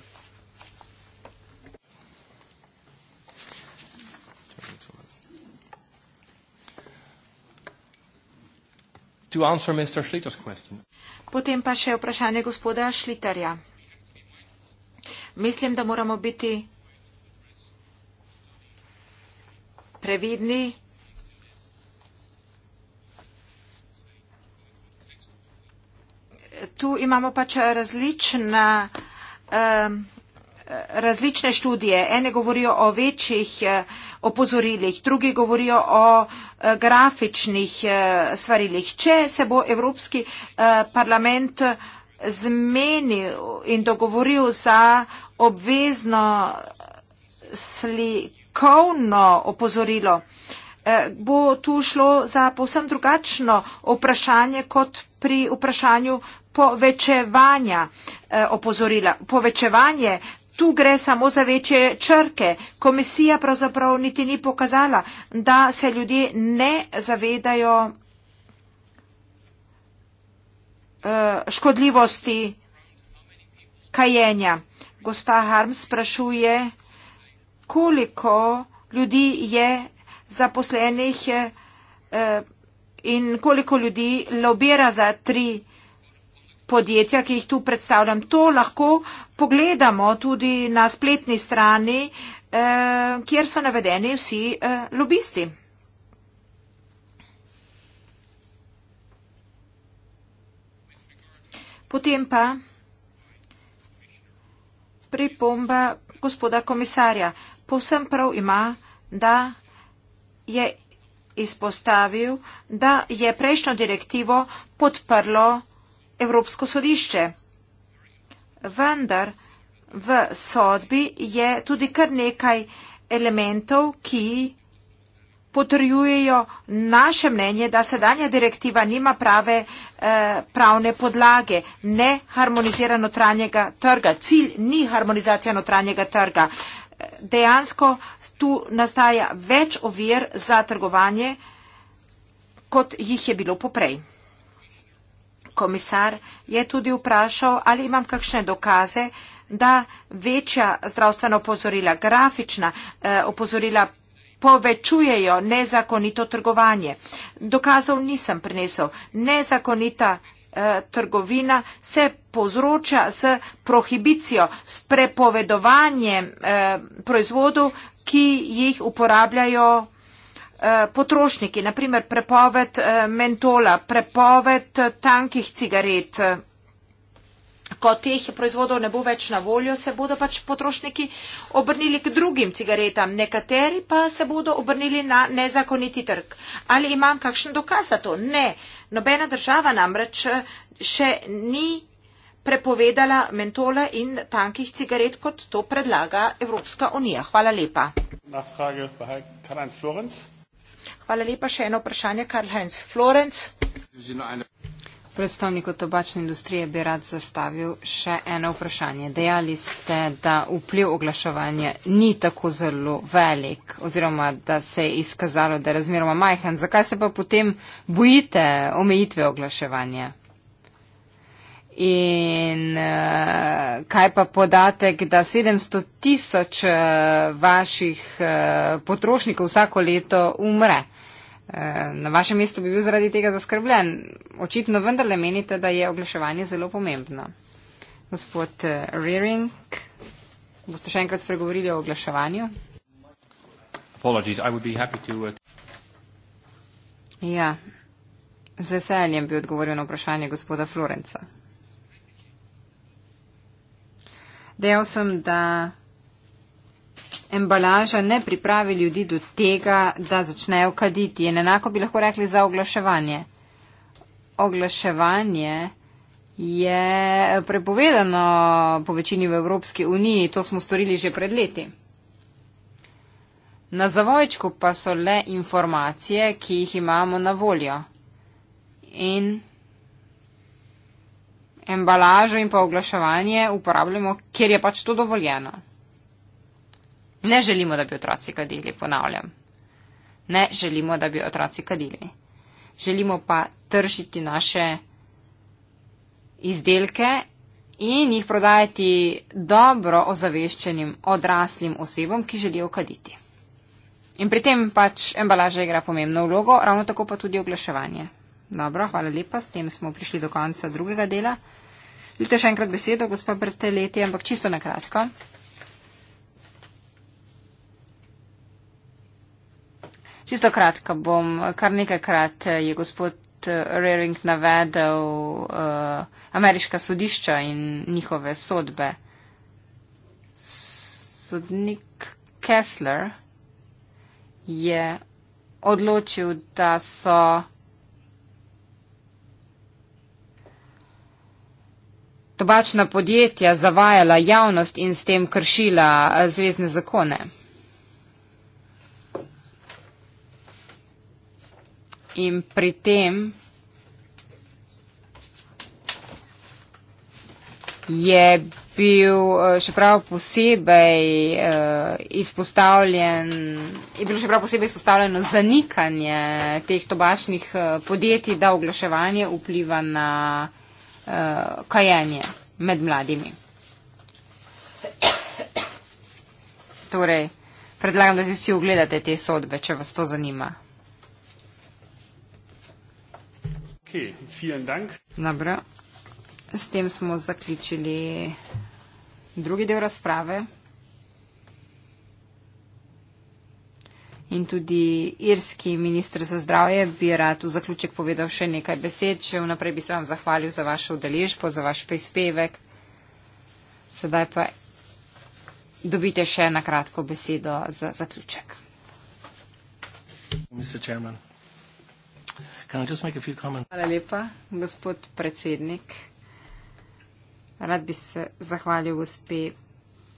To answer Mr. Schlitter's question. Potem pa še vprašanje gospoda Šliterja. Mislim, da moramo biti previdni Tu imamo pač različna, um, različne študije. Ene govorijo o večjih eh, opozorilih, drugi govorijo o grafičnih eh, svarilih. Če se bo Evropski eh, parlament eh, zmenil in dogovoril za obvezno slikovno opozorilo, bo tu šlo za povsem drugačno vprašanje kot pri vprašanju povečevanja opozorila. Povečevanje Tu gre samo za večje črke. Komisija pravzaprav niti ni pokazala, da se ljudje ne zavedajo eh, škodljivosti kajenja. Gospa Harms sprašuje, koliko ljudi je zaposlenih eh, in koliko ljudi lobira za tri črke podjetja, ki jih tu predstavljam. To lahko pogledamo tudi na spletni strani, eh, kjer so navedeni vsi eh, lobisti. Potem pa pripomba gospoda komisarja. Povsem prav ima, da je izpostavil, da je prejšnjo direktivo podprlo Evropsko sodišče. Vendar v sodbi je tudi kar nekaj elementov, ki potrjujejo naše mnenje, da sedanja direktiva nima prave eh, pravne podlage, ne harmonizira notranjega trga. Cilj ni harmonizacija notranjega trga. Dejansko tu nastaja več ovir za trgovanje, kot jih je bilo poprej. Komisar je tudi vprašal, ali imam kakšne dokaze, da večja zdravstvena opozorila, grafična eh, opozorila povečujejo nezakonito trgovanje. Dokazov nisem prinesel. Nezakonita eh, trgovina se povzroča s prohibicijo, s prepovedovanjem eh, proizvodov, ki jih uporabljajo Eh, potrošniki, naprimer prepoved eh, mentola, prepoved eh, tankih cigaret. Ko teh proizvodov ne bo več na voljo, se bodo pač potrošniki obrnili k drugim cigaretam, nekateri pa se bodo obrnili na nezakoniti trg. Ali imam kakšen dokaz za to? Ne. Nobena država namreč še ni prepovedala mentola in tankih cigaret, kot to predlaga Evropska unija. Hvala lepa. Na frage, Hvala lepa. Še eno vprašanje, Karl-Heinz Florenc. Predstavniku tobačne industrije bi rad zastavil še eno vprašanje. Dejali ste, da vpliv oglaševanja ni tako zelo velik oziroma da se je izkazalo, da je razmeroma majhen. Zakaj se pa potem bojite omejitve oglaševanja? In uh, kaj pa podatek, da 700 tisoč uh, vaših uh, potrošnikov vsako leto umre? Uh, na vašem mestu bi bil zaradi tega zaskrbljen. Očitno vendarle menite, da je oglaševanje zelo pomembno. Gospod uh, Rearing, boste še enkrat spregovorili o oglaševanju? Uh, ja, z veseljem bi odgovoril na vprašanje gospoda Florenca. Dejal sem, da embalaža ne pripravi ljudi do tega, da začnejo kaditi. In enako bi lahko rekli za oglaševanje. Oglaševanje je prepovedano po večini v Evropski uniji, to smo storili že pred leti. Na zavojčku pa so le informacije, ki jih imamo na voljo. In embalažo in pa oglaševanje uporabljamo, kjer je pač to dovoljeno. Ne želimo, da bi otroci kadili, ponavljam. Ne želimo, da bi otroci kadili. Želimo pa tržiti naše izdelke in jih prodajati dobro ozaveščenim odraslim osebom, ki želijo kaditi. In pri tem pač embalaža igra pomembno vlogo, ravno tako pa tudi oglaševanje. Dobro, hvala lepa, s tem smo prišli do konca drugega dela. Vidite še enkrat besedo, gospod Brteleti, ampak čisto na kratko. Čisto kratko bom, kar nekajkrat je gospod Rearing navedel uh, ameriška sodišča in njihove sodbe. Sodnik Kessler je odločil, da so. tobačna podjetja zavajala javnost in s tem kršila eh, zvezdne zakone. In pri tem je bil eh, še prav posebej eh, izpostavljen, je bilo še prav posebej izpostavljeno zanikanje teh tobačnih podjetij, da oglaševanje vpliva na uh, kajenje med mladimi. Torej, predlagam, da si vsi ogledate te sodbe, če vas to zanima. Dobro, s tem smo zaključili drugi del razprave. in tudi irski ministr za zdravje bi rad v zaključek povedal še nekaj besed. Še vnaprej bi se vam zahvalil za vašo udeležbo, za vaš prispevek. Sedaj pa dobite še na kratko besedo za zaključek. Hvala lepa, gospod predsednik. Rad bi se zahvalil gospe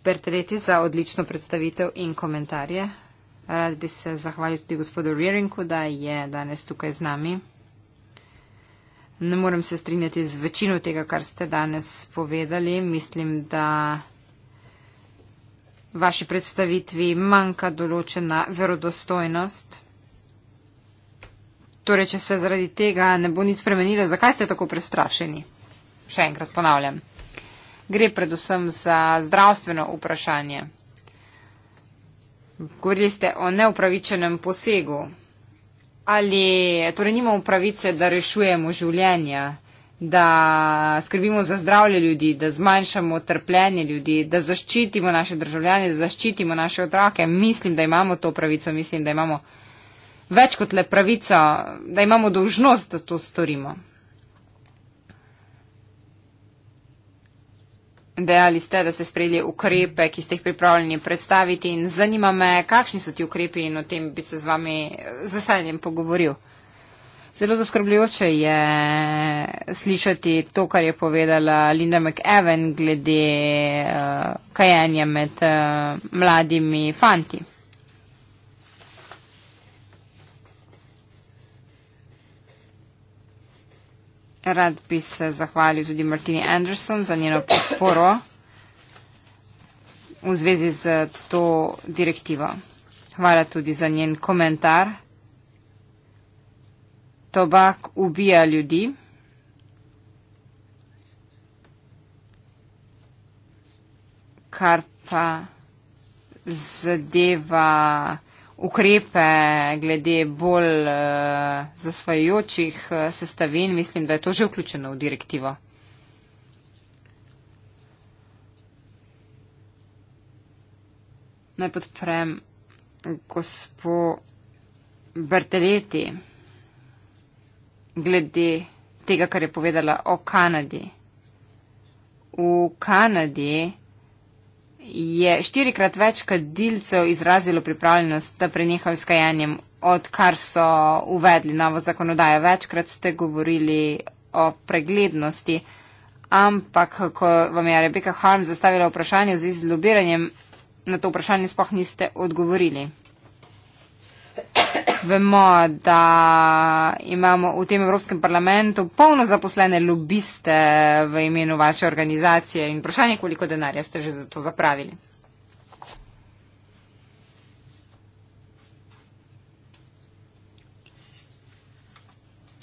Bertoleti za odlično predstavitev in komentarje. Rad bi se zahvalil tudi gospodu Rieringu, da je danes tukaj z nami. Ne morem se strinjati z večino tega, kar ste danes povedali. Mislim, da vaši predstavitvi manjka določena verodostojnost. Torej, če se zaradi tega ne bo nič spremenilo, zakaj ste tako prestrašeni? Še enkrat ponavljam. Gre predvsem za zdravstveno vprašanje. Govorili ste o neupravičenem posegu. Ali torej nimamo pravice, da rešujemo življenja, da skrbimo za zdravje ljudi, da zmanjšamo trpljenje ljudi, da zaščitimo naše državljane, da zaščitimo naše otroke? Mislim, da imamo to pravico, mislim, da imamo več kot le pravico, da imamo dožnost, da to storimo. Dejali ste, da ste sprejeli ukrepe, ki ste jih pripravljeni predstaviti in zanima me, kakšni so ti ukrepi in o tem bi se z vami z veseljem pogovoril. Zelo zaskrbljujoče je slišati to, kar je povedala Linda McEwen glede uh, eh, kajanja med uh, mladimi fanti. Rad bi se zahvalil tudi Martini Anderson za njeno podporo v zvezi z to direktivo. Hvala tudi za njen komentar. Tobak ubija ljudi. Kar pa zadeva ukrepe glede bolj uh, zasvajajočih uh, sestavin. Mislim, da je to že vključeno v direktivo. Naj podprem gospo Bertoleti glede tega, kar je povedala o Kanadi. V Kanadi je štirikrat več kadilcev izrazilo pripravljenost, da prenehajo s kajanjem, odkar so uvedli novo zakonodajo. Večkrat ste govorili o preglednosti, ampak ko vam je Rebeka Harm zastavila vprašanje v zvezi z lobiranjem, na to vprašanje sploh niste odgovorili vemo, da imamo v tem Evropskem parlamentu polno zaposlene lobiste v imenu vaše organizacije in vprašanje, koliko denarja ste že za to zapravili.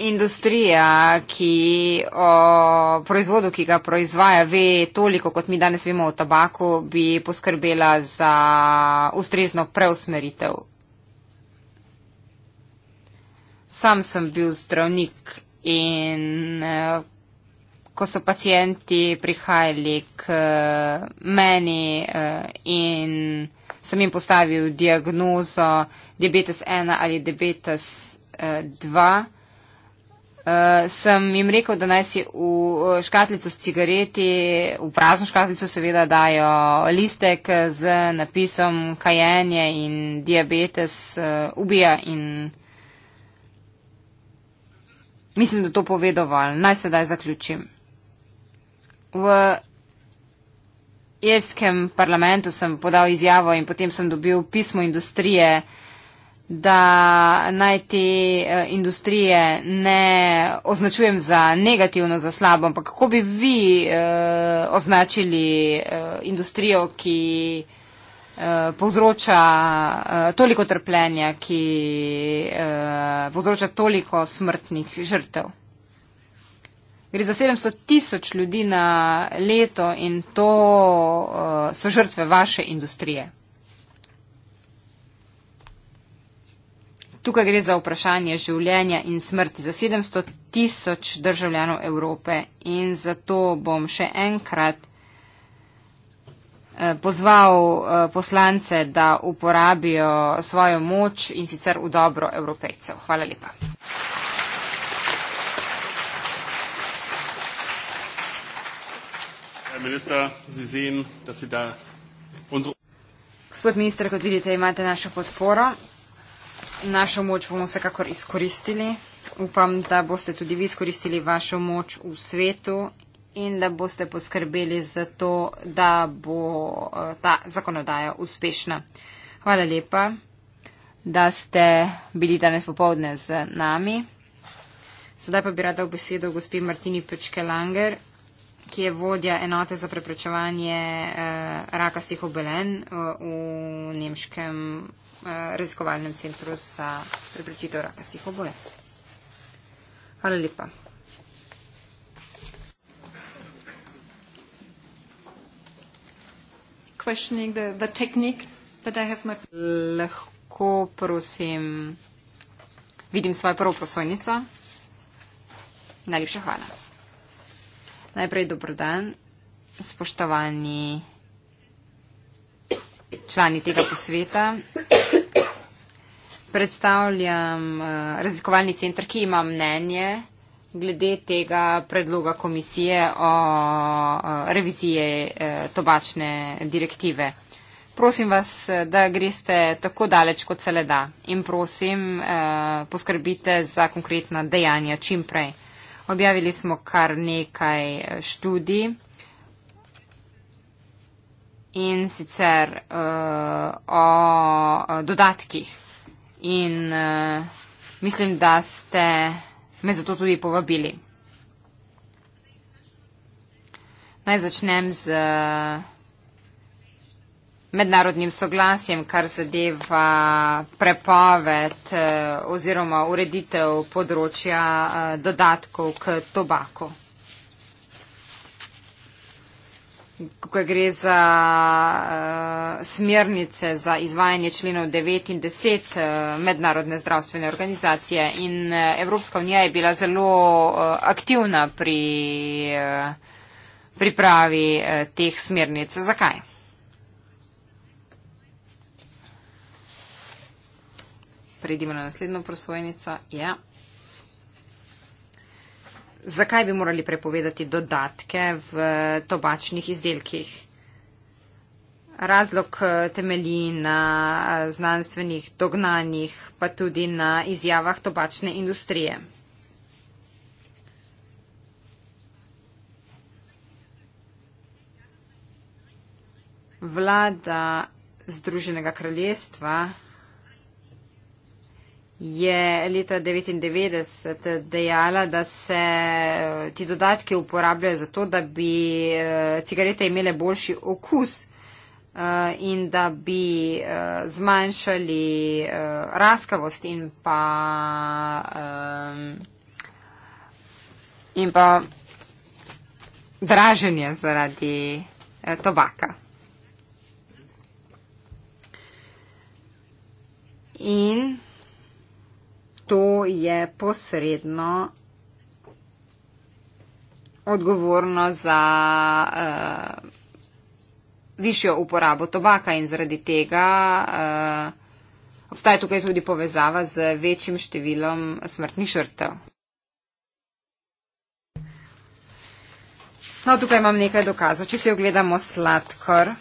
Industrija, ki o proizvodu, ki ga proizvaja, ve toliko, kot mi danes vemo o tabaku, bi poskrbela za ustrezno preusmeritev sam sem bil zdravnik in eh, ko so pacijenti prihajali k eh, meni eh, in sem jim postavil diagnozo diabetes 1 ali diabetes 2, Uh, sem jim rekel, da naj si v škatlico s cigareti, v prazno škatlico seveda dajo listek z napisom kajenje in diabetes uh, ubija in Mislim, da to pove dovolj. Naj sedaj zaključim. V irskem parlamentu sem podal izjavo in potem sem dobil pismo industrije, da naj te eh, industrije ne označujem za negativno, za slabo, ampak kako bi vi eh, označili eh, industrijo, ki. Eh, povzroča uh, toliko trpljenja, ki uh, povzroča toliko smrtnih žrtev. Gre za 700 tisoč ljudi na leto in to uh, so žrtve vaše industrije. Tukaj gre za vprašanje življenja in smrti za 700 tisoč državljanov Evrope in zato bom še enkrat Eh, pozval eh, poslance, da uporabijo svojo moč in sicer v dobro evropejcev. Hvala lepa. Gospod minister, kot vidite, imate našo podporo. Našo moč bomo vsekakor izkoristili. Upam, da boste tudi vi izkoristili vašo moč v svetu in da boste poskrbeli za to, da bo eh, ta zakonodaja uspešna. Hvala lepa, da ste bili danes popovdne z nami. Sedaj pa bi rada v besedo gospi Martini Pečke-Langer, ki je vodja enote za preprečevanje eh, raka stihobelen eh, v nemškem eh, raziskovalnem centru za preprečitev raka stihobelen. Hvala lepa. questioning the, the technique that I have my... Lahko prosim, vidim svojo prvo prosojnico. Najlepša hvala. Najprej dober dan, spoštovani člani tega posveta. Predstavljam uh, raziskovalni center, ki ima mnenje glede tega predloga komisije o revizije tobačne direktive. Prosim vas, da greste tako daleč, kot se le da in prosim, e, poskrbite za konkretna dejanja čim prej. Objavili smo kar nekaj e, študij in sicer e, o dodatkih. In uh, mislim, da ste me zato tudi povabili. Naj začnem z eh, mednarodnim soglasjem, kar zadeva prepoved eh, oziroma ureditev področja eh, dodatkov k tobaku. tukaj gre za uh, smernice za izvajanje členov 9 in 10 uh, eh, mednarodne zdravstvene organizacije in uh, Evropska unija je bila zelo uh, aktivna pri uh, pripravi uh, teh smernic. Zakaj? Predimo na naslednjo prosojnico. Ja. Yeah. Zakaj bi morali prepovedati dodatke v tobačnih izdelkih? Razlog eh, temelji na eh, znanstvenih dognanjih, pa tudi na izjavah tobačne industrije. Vlada Združenega kraljestva je leta 1999 dejala, da se eh, ti dodatki uporabljajo zato, da bi eh, cigarete imele boljši okus eh, in da bi zmanjšali raskavost in pa, in pa draženje zaradi tobaka. In to je posredno odgovorno za uh, višjo uporabo tobaka in zaradi tega uh, obstaja tukaj tudi povezava z večjim številom smrtnih žrtev. No, tukaj imam nekaj dokazov. Če si ogledamo sladkor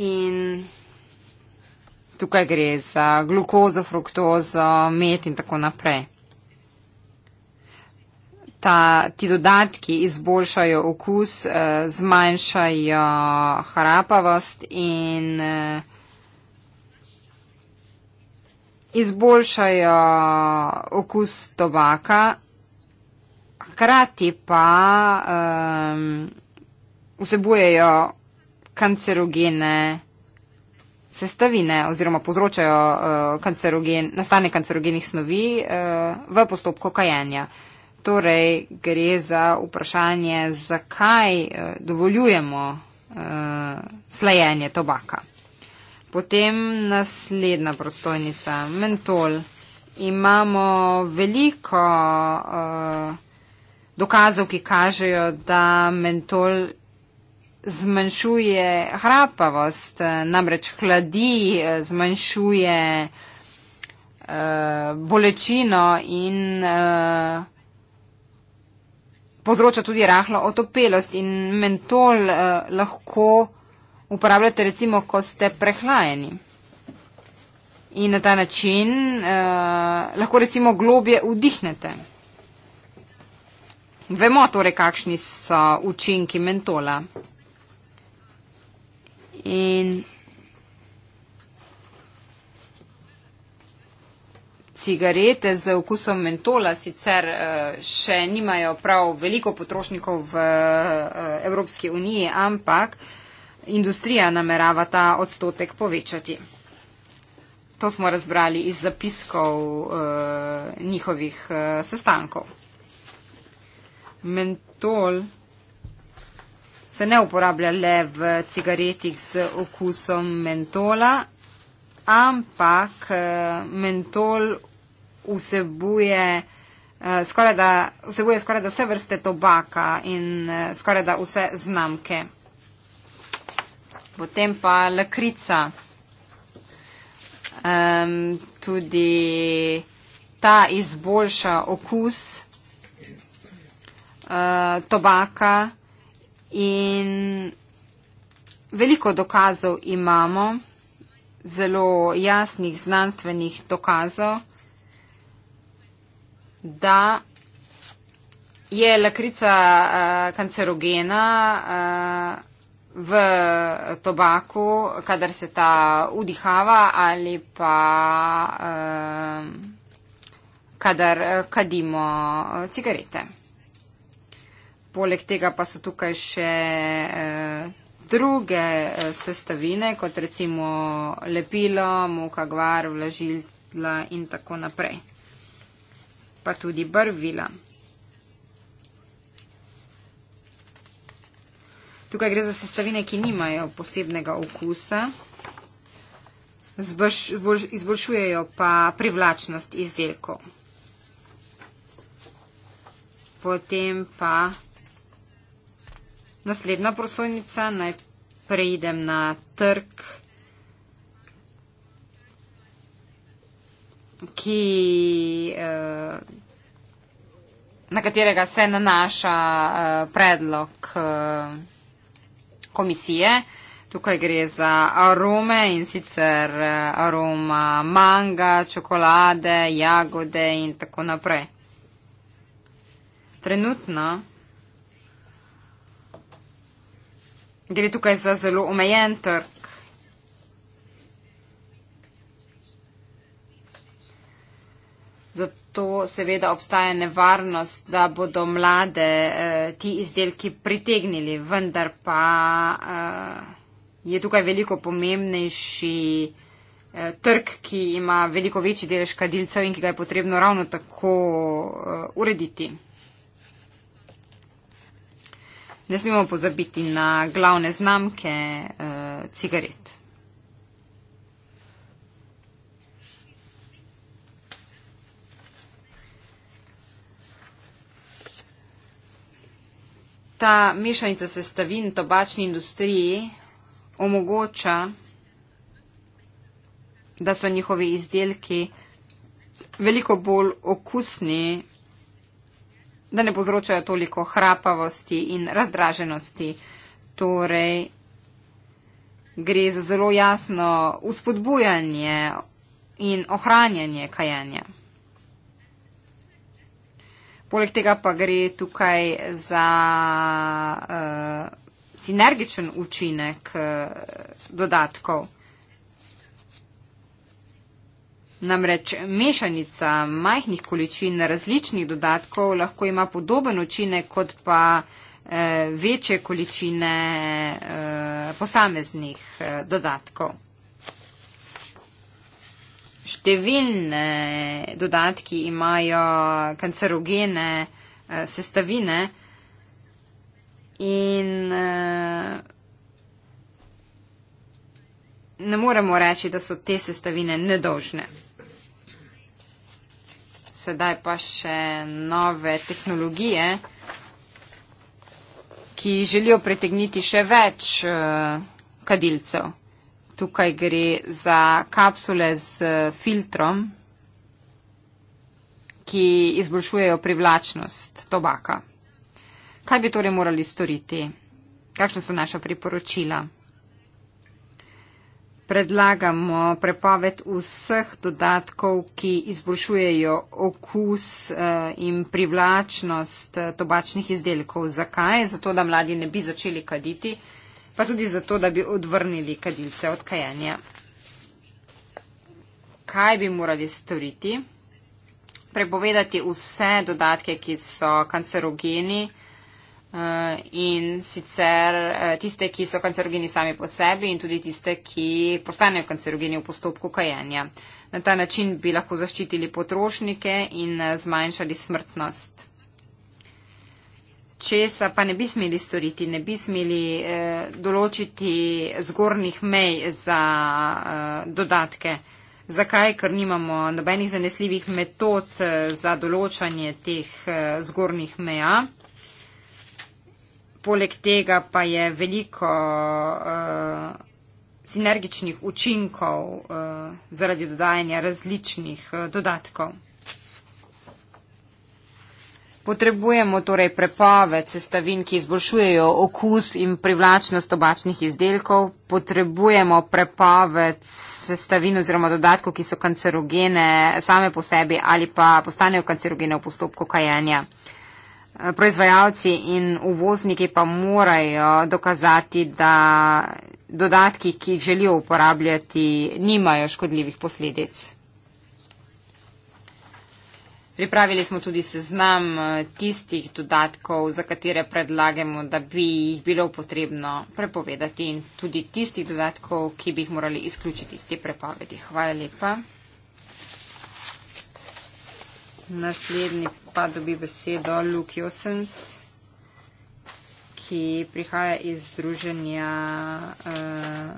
in tukaj gre za glukozo, fruktozo, med in tako naprej. Ta, ti dodatki izboljšajo okus, eh, zmanjšajo harapavost in eh, izboljšajo okus tobaka, hkrati pa um, vsebujejo kancerogene sestavine oziroma povzročajo uh, kancerogen, nastane kancerogenih snovi uh, v postopku kajenja. Torej, gre za vprašanje, zakaj uh, dovoljujemo uh, slajenje tobaka. Potem naslednja prostojnica, mentol. Imamo veliko uh, dokazov, ki kažejo, da mentol zmanjšuje hrapavost, eh, namreč hladi, eh, zmanjšuje uh, bolečino in uh, povzroča tudi rahlo otopelost. In mentol uh, lahko uporabljate recimo, ko ste prehlajeni. In na ta način uh, lahko recimo globje vdihnete. Vemo torej, kakšni so učinki mentola in cigarete z okusom mentola sicer eh, še nimajo prav veliko potrošnikov v eh, Evropski uniji, ampak industrija namerava ta odstotek povečati. To smo razbrali iz zapiskov eh, njihovih sestankov. Mentol se ne uporablja le v cigaretih z okusom mentola, ampak eh, mentol vsebuje eh, skoraj da, vsebuje skoraj da vse vrste tobaka in eh, skoraj da vse znamke. Potem pa lakrica. Um, tudi ta izboljša okus uh, tobaka. In veliko dokazov imamo, zelo jasnih znanstvenih dokazov, da je lakrica uh, kancerogena uh, v tobaku, kadar se ta vdihava ali pa uh, kadar kadimo cigarete. Poleg tega pa so tukaj še eh, druge eh, sestavine, kot recimo lepilo, muka, gvar, vlažila in tako naprej. Pa tudi barvila. Tukaj gre za sestavine, ki nimajo posebnega okusa, izboljšujejo pa privlačnost izdelkov. Potem pa Naslednja prosojnica, naj preidem na trg, ki, eh, na katerega se nanaša eh, predlog eh, komisije. Tukaj gre za arome in sicer aroma manga, čokolade, jagode in tako naprej. Trenutno Gre tukaj za zelo omejen trg. Zato seveda obstaja nevarnost, da bodo mlade eh, ti izdelki pritegnili, vendar pa eh, je tukaj veliko pomembnejši eh, trg, ki ima veliko večji delež kadilcev in ki ga je potrebno ravno tako eh, urediti ne smemo pozabiti na glavne znamke uh, cigaret. Ta mešanica sestavin tobačni industriji omogoča, da so njihovi izdelki veliko bolj okusni da ne povzročajo toliko hrapavosti in razdraženosti. Torej, gre za zelo jasno uspodbujanje in ohranjanje kajanja. Poleg tega pa gre tukaj za uh, sinergičen učinek uh, dodatkov. Namreč mešanica majhnih količin različnih dodatkov lahko ima podoben učinek kot pa eh, večje količine eh, posameznih eh, dodatkov. Številne dodatki imajo kancerogene eh, sestavine in. Eh, Ne moremo reči, da so te sestavine nedožne sedaj pa še nove tehnologije, ki želijo pritegniti še več eh, kadilcev. Tukaj gre za kapsule z eh, filtrom, ki izboljšujejo privlačnost tobaka. Kaj bi torej morali storiti? Kakšna so naša priporočila? predlagamo prepoved vseh dodatkov, ki izboljšujejo okus eh, in privlačnost eh, tobačnih izdelkov. Zakaj? Zato, da mladi ne bi začeli kaditi, pa tudi zato, da bi odvrnili kadilce od kajanja. Kaj bi morali storiti? Prepovedati vse dodatke, ki so kancerogeni. Eh, in sicer eh, tiste, ki so kancerogeni sami po sebi in tudi tiste, ki postanejo kancerogeni v postopku kajenja. Na ta način bi lahko zaščitili potrošnike in eh, zmanjšali smrtnost. Česa pa ne bi smeli storiti, ne bi smeli eh, določiti zgornjih mej za eh, dodatke. Zakaj? Ker nimamo nobenih zanesljivih metod za določanje teh eh, zgornjih meja poleg tega pa je veliko uh, sinergičnih učinkov uh, zaradi dodajanja različnih uh, dodatkov. Potrebujemo torej prepoved sestavin, ki izboljšujejo okus in privlačnost obačnih izdelkov, potrebujemo prepoved sestavin oziroma dodatkov, ki so kancerogene same po sebi ali pa postanejo kancerogene v postopku kajanja. Uh, proizvajalci in uvozniki pa morajo dokazati, da dodatki, ki jih želijo uporabljati, nimajo škodljivih posledic. Pripravili smo tudi seznam eh, tistih dodatkov, za katere predlagamo, da bi jih bilo potrebno prepovedati in tudi tistih dodatkov, ki bi jih morali izključiti iz te prepovedi. Hvala lepa. Naslednji pa dobi besedo Luke Josens, ki prihaja iz Združenja uh,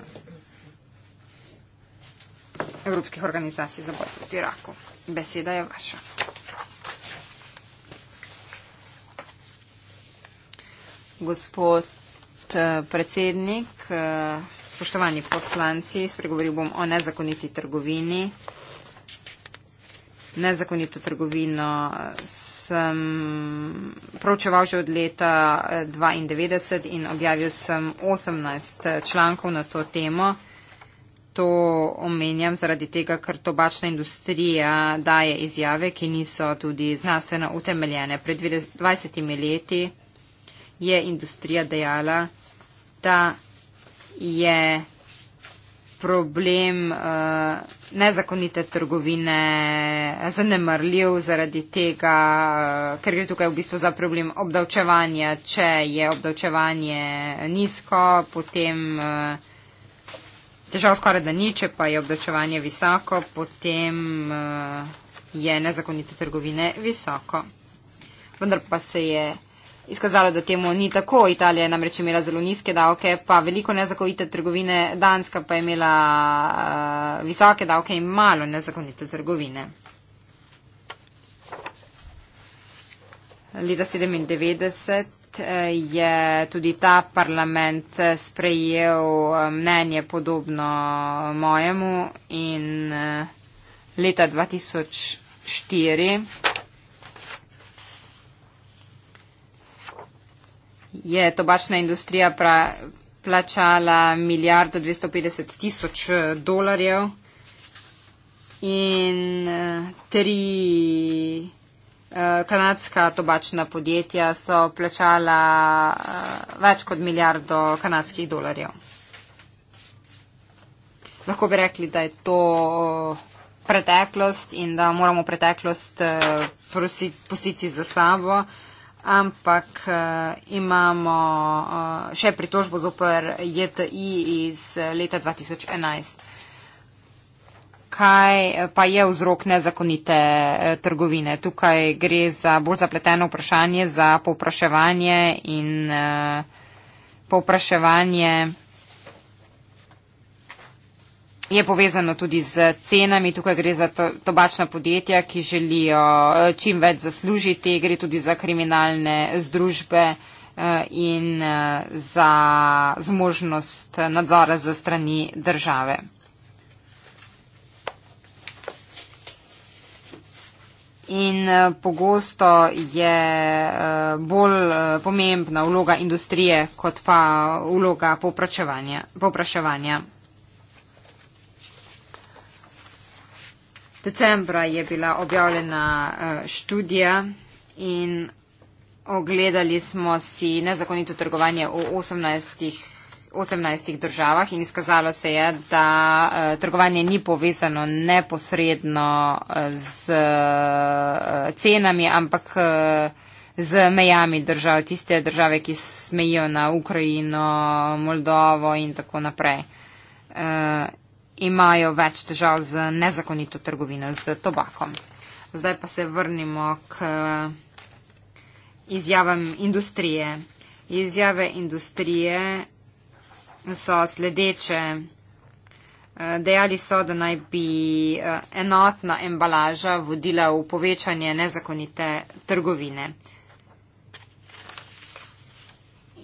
Evropskih organizacij za boj proti raku. Beseda je vaša. Gospod uh, predsednik, uh, spoštovani poslanci, spregovoril bom o nezakoniti trgovini nezakonito trgovino, eh, sem pročeval že od leta 1992 eh, in objavil sem 18 eh, člankov na to temo. To omenjam zaradi tega, ker tobačna industrija daje izjave, ki niso tudi znanstveno utemeljene. Pred 20 leti je industrija dejala, da je problem uh, nezakonite trgovine zanemrljiv zaradi tega, uh, ker gre tukaj v bistvu za problem obdavčevanja. Če je obdavčevanje nizko, potem uh, težav skoraj da ni, če pa je obdavčevanje visoko, potem uh, je nezakonite trgovine visoko. Vendar pa se je izkazalo, da temu ni tako. Italija je namreč imela zelo nizke davke, pa veliko nezakonite trgovine, Danska pa je imela uh, visoke davke in malo nezakonite trgovine. Leta 1997 eh, je tudi ta parlament eh, sprejel mnenje podobno mojemu in leta 2004 je tobačna industrija pra, plačala milijardo 250 tisoč eh, dolarjev in eh, tri eh, kanadska tobačna podjetja so plačala več kot milijardo kanadskih dolarjev. Lahko bi rekli, da je to preteklost in da moramo preteklost prositi za sabo ampak uh, imamo uh, še pritožbo zoper JTI iz eh, leta 2011. Kaj pa je vzrok nezakonite uh, trgovine? Tukaj gre za bolj zapleteno vprašanje za povpraševanje in uh, povpraševanje je povezano tudi z cenami. Tukaj gre za to, tobačna podjetja, ki želijo eh, čim več zaslužiti, gre tudi za kriminalne združbe eh, in eh, za zmožnost nadzora za strani države. In pogosto je bolj pomembna vloga industrije kot pa vloga popraševanja. Decembra je bila objavljena eh, študija in ogledali smo si nezakonito trgovanje v 18. 18 državah in izkazalo se je, da uh, trgovanje ni povezano neposredno eh, z uh, cenami, ampak uh, z mejami držav, tiste države, ki smejijo na Ukrajino, Moldovo in tako naprej. Uh, imajo več težav z nezakonito trgovino z tobakom. Zdaj pa se vrnimo k izjavam industrije. Izjave industrije so sledeče. Dejali so, da naj bi eh, enotna embalaža vodila v povečanje nezakonite trgovine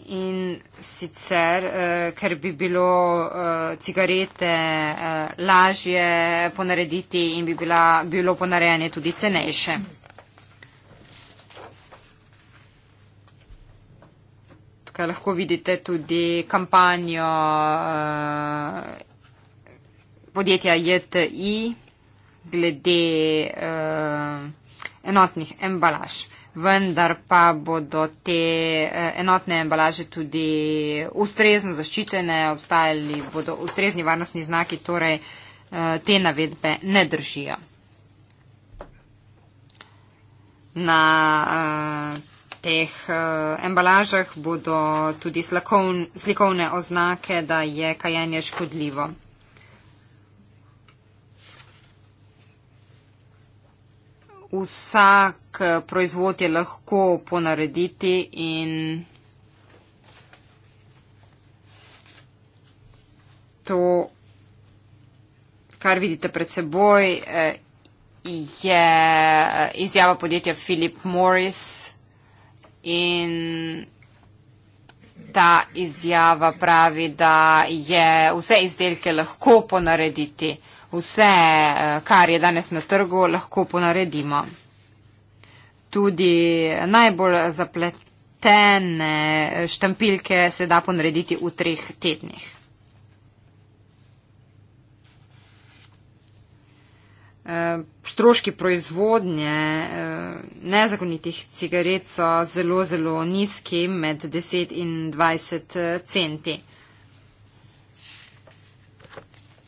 in sicer, eh, ker bi bilo eh, cigarete eh, lažje ponarediti in bi bila, bilo ponarejanje tudi cenejše. Tukaj lahko vidite tudi kampanjo eh, podjetja JTI glede eh, enotnih embalaž vendar pa bodo te eh, enotne embalaže tudi ustrezno zaščitene, obstajali bodo ustrezni varnostni znaki, torej eh, te navedbe ne držijo. Na eh, teh embalažah bodo tudi slikovne oznake, da je kajenje škodljivo. vsak eh, proizvod je lahko ponarediti in to, kar vidite pred seboj, eh, je eh, izjava podjetja Philip Morris in ta izjava pravi, da je vse izdelke lahko ponarediti vse, eh, kar je danes na trgu, lahko ponaredimo. Tudi najbolj zapletene eh, štampilke se da ponarediti v treh tednih. Eh, stroški proizvodnje nezakonitih cigaret so zelo, zelo nizki med 10 in 20 centi.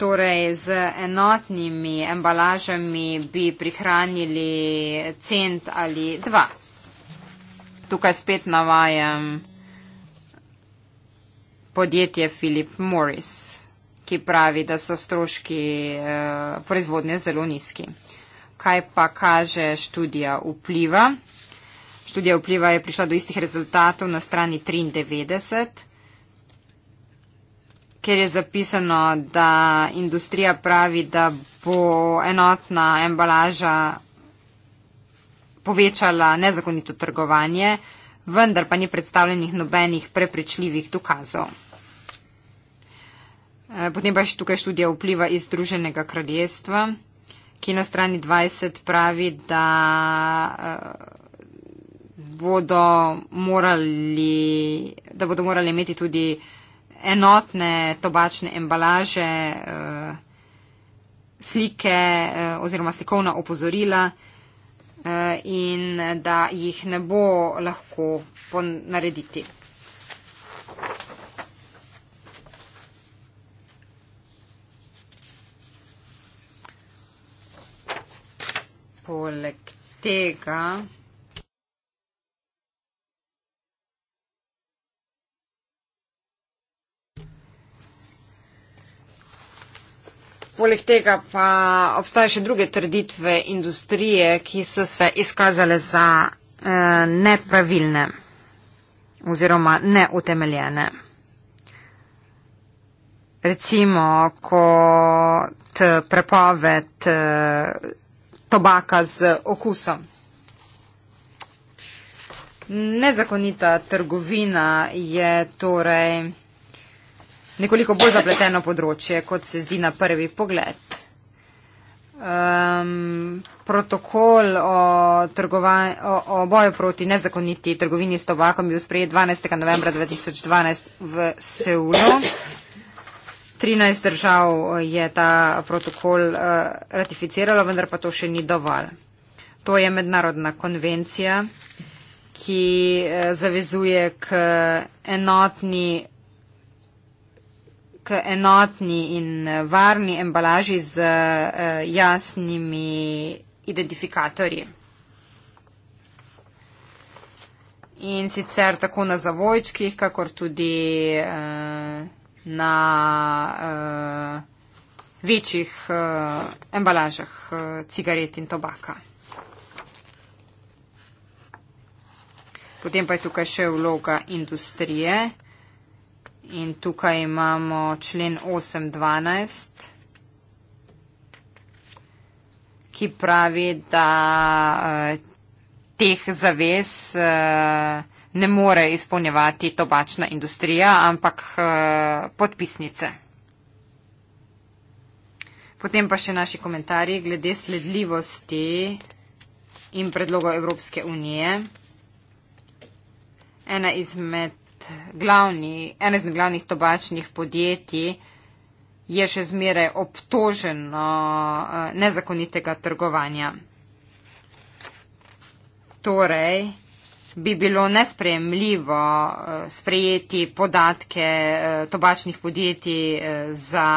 Torej, z enotnimi embalažami bi prihranili cent ali dva. Tukaj spet navajam podjetje Philip Morris, ki pravi, da so stroški eh, proizvodnje zelo nizki. Kaj pa kaže študija vpliva? Študija vpliva je prišla do istih rezultatov na strani 93 ker je zapisano, da industrija pravi, da bo enotna embalaža povečala nezakonito trgovanje, vendar pa ni predstavljenih nobenih prepričljivih dokazov. Eh, potem pa še tukaj študija vpliva iz Združenega kraljestva, ki na strani 20 pravi, da eh, bodo morali, da bodo morali imeti tudi uh, enotne tobačne embalaže, eh, slike eh, oziroma slikovna opozorila eh, in da jih ne bo lahko ponarediti. Poleg tega. Poleg tega pa obstajajo še druge trditve industrije, ki so se izkazale za eh, nepravilne oziroma neutemeljene. Recimo, kot prepoved eh, tobaka z okusom. Nezakonita trgovina je torej nekoliko bolj zapleteno področje, kot se zdi na prvi pogled. Um, protokol o, o, o boju proti nezakoniti trgovini s tobakom je bil sprejet 12. novembra 2012 v Seulu. 13 držav je ta protokol uh, ratificiralo, vendar pa to še ni dovolj. To je mednarodna konvencija, ki uh, zavezuje k enotni k enotni in varni embalaži z eh, jasnimi identifikatorji. In sicer tako na zavojčkih, kakor tudi uh, na uh, večjih uh, embalažah uh, cigaret in tobaka. Potem pa je tukaj še vloga industrije. Uh, In tukaj imamo člen 812, ki pravi, da uh, teh zavez uh, ne more izpolnjevati tobačna industrija, ampak uh, podpisnice. Potem pa še naši komentarji glede sledljivosti in predlogov Evropske unije. Ena izmed glavni, ene izmed glavnih tobačnih podjetij je še zmeraj obtoženo eh, nezakonitega trgovanja. Torej bi bilo nespremljivo eh, sprejeti podatke eh, tobačnih podjetij za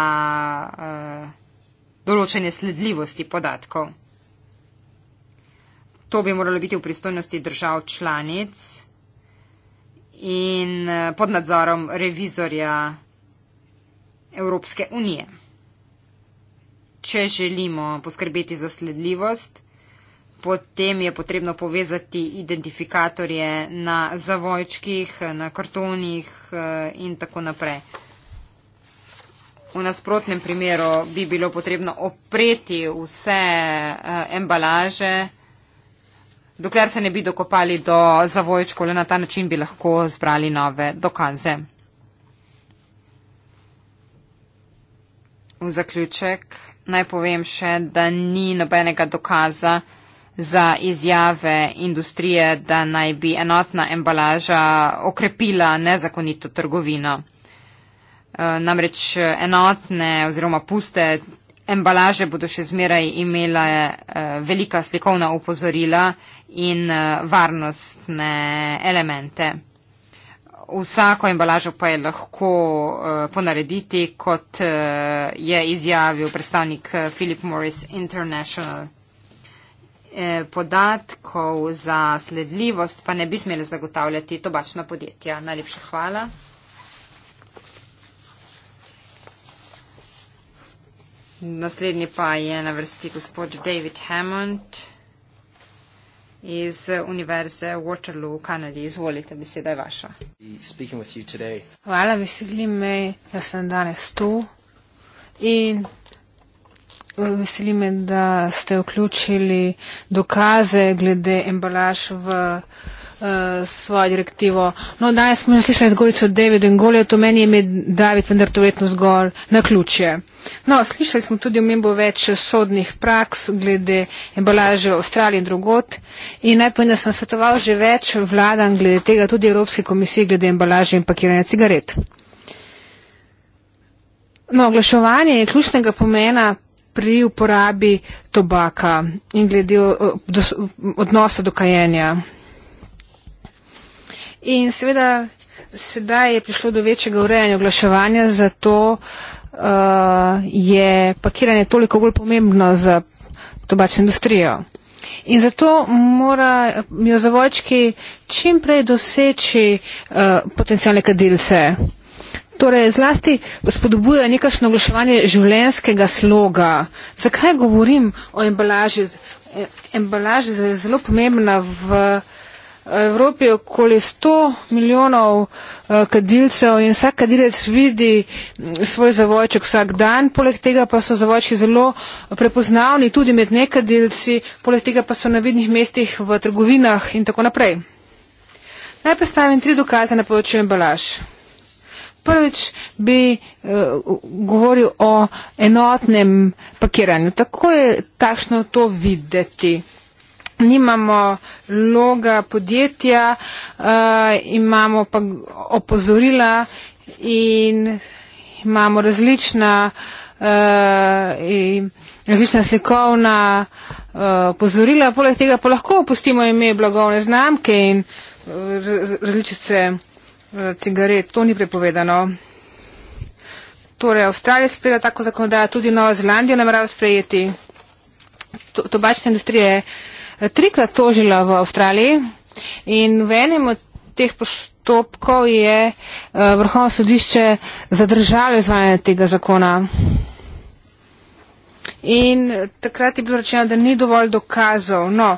določene sledljivosti podatkov. To bi moralo biti v pristojnosti držav članic in eh, pod nadzorom revizorja Evropske unije. Če želimo poskrbeti za sledljivost, potem je potrebno povezati identifikatorje na zavojčkih, na kartonih eh, in tako naprej. V nasprotnem primeru bi bilo potrebno opreti vse eh, embalaže, dokler se ne bi dokopali do zavojčkov, le na ta način bi lahko zbrali nove dokaze. V zaključek naj povem še, da ni nobenega dokaza za izjave industrije, da naj bi enotna embalaža okrepila nezakonito trgovino. E, namreč enotne oziroma puste embalaže bodo še zmeraj imele eh, velika slikovna opozorila in eh, varnostne elemente. Vsako embalažo pa je lahko eh, ponarediti, kot eh, je izjavil predstavnik eh, Philip Morris International. Eh, podatkov za sledljivost pa ne bi smeli zagotavljati tobačna podjetja. Najlepša hvala. Naslednji pa je na vrsti gospod David Hammond iz eh, Univerze Waterloo v Kanadi. Izvolite, beseda je vaša. Hvala, veseli me, da sem danes tu in eh, veseli me, da ste vključili dokaze glede embalaž v. Eh, svojo direktivo. No, danes smo že slišali zgodico David in Golijo, to meni je med David, vendar to vedno zgolj na ključje. No, slišali smo tudi omembo več sodnih praks glede embalaže v Avstraliji in drugot in najprej, da sem svetoval že več vladam glede tega, tudi Evropske komisije glede embalaže in pakiranja cigaret. No, oglaševanje je ključnega pomena pri uporabi tobaka in glede eh, odnosa do kajenja. In seveda sedaj je prišlo do večjega urejanja oglaševanja, zato uh, je pakiranje toliko bolj pomembno za tobačno industrijo. In zato morajo zavojčki čim prej doseči uh, eh, potencijalne kadilce. Torej, zlasti spodbuja nekašno oglaševanje življenskega sloga. Zakaj govorim o embalaži? Embalaža je zelo pomembna v uh, Evropi je okoli 100 milijonov eh, kadilcev in vsak kadilec vidi mm, svoj zavojček vsak dan, poleg tega pa so zavojčki zelo prepoznavni tudi med nekadilci, poleg tega pa so na vidnih mestih v trgovinah in tako naprej. Naj predstavim tri dokaze na področju embalaž. Prvič bi uh, govoril o enotnem pakiranju. Tako je takšno to videti nimamo loga podjetja, uh, imamo pa opozorila in imamo različna, uh, različna slikovna eh, opozorila. Uh, Poleg tega pa lahko opustimo ime blagovne znamke in različice uh, cigaret. To ni prepovedano. Torej, Avstralija sprejela tako zakonodajo, tudi Nova Zelandija namerava sprejeti. To, tobačna industrija je. Uh, trikrat tožila v Avstraliji in v enem od teh postopkov je eh, vrhovno sodišče zadržalo izvajanje tega zakona. In eh, takrat je bilo rečeno, da ni dovolj dokazov. No,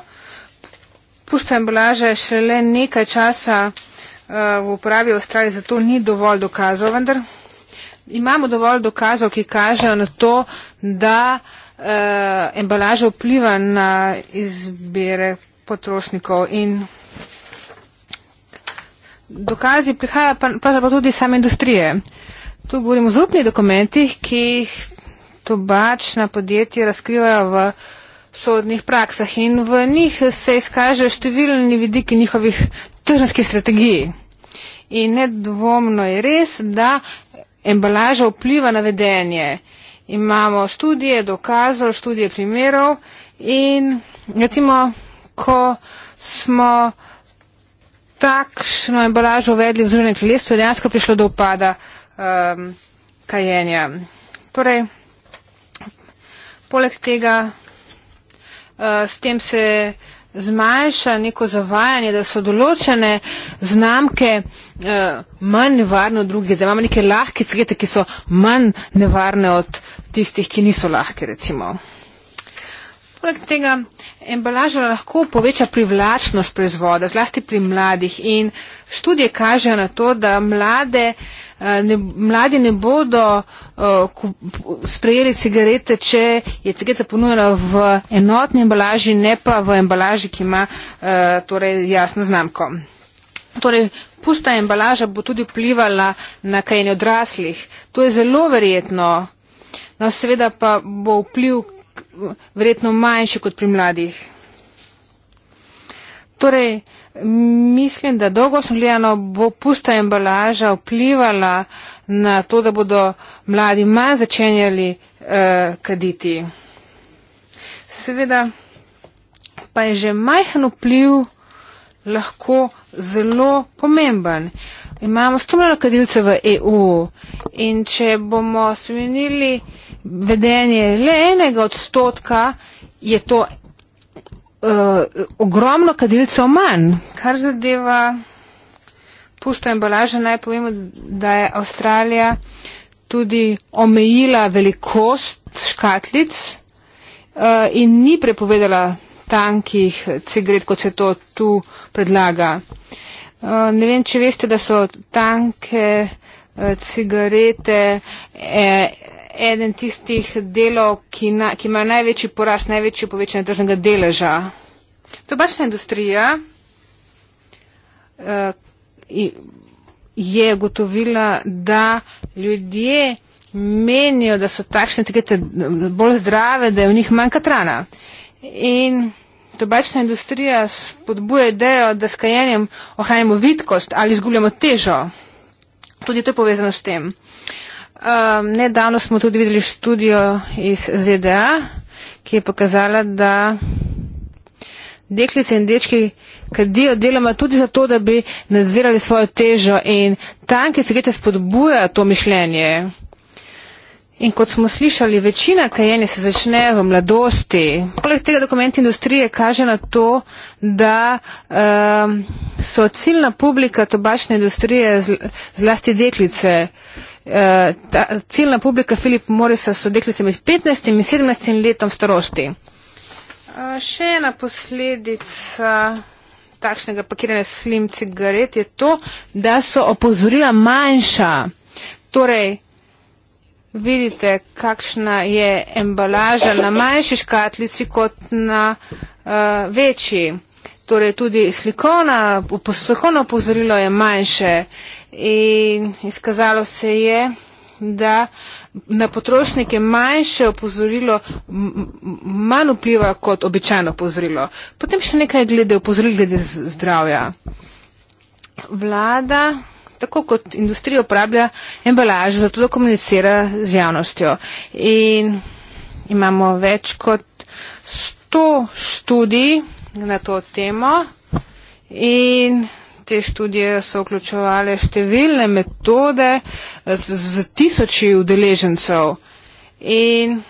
pusta embalaža je šele nekaj časa eh, v uporabi v Avstraliji, zato ni dovolj dokazov, vendar imamo dovolj dokazov, ki kažejo na to, da uh, uh, embalaža vpliva na izbire potrošnikov in dokazi prihaja pa, pa tudi same industrije. Tu govorimo o zupnih dokumentih, ki jih tobačna podjetja razkrivajo v sodnih praksah in v njih se izkaže številni vidiki njihovih tržanskih strategij. In nedvomno je res, da embalaža vpliva na vedenje. Uh, imamo študije, dokazal, študije primerov in recimo, ko smo takšno embalažo uvedli v zruženem kraljestvu, je dejansko prišlo do upada um, kajenja. Torej, poleg tega, uh, s tem se uh, zmanjša neko zavajanje, da so določene znamke eh, manj nevarne od drugih, da imamo neke lahke cvete, ki so manj nevarne od tistih, ki niso lahke, recimo. Poleg tega embalaža lahko poveča privlačnost proizvoda, zlasti pri mladih. In študije kažejo na to, da mlade, eh, ne, mladi ne bodo eh, sprejeli cigarete, če je cigareta ponujena v enotni embalaži, ne pa v embalaži, ki ima eh, torej, jasno znamko. Torej, pusta embalaža bo tudi vplivala na kajenje odraslih. To je zelo verjetno. No, seveda pa bo vpliv verjetno manjši kot pri mladih. Torej, mislim, da dolgočno gledano bo pusta embalaža vplivala na to, da bodo mladi manj začenjali eh, kaditi. Seveda pa je že majhen vpliv lahko zelo pomemben. Imamo 100 milijonov kadilcev v EU in če bomo spremenili eh, vedenje le enega odstotka, je to uh, ogromno kadilcev manj. Kar zadeva pušto embalaže, naj povemo, da je Avstralija tudi omejila velikost škatlic uh, in ni prepovedala tankih cigaret, kot se to tu predlaga. Uh, ne vem, če veste, da so tanke uh, cigarete. Eh, eden tistih delov, ki, na, ki ima največji porast, največji povečanje tržnega deleža. Tobačna industrija uh, je gotovila, da ljudje menijo, da so takšne etikete eh, bolj zdrave, da je v njih manj katrana. In tobačna industrija spodbuje idejo, da s kajenjem ohranjamo vidkost ali izgubljamo težo. Tudi to je povezano s tem. Uh, Um, nedavno smo tudi videli študijo iz ZDA, ki je pokazala, da deklice in dečki kadijo deloma tudi zato, da bi nadzirali svojo težo in tanki se gete spodbuja to mišljenje. In kot smo slišali, večina kajenja se začne v mladosti. Poleg tega dokument industrije kaže na to, da um, so ciljna publika tobačne industrije zlasti deklice. Eh, ta ciljna publika Filipa Morisa so deklice med 15 in 17 letom starosti. Eh, še ena posledica takšnega pakiranja slim cigaret je to, da so opozorila manjša. Torej, vidite, kakšna je embalaža na manjši škatlici kot na uh, večji. Torej, tudi slikovno opozorilo je manjše. Uh, in izkazalo se je, da na potrošnike manjše opozorilo manj vpliva kot običajno opozorilo. Potem še nekaj glede opozoril glede zdravja. Vlada, tako kot industrija, uporablja embalaž za to, da komunicira z javnostjo. In imamo več kot 100 študij na to temo. In te študije so vključevale številne metode z, z tisoči udeležencev. In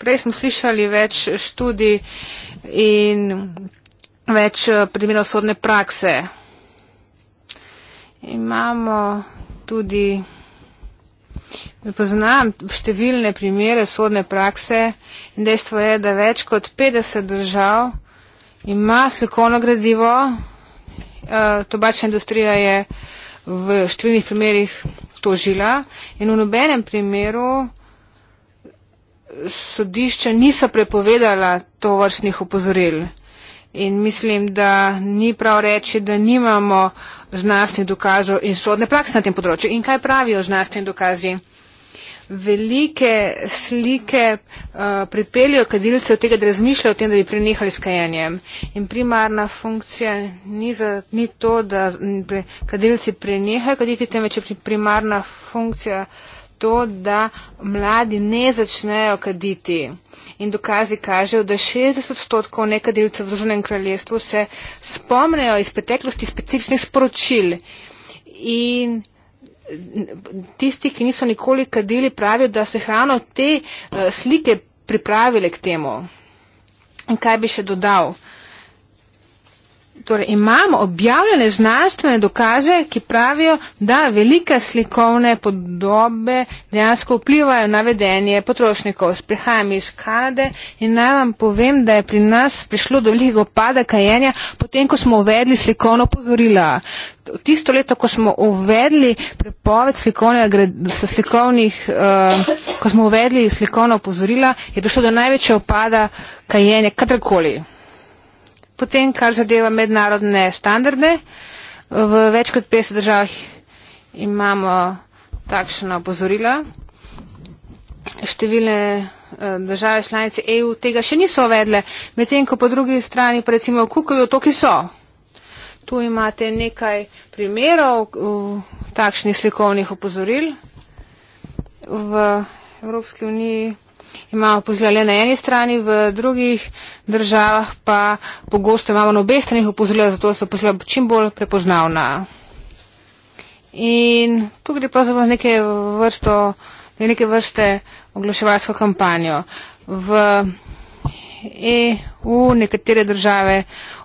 prej smo slišali več študij in več eh, primerov sodne prakse. Imamo tudi, poznam številne primere sodne prakse in dejstvo je, da več kot 50 držav ima slikovno gradivo, Eh, tobačna industrija je v številnih primerjih tožila in v nobenem primeru sodišča niso prepovedala to vrstnih opozoril. In mislim, da ni prav reči, da nimamo znanstvenih dokazov in sodne prakse na tem področju. In kaj pravijo znanstveni dokazi? velike slike uh, eh, pripeljajo kadilce od tega, da razmišljajo o tem, da bi prenehali s kajenjem. In primarna funkcija ni, za, ni to, da kadilci prenehajo kaditi, temveč je primarna funkcija to, da mladi ne začnejo kaditi. In dokazi kažejo, da 60 odstotkov nekadilcev v Združenem kraljestvu se spomnejo iz preteklosti specifičnih sporočil. In tisti, ki niso nikoli kadili, pravijo, da se hrano te uh, slike pripravile k temu. In kaj bi še dodal? torej imamo objavljene znanstvene dokaze, ki pravijo, da velike slikovne podobe dejansko vplivajo na vedenje potrošnikov. Prihajam iz Kanade in naj vam povem, da je pri nas prišlo do velikega pada kajenja, potem ko smo uvedli slikovno pozorila. Tisto leto, ko smo uvedli prepoved slikovnih, uh, ko smo uvedli slikovno pozorila, je prišlo do največjega pada kajenja, kadarkoli potem kar zadeva mednarodne standarde. V več kot 50 državah imamo takšna opozorila. Številne eh, države članice EU tega še niso uvedle, medtem ko po drugi strani pa recimo kukajo to, ki so. Tu imate nekaj primerov eh, takšnih slikovnih opozoril. V Evropski uniji imamo opozorile na eni strani, v drugih državah pa pogosto imamo na obeh stranih opozorile, zato so opozorile čim bolj prepoznavna. In tu gre pravzaprav neke, vrsto, neke vrste oglaševalsko kampanjo. V EU nekatere države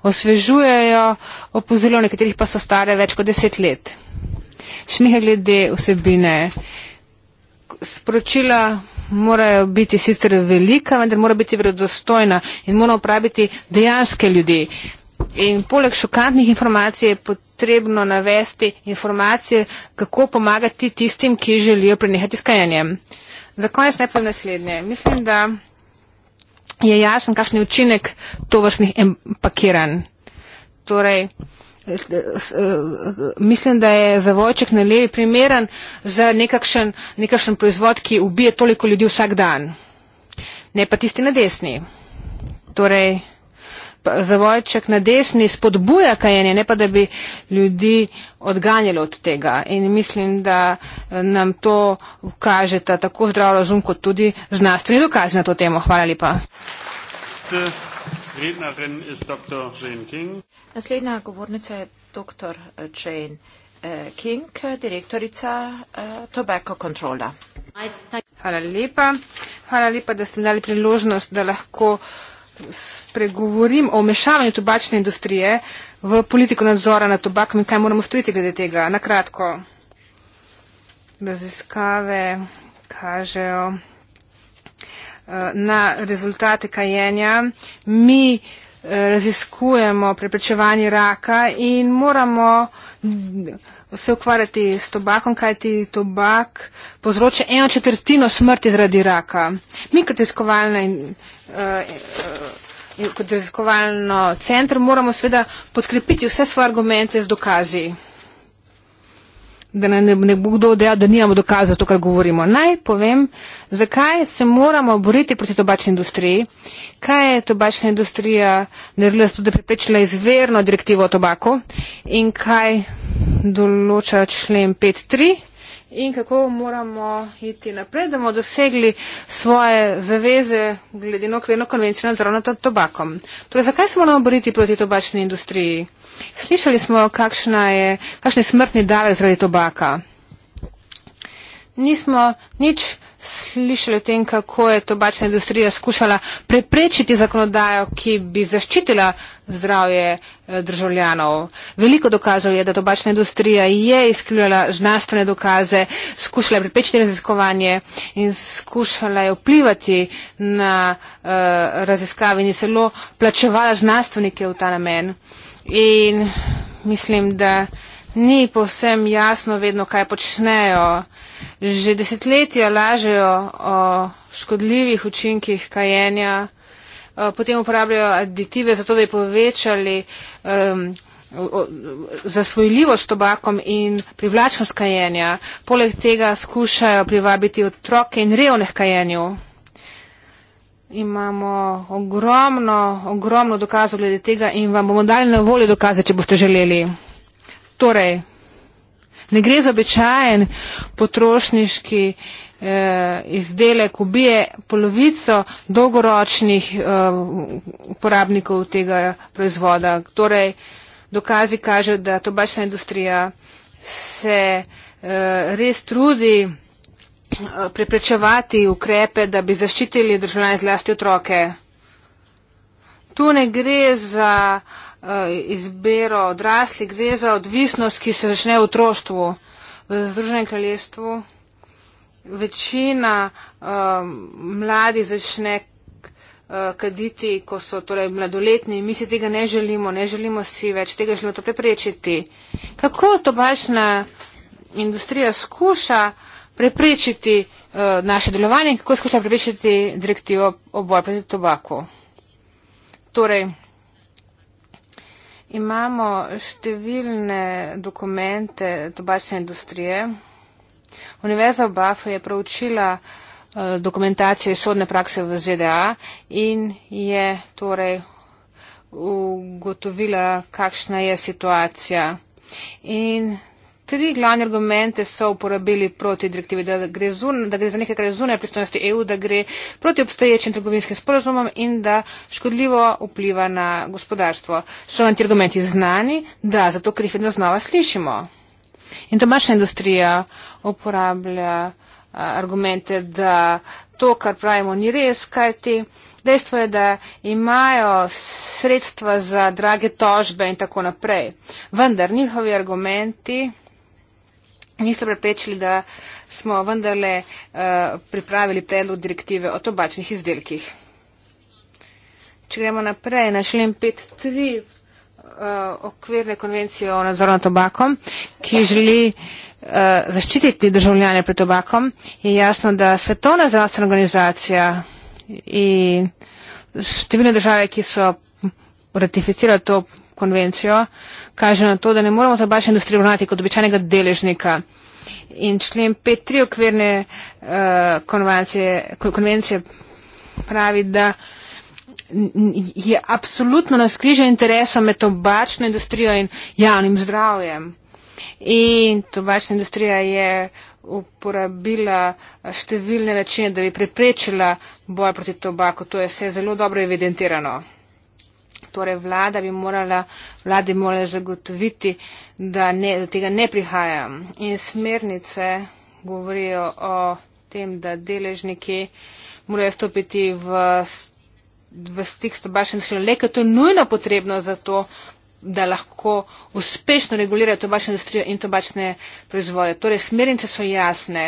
osvežujejo opozorilo, nekaterih pa so stare več kot deset let. Še nekaj glede osebine. Sporočila morajo biti sicer velika, vendar mora biti vredostojna in mora upraviti dejanske ljudi. In poleg šokantnih informacij je potrebno navesti informacije, kako pomagati tistim, ki želijo prenehati s kajanjem. Za konec naj povem naslednje. Mislim, da je jasen, kakšen je učinek tovrstnih empakiranj. Torej, mislim, da je zavojček na levi primeren za nekakšen, nekakšen proizvod, ki ubije toliko ljudi vsak dan. Ne pa tisti na desni. Torej, zavojček na desni spodbuja kajenje, ne pa da bi ljudi odganjalo od tega. In mislim, da eh, nam to kažeta tako zdrav razum, kot tudi znanstveni dokaz na to temo. Hvala lepa. Rednerin ist Dr. Jane King. Naslednja govornica je dr. Eh, Jane eh, King, direktorica eh, Tobacco Controla. Hvala lepa. Hvala lepa, da ste mi dali priložnost, da lahko spregovorim o mešavanju tobačne industrije v politiko nadzora nad tobakom in kaj moramo storiti glede tega. Na kratko, raziskave kažejo na rezultate kajenja. Mi uh, raziskujemo preprečevanje raka in moramo se ukvarjati s tobakom, kajti tobak povzroča eno četrtino smrti zaradi raka. Mi kot raziskovalno, eh, eh, kot raziskovalno centr moramo seveda podkrepiti vse svoje argumente z dokazi da ne, ne bo kdo dejal, da nimamo dokaza za to, kar govorimo. Naj povem, zakaj se moramo boriti proti tobačni industriji, kaj je tobačna industrija naredila, da je preprečila izverno direktivo o tobaku in kaj določa člen 5.3 in kako moramo iti naprej, da bomo dosegli svoje zaveze glede na okvirno konvencijo nad ravno tobakom. Torej, zakaj se moramo boriti proti tobačni industriji? Slišali smo, je, kakšen je smrtni davek zaradi tobaka. Nismo nič slišali o tem, kako je tobačna industrija skušala preprečiti zakonodajo, ki bi zaščitila zdravje eh, državljanov. Veliko dokazov je, da tobačna industrija je izkljuljala znanstvene dokaze, skušala je preprečiti raziskovanje in skušala je vplivati na uh, raziskave in je celo plačevala znanstvenike v ta namen. In mislim, da ni povsem jasno vedno, kaj počnejo. Že desetletja lažejo o škodljivih učinkih kajenja, potem uporabljajo aditive za to, da bi povečali um, zasvojljivost tobakom in privlačnost kajenja. Poleg tega skušajo privabiti otroke in revne kajenju. Imamo ogromno, ogromno dokazov glede tega in vam bomo dali na voljo dokaze, če boste želeli. Torej, ne gre za običajen potrošniški eh, izdelek, ubije polovico dolgoročnih eh, uporabnikov tega proizvoda. Torej, dokazi kaže, da tobačna industrija se eh, res trudi eh, preprečevati ukrepe, da bi zaščitili državljane zlasti otroke. Tu ne gre za uh, Eh, izbiro odrasli, gre za odvisnost, ki se začne v otroštvu v Združenem kraljestvu. Večina um, eh, mladi začne eh, kaditi, ko so torej mladoletni, mi si tega ne želimo, ne želimo si več, tega želimo to preprečiti. Kako tobačna industrija skuša preprečiti uh, naše delovanje in kako skuša preprečiti direktivo o boju proti tobaku? Torej, imamo številne dokumente tobačne industrije. Univerza v Bafu je proučila eh, dokumentacijo iz sodne prakse v ZDA in je torej ugotovila, kakšna je situacija. In tri glavne argumente so uporabili proti direktivi, da gre, zun, da gre za nekaj, kar je zunaj pristojnosti EU, da gre proti obstoječim trgovinskim sporozumom in da škodljivo vpliva na gospodarstvo. So nam ti argumenti znani? Da, zato ker jih vedno znova slišimo. In domačna industrija uporablja argumente, da to, kar pravimo, ni res, kaj ti. Dejstvo je, da imajo sredstva za drage tožbe in tako naprej. Vendar njihovi argumenti niso prepečili, da smo vendarle uh, pripravili predlog direktive o tobačnih izdelkih. Če gremo naprej na člen 5.3 uh, eh, okvirne konvencije o nadzoru nad tobakom, ki želi uh, zaščititi državljane pred tobakom, je jasno, da Svetovna zdravstvena organizacija in številne države, ki so ratificirali to konvencijo, kaže na to, da ne moramo tobačne industrije obravnavati kot običajnega deležnika. In člen 5.3 okvirne uh, konvencije pravi, da je absolutno na skriže interesa med tobačno industrijo in javnim zdravjem. In tobačna industrija je uporabila številne načine, da bi preprečila boj proti tobaku. To je vse zelo dobro evidentirano torej vlada bi morala, vlade morale zagotoviti, da ne, do tega ne prihaja. In smernice govorijo o tem, da deležniki morajo stopiti v, v stik s tobačnim industrijo, le ker to je nujno potrebno za to, da lahko uspešno regulirajo tobačno industrijo in tobačne proizvode. Torej, smernice so jasne.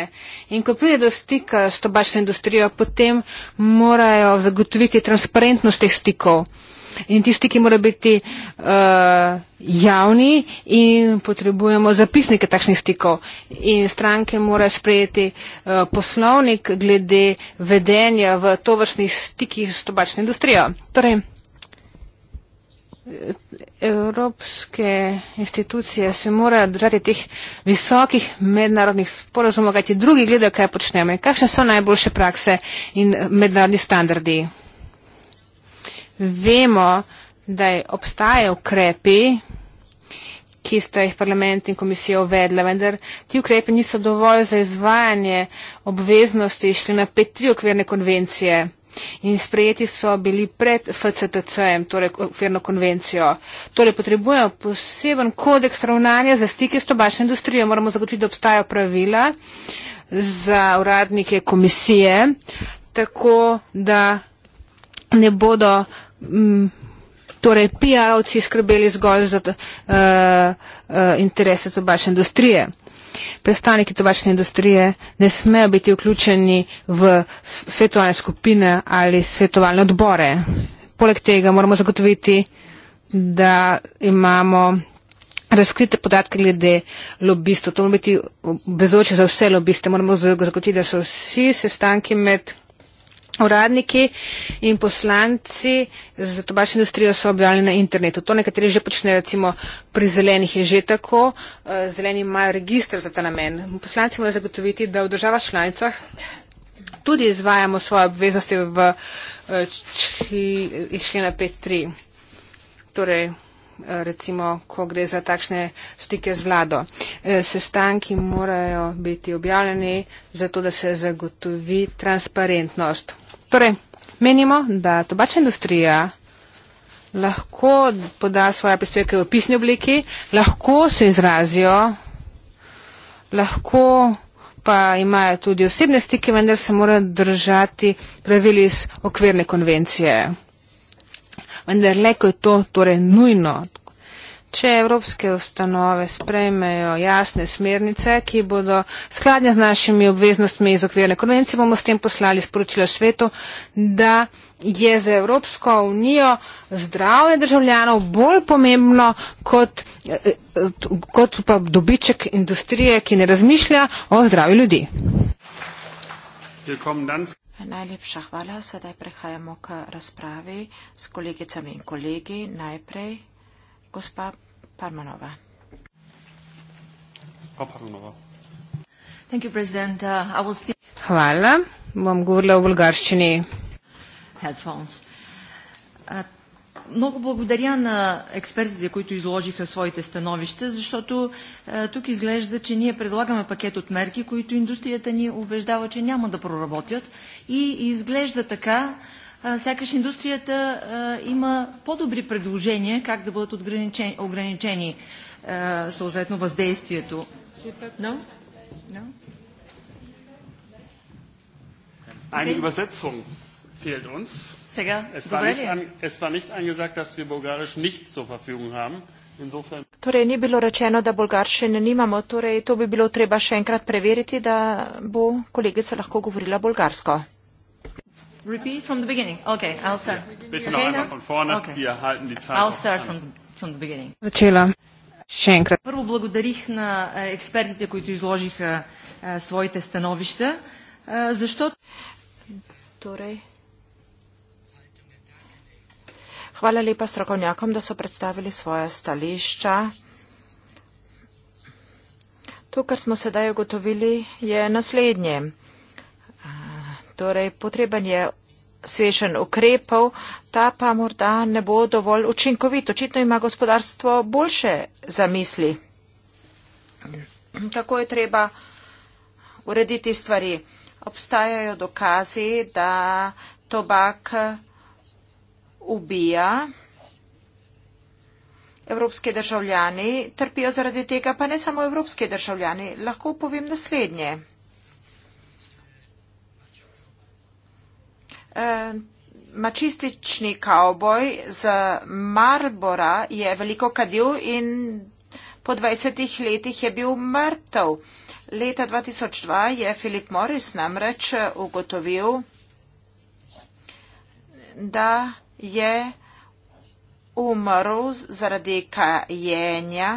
In ko pride do stika s tobačno industrijo, potem morajo zagotoviti transparentnost teh stikov in tisti, ki morajo biti uh, javni in potrebujemo zapisnike takšnih stikov. In stranke morajo sprejeti uh, poslovnik glede vedenja v tovršnih stikih s tobačno industrijo. Torej, Evropske institucije se morajo držati teh visokih mednarodnih sporozumov, kajti drugi gledajo, kaj počnemo in kakšne so najboljše prakse in mednarodni standardi vemo, da obstajajo ukrepi, ki sta jih parlament in komisija uvedla, vendar ti ukrepi niso dovolj za izvajanje obveznosti šli na pet tri okvirne konvencije. In sprejeti so bili pred FCTC-em, torej okvirno konvencijo. Torej potrebujemo poseben kodeks ravnanja za stike s tobačno industrijo. Moramo zagotoviti, da obstajajo pravila za uradnike komisije, tako da ne bodo Mm, torej PR-ovci skrbeli zgolj za uh, uh, interese tobačne industrije. Predstavniki tobačne industrije ne smejo biti vključeni v svetovalne skupine ali svetovalne odbore. Poleg tega moramo zagotoviti, da imamo razkrite podatke glede lobistov. To mora biti obvezoče za vse lobiste. Moramo zagotoviti, da so vsi sestanki med Uradniki in poslanci za tobačno industrijo so objavljeni na internetu. To nekateri že počnejo, recimo pri zelenih je že tako, eh, zeleni imajo registr za ta namen. Poslanci morajo zagotoviti, da v državah članicah tudi izvajamo svoje obveznosti v, eh, čl, iz člena 5.3. Torej, eh, recimo, ko gre za takšne stike z vlado. Sestanki morajo biti objavljeni, zato da se zagotovi transparentnost. Torej, menimo, da tobačna industrija lahko poda svoje prispevke v pisni obliki, lahko se izrazijo, lahko pa imajo tudi osebne stike, vendar se morajo držati pravili iz okvirne konvencije. Vendar le, ko je to torej nujno, Če evropske ustanove sprejmejo jasne smernice, ki bodo skladne z našimi obveznostmi iz okvirne konvencije, bomo s tem poslali sporočilo svetu, da je za Evropsko unijo zdravje državljanov bolj pomembno kot, kot pa dobiček industrije, ki ne razmišlja o zdravju ljudi. Najlepša hvala. Sedaj prehajamo k razpravi s kolegicami in kolegi. Najprej Gospa Parmanova. Pa Parmanova. Thank you, President. Uh, I will speak. Hvala. Bom govorila v bolgarščini. Headphones. Uh, много благодаря на експертите, които изложиха своите становища, защото uh, тук изглежда, че ние предлагаме пакет от мерки, които индустрията ни убеждава, че няма да проработят. И изглежда така, сякаш индустрията има по-добри предложения как да бъдат ограничени, ограничени съответно въздействието. No? No? Einige Übersetzung fehlt uns. Sega, es, war nicht an, es war nicht angesagt, dass wir Bulgarisch nicht zur Verfügung haben. Insofern torej, ni bilo rečeno, da Bulgarščine nimamo, torej to bi bilo treba še enkrat preveriti, da bo kolegica lahko govorila bulgarsko. Repeat from the beginning. Okay, I'll start. Ja, bitte noch einmal no? von vorne. Okay. Wir halten die Zeit. I'll start from, from the beginning. Začela. Še enkrat. Prvo благодарих на експертите, които изложиха своите становища, защото... Torej. Hvala lepa strokovnjakom, da so predstavili svoje stališča. To, kar smo sedaj ugotovili, je naslednje. Torej, potreben je svežen ukrepov, ta pa morda ne bo dovolj učinkovit. Očitno ima gospodarstvo boljše zamisli. Tako je treba urediti stvari. Obstajajo dokazi, da tobak ubija. Evropski državljani trpijo zaradi tega, pa ne samo evropski državljani. Lahko povem naslednje. Eh, mačistični kavboj z Marbora je veliko kadil in po 20 letih je bil mrtev. Leta 2002 je Philip Morris namreč ugotovil, da je umrl zaradi kajenja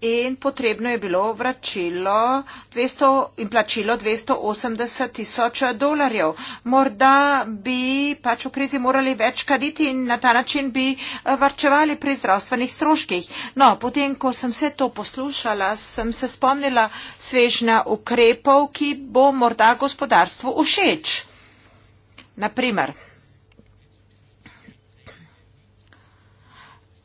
in potrebno je bilo vračilo 200, in plačilo 280 tisoč dolarjev. Morda bi pač v krizi morali več kaditi in na ta način bi eh, varčevali pri zdravstvenih stroških. No, potem, ko sem vse to poslušala, sem se spomnila svežnja ukrepov, ki bo morda gospodarstvu všeč. Naprimer,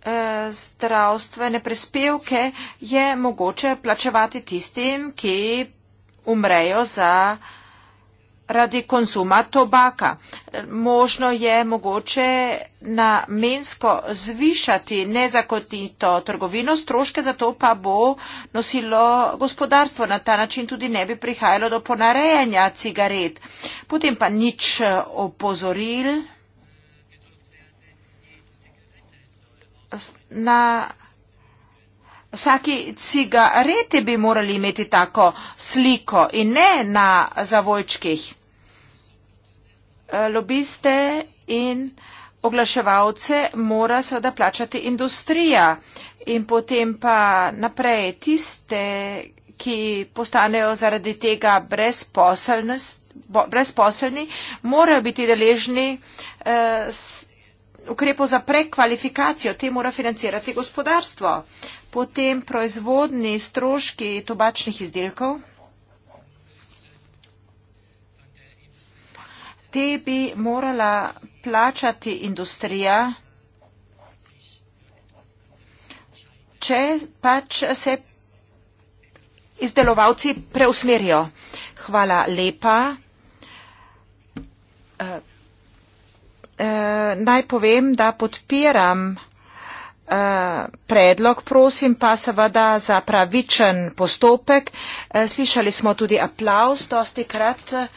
Eh, zdravstvene prispevke je mogoče plačevati tistim, ki umrejo zaradi konzuma tobaka. Možno je mogoče namensko zvišati nezakonito trgovino, stroške za to pa bo nosilo gospodarstvo. Na ta način tudi ne bi prihajalo do ponarejanja cigaret. Potem pa nič eh, opozoril. na vsaki cigareti bi morali imeti tako sliko in ne na zavojčkih. Eh, lobiste in oglaševalce mora seveda plačati industrija in potem pa naprej tiste, ki postanejo zaradi tega brezposelnost brezposelni, morajo biti deležni eh, ukrepov za prekvalifikacijo, te mora financirati gospodarstvo. Potem proizvodni stroški tobačnih izdelkov. Te bi morala plačati industrija, če pač se izdelovalci preusmerijo. Hvala lepa. Uh, eh, naj povem, da podpiram eh, predlog, prosim pa seveda za pravičen postopek. Eh, slišali smo tudi aplauz, dosti krat eh,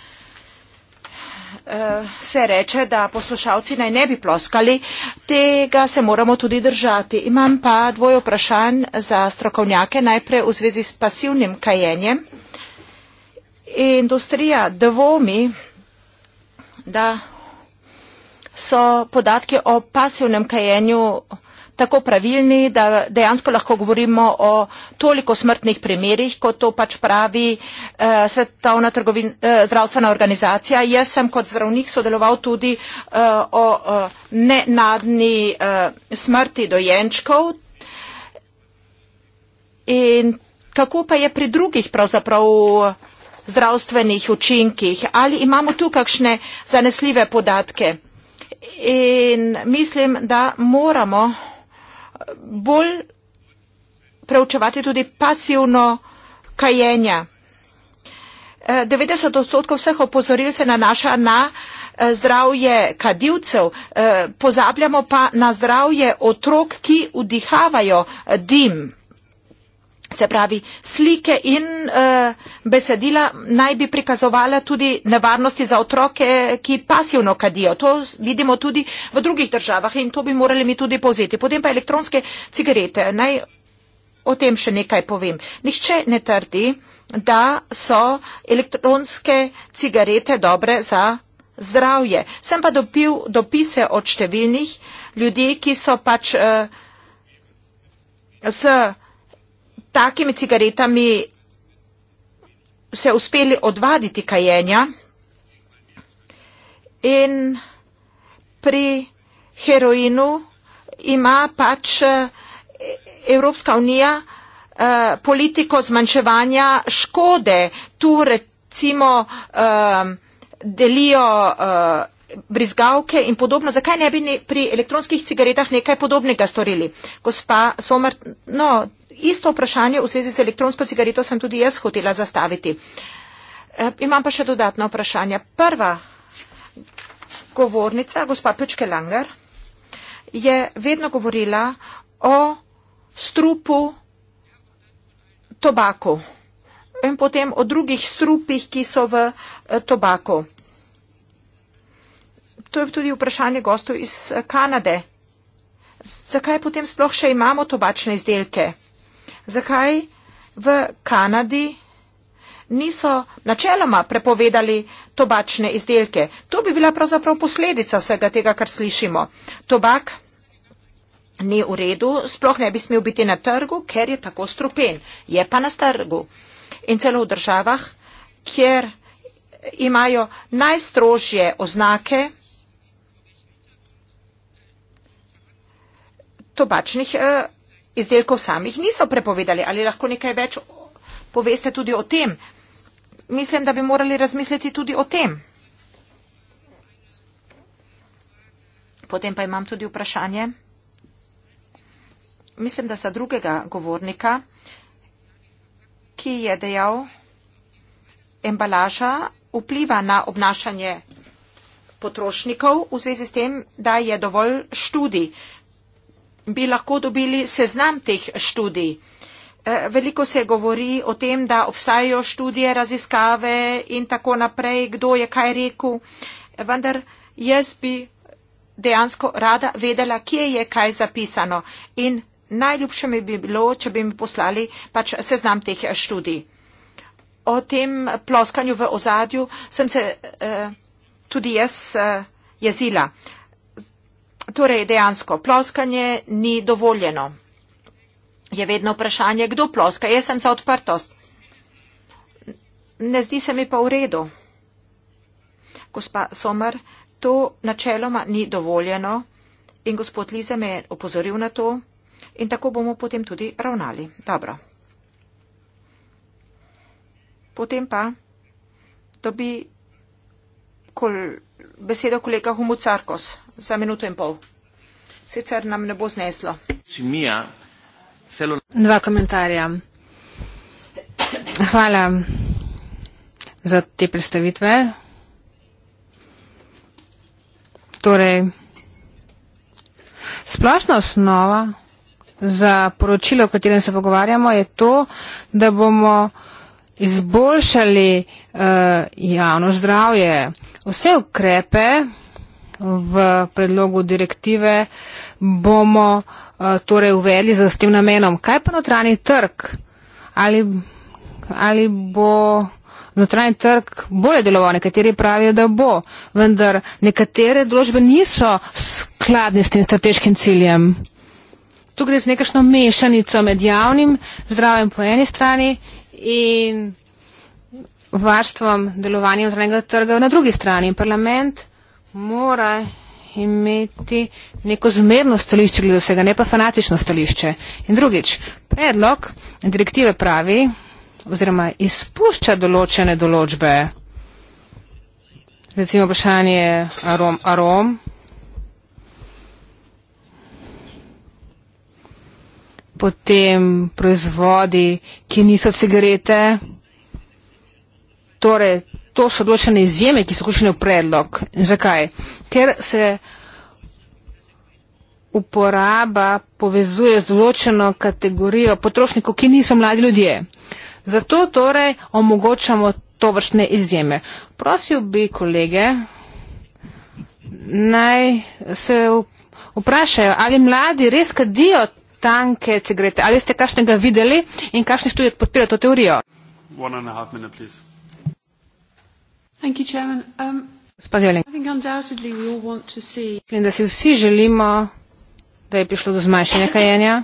se reče, da poslušalci naj ne bi ploskali, tega se moramo tudi držati. Imam pa dvoje vprašanj za strokovnjake, najprej v zvezi s pasivnim kajenjem. Industrija dvomi, da so podatki o pasivnem kajenju tako pravilni, da dejansko lahko govorimo o toliko smrtnih primerjih, kot to pač pravi eh, Svetovna trgovin, eh, zdravstvena organizacija. Jaz sem kot zdravnik sodeloval tudi eh, o eh, nenadni eh, smrti dojenčkov. In kako pa je pri drugih pravzaprav eh, zdravstvenih učinkih? Ali imamo tu kakšne zanesljive podatke? in mislim, da moramo bolj preučevati tudi pasivno kajenje. Eh, 90 odstotkov vseh opozoril se nanaša na eh, zdravje kadilcev, eh, pozabljamo pa na zdravje otrok, ki vdihavajo dim. Se pravi, slike in uh, besedila naj bi prikazovala tudi nevarnosti za otroke, ki pasivno kadijo. To vidimo tudi v drugih državah in to bi morali mi tudi povzeti. Potem pa elektronske cigarete. Naj o tem še nekaj povem. Nihče ne trdi, da so elektronske cigarete dobre za zdravje. Sem pa dobil dopise od številnih ljudi, ki so pač uh, s takimi cigaretami se uspeli odvaditi kajenja in pri heroinu ima pač eh, Evropska unija eh, politiko zmanjševanja škode. Tu recimo eh, delijo eh, brizgavke in podobno. Zakaj ne bi pri elektronskih cigaretah nekaj podobnega storili? Gospa Somar, no, isto vprašanje v zvezi z elektronsko cigareto sem tudi jaz hotela zastaviti. E, imam pa še dodatno vprašanje. Prva govornica, gospa Pečke Langer, je vedno govorila o strupu tobaku in potem o drugih strupih, ki so v e, tobaku. To je tudi vprašanje gostov iz e, Kanade. Zakaj potem sploh še imamo tobačne izdelke? zakaj v Kanadi niso načeloma prepovedali tobačne izdelke. To bi bila pravzaprav posledica vsega tega, kar slišimo. Tobak ni v redu, sploh ne bi smel biti na trgu, ker je tako strupen. Je pa na trgu. In celo v državah, kjer imajo najstrožje oznake tobačnih eh, izdelkov samih niso prepovedali. Ali lahko nekaj več poveste tudi o tem? Mislim, da bi morali razmisliti tudi o tem. Potem pa imam tudi vprašanje. Mislim, da za drugega govornika, ki je dejal, embalaža vpliva na obnašanje potrošnikov v zvezi s tem, da je dovolj študij bi lahko dobili seznam teh študij. Eh, veliko se govori o tem, da obstajajo študije, raziskave in tako naprej, kdo je kaj rekel, vendar jaz bi dejansko rada vedela, kje je kaj zapisano. In najljubše mi bi bilo, če bi mi poslali pač seznam teh študij. O tem ploskanju v ozadju sem se eh, tudi jaz eh, jezila. Eh, Torej, dejansko ploskanje ni dovoljeno. Je vedno vprašanje, kdo ploska. Jaz sem za odprtost. Ne zdi se mi pa v redu. Gospa Somer, to načeloma ni dovoljeno in gospod Lize me je opozoril na to in tako bomo potem tudi ravnali. Dobro. Potem pa dobi kol besedo kolega Humucarkos za minuto in pol. Sicer nam ne bo zneslo. Dva komentarja. Hvala za te predstavitve. Torej, splošna osnova za poročilo, o katerem se pogovarjamo, je to, da bomo izboljšali uh, javno zdravje. Vse ukrepe v predlogu direktive bomo uh, torej uvedli za s tem namenom. Kaj pa notranji trg? Ali, ali bo notranji trg bolje deloval? Nekateri pravijo, da bo, vendar nekatere družbe niso skladne s tem strateškim ciljem. Tukaj gre za nekašno mešanico med javnim zdravjem po eni strani in varstvom delovanja notranjega trga na drugi strani. Parlament mora imeti neko zmerno stališče glede vsega, ne pa fanatično stališče. In drugič, predlog direktive pravi oziroma izpušča določene določbe, recimo vprašanje arom, arom potem proizvodi, ki niso cigarete. Torej, to so odločene izjeme, ki so vključene v predlog. Zakaj? Ker se uporaba povezuje z določeno kategorijo potrošnikov, ki niso mladi ljudje. Zato torej omogočamo to vrstne izjeme. Prosil bi kolege, naj se vprašajo, ali mladi res kadijo tanke, cigarete. Ali ste kakšnega videli in kakšni študij podpira to teorijo? Um, Mislim, da si vsi želimo, da je prišlo do zmanjšanja kajenja.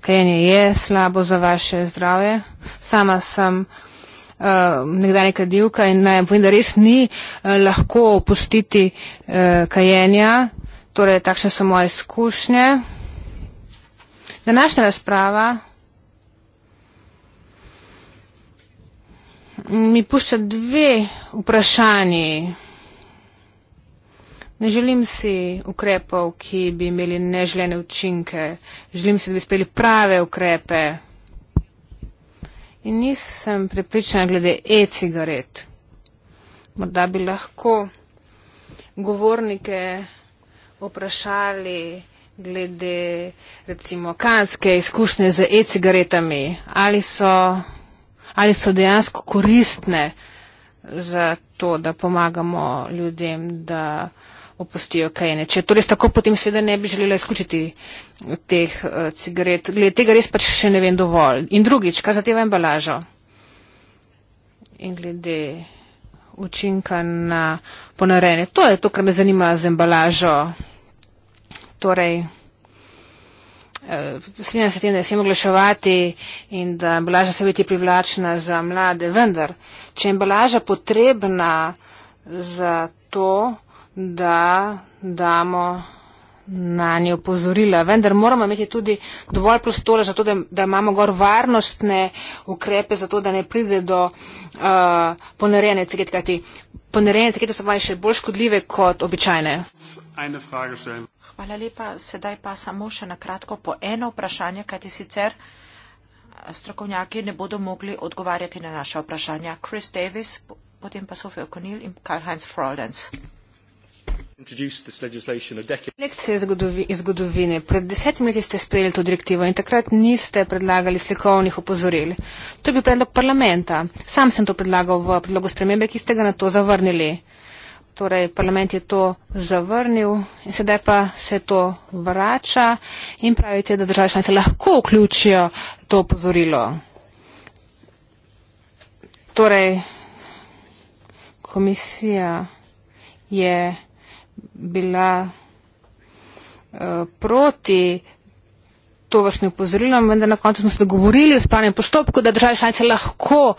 Kajenje je slabo za vaše zdravje. Sama sem uh, nekdanja kadilka in naj povem, da res ni uh, lahko opustiti uh, kajenja. Torej, takšne so moje izkušnje. Današnja razprava mi pušča dve vprašanji. Ne želim si ukrepov, ki bi imeli neželene učinke. Želim si, da bi speli prave ukrepe. In nisem prepričana glede e-cigaret. Morda bi lahko govornike vprašali, glede recimo kanske izkušnje z e-cigaretami, ali so, ali so dejansko koristne za to, da pomagamo ljudem, da opustijo kajene. Če torej tako potem seveda ne bi želela izključiti teh uh, cigaret, glede tega res pač še ne vem dovolj. In drugič, kaj zadeva embalažo? In glede učinka na ponarejanje. To je to, kar me zanima z embalažo torej, eh, Slednje se tem, da je vsem oglaševati in da embalaža se biti privlačna za mlade, vendar, če je embalaža potrebna za to, da damo na njo pozorila, vendar moramo imeti tudi dovolj prostora za to, da, da imamo gor varnostne ukrepe za to, da ne pride do uh, eh, ponarejene cigete, kajti ponarejene cigete so manj še bolj škodljive kot običajne. Uh, eine Frage stellen. Hvala lepa. Sedaj pa samo še na kratko po eno vprašanje, kajti sicer eh, strokovnjaki ne bodo mogli odgovarjati na naše vprašanja. Chris Davis, potem pa Sofia Konil in Karl-Heinz Froldens. Lek se je iz zgodovine. Pred desetimi leti ste sprejeli to direktivo in takrat niste predlagali slikovnih opozoril. To je bil predlog parlamenta. Sam sem to predlagal v predlogu spremembe, ki ste ga na to zavrnili torej parlament je to zavrnil in sedaj pa se to vrača in pravite, da države članice lahko vključijo to pozorilo. Torej, komisija je bila eh, proti to vrstno upozorilo, vendar na koncu smo se dogovorili v spravnem postopku, da države članice lahko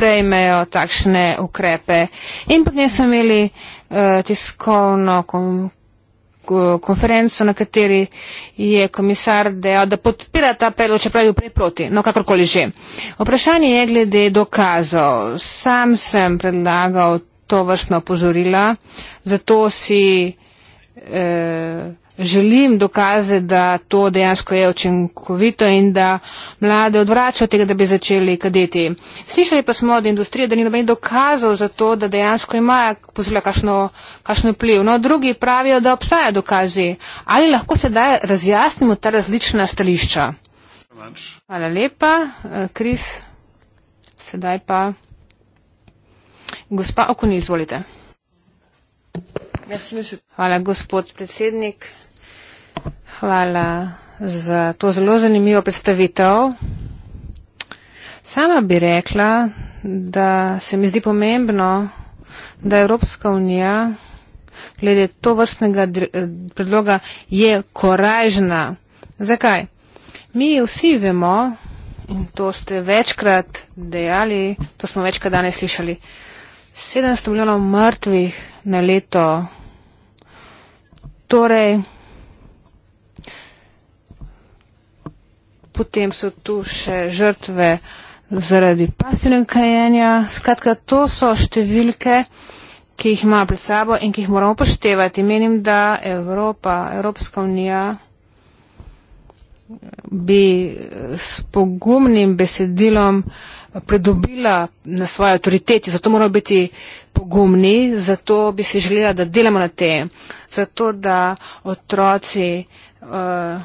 sprejmejo takšne ukrepe. In potem smo imeli uh, tiskovno kom, konferenco, na kateri je komisar dejal, da podpira ta predlog, čeprav je prej proti, no kakorkoli že. Vprašanje je glede dokazov. Sam sem predlagal to vrstno opozorila, zato si. Uh, želim dokaze, da to dejansko je očinkovito in da mlade odvrača tega, da bi začeli kaditi. Slišali pa smo od industrije, da ni nobenih dokazov za to, da dejansko imajo pozila kakšno, kakšno pliv. No, drugi pravijo, da obstajajo dokazi. Ali lahko se da razjasnimo ta različna stališča? Hvala lepa, eh, Kris. Sedaj pa. Gospa Okuni, izvolite. Hvala, gospod predsednik. Hvala za to zelo zanimivo predstavitev. Sama bi rekla, da se mi zdi pomembno, da Evropska unija glede to vrstnega eh, predloga je koražna. Zakaj? Mi vsi vemo, in to ste večkrat dejali, to smo večkrat danes slišali, 700 milijonov mrtvih na leto. Torej, potem so tu še žrtve zaradi pasivnega kajenja. Skratka, to so številke, ki jih ima pred sabo in ki jih moramo poštevati. Menim, da Evropa, Evropska unija bi s pogumnim besedilom pridobila na svoje autoriteti, zato moramo biti pogumni, zato bi si želela, da delamo na te, zato da otroci. Uh,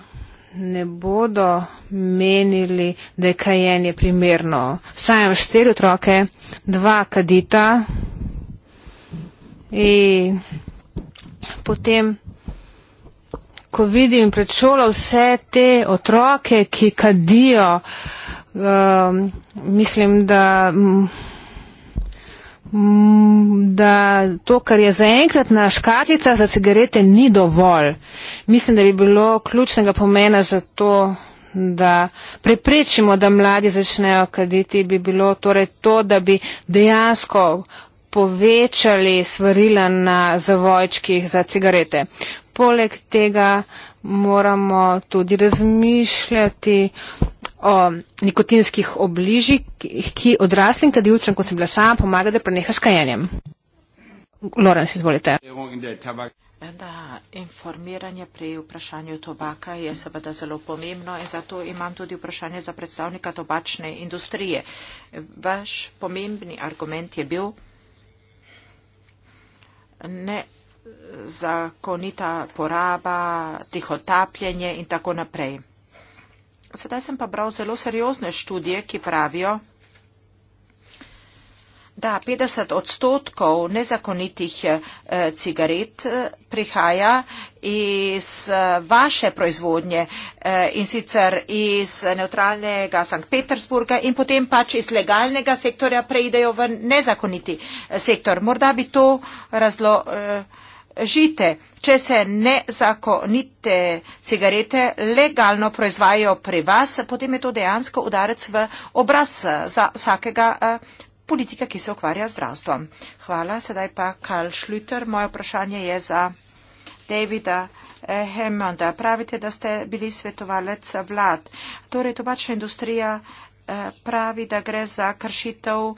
ne bodo menili, da je kajenje primerno. Saj imam štiri otroke, dva kadita in potem, ko vidim pred šolo vse te otroke, ki kadijo, um, mislim, da. Um, Mm, da to, kar je zaenkrat na škatlicah za cigarete, ni dovolj. Mislim, da bi bilo ključnega pomena za to, da preprečimo, da mladi začnejo kaditi, bi bilo torej to, da bi dejansko povečali svarila na zavojčkih za cigarete. Poleg tega moramo tudi razmišljati o nikotinskih obližjih, ki odraslim kladivcem, kot sem bila sama, pomaga, da preneha s kajenjem. Lorenz, izvolite. Da, informiranje pri vprašanju tobaka je seveda zelo pomembno in zato imam tudi vprašanje za predstavnika tobačne industrije. Vaš pomembni argument je bil nezakonita poraba, tihotapljenje in tako naprej. Sedaj sem pa bral zelo seriozne študije, ki pravijo, da 50 odstotkov nezakonitih eh, cigaret eh, prihaja iz eh, vaše proizvodnje in sicer iz neutralnega Sankt Petersburga in potem pač iz legalnega sektorja preidejo v nezakoniti sektor. Morda bi to razložil žite, če se nezakonite cigarete legalno proizvajajo pri vas, potem je to dejansko udarec v obraz za vsakega eh, politika, ki se ukvarja zdravstvom. Hvala, sedaj pa Karl Schlüter. Moje vprašanje je za Davida Hemonda. Eh, Pravite, da ste bili svetovalec vlad. Torej, tobačna industrija eh, pravi, da gre za kršitev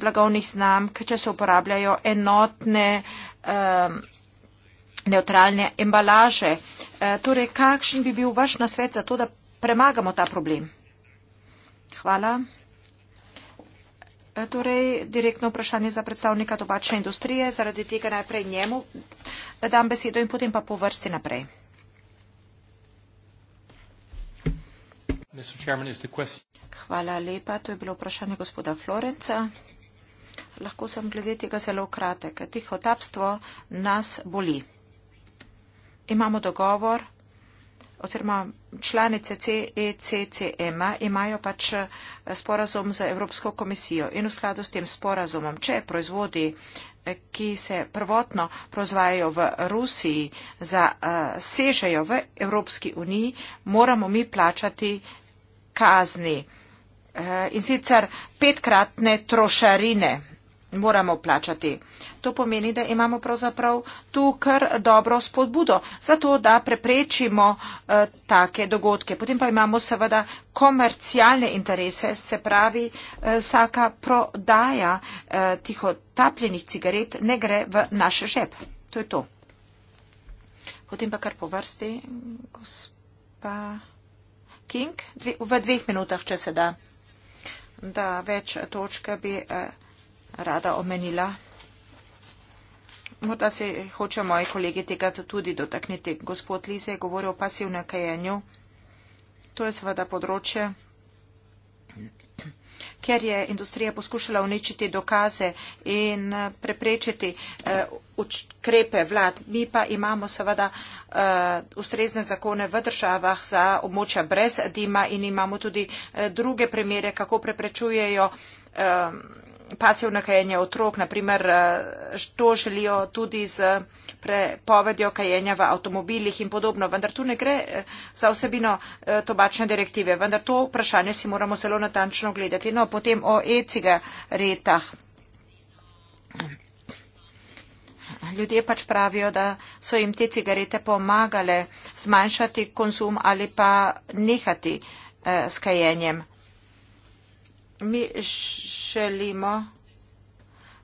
blagovnih znamk, če se uporabljajo enotne um, neutralne embalaže. E, torej, kakšen bi bil vaš nasvet za to, da premagamo ta problem? Hvala. E, torej, direktno vprašanje za predstavnika tobačne industrije. Zaradi tega najprej njemu dam besedo in potem pa po vrsti naprej. Hvala lepa. To je bilo vprašanje gospoda Florenca. Lahko sem glede tega zelo kratek. Tihotapstvo nas boli imamo dogovor, oziroma članice CECCM imajo pač eh, sporazum z Evropsko komisijo in v skladu s tem sporazumom, če proizvodi, eh, ki se prvotno proizvajajo v Rusiji, za, eh, sežejo v Evropski uniji, moramo mi plačati kazni in sicer petkratne trošarine moramo plačati. To pomeni, da imamo pravzaprav tu kar dobro spodbudo za to, da preprečimo eh, take dogodke. Potem pa imamo seveda komercialne interese, se pravi, eh, vsaka prodaja eh, tiho tapljenih cigaret ne gre v naš žep. To je to. Potem pa kar po vrsti, gospa King, dve, v dveh minutah, če se da. Da, več točke bi eh, rada omenila. Morda se hoče moji kolegi tega tudi dotakniti. Gospod Lize je govoril o pasivnem kajenju. To je seveda področje, ker je industrija poskušala uničiti dokaze in eh, preprečiti eh, ukrepe vlad. Mi pa imamo seveda eh, ustrezne zakone v državah za območja brez dima in imamo tudi druge primere, kako preprečujejo pasivno kajenje otrok, naprimer, eh, to želijo tudi z prepovedjo kajenja v avtomobilih in podobno. Vendar tu ne gre eh, za osebino eh, tobačne direktive, vendar to vprašanje si moramo zelo natančno gledati. No, potem o e-cigaretah. Ljudje pač pravijo, da so jim te cigarete pomagale zmanjšati konsum ali pa nehati s kajenjem mi želimo,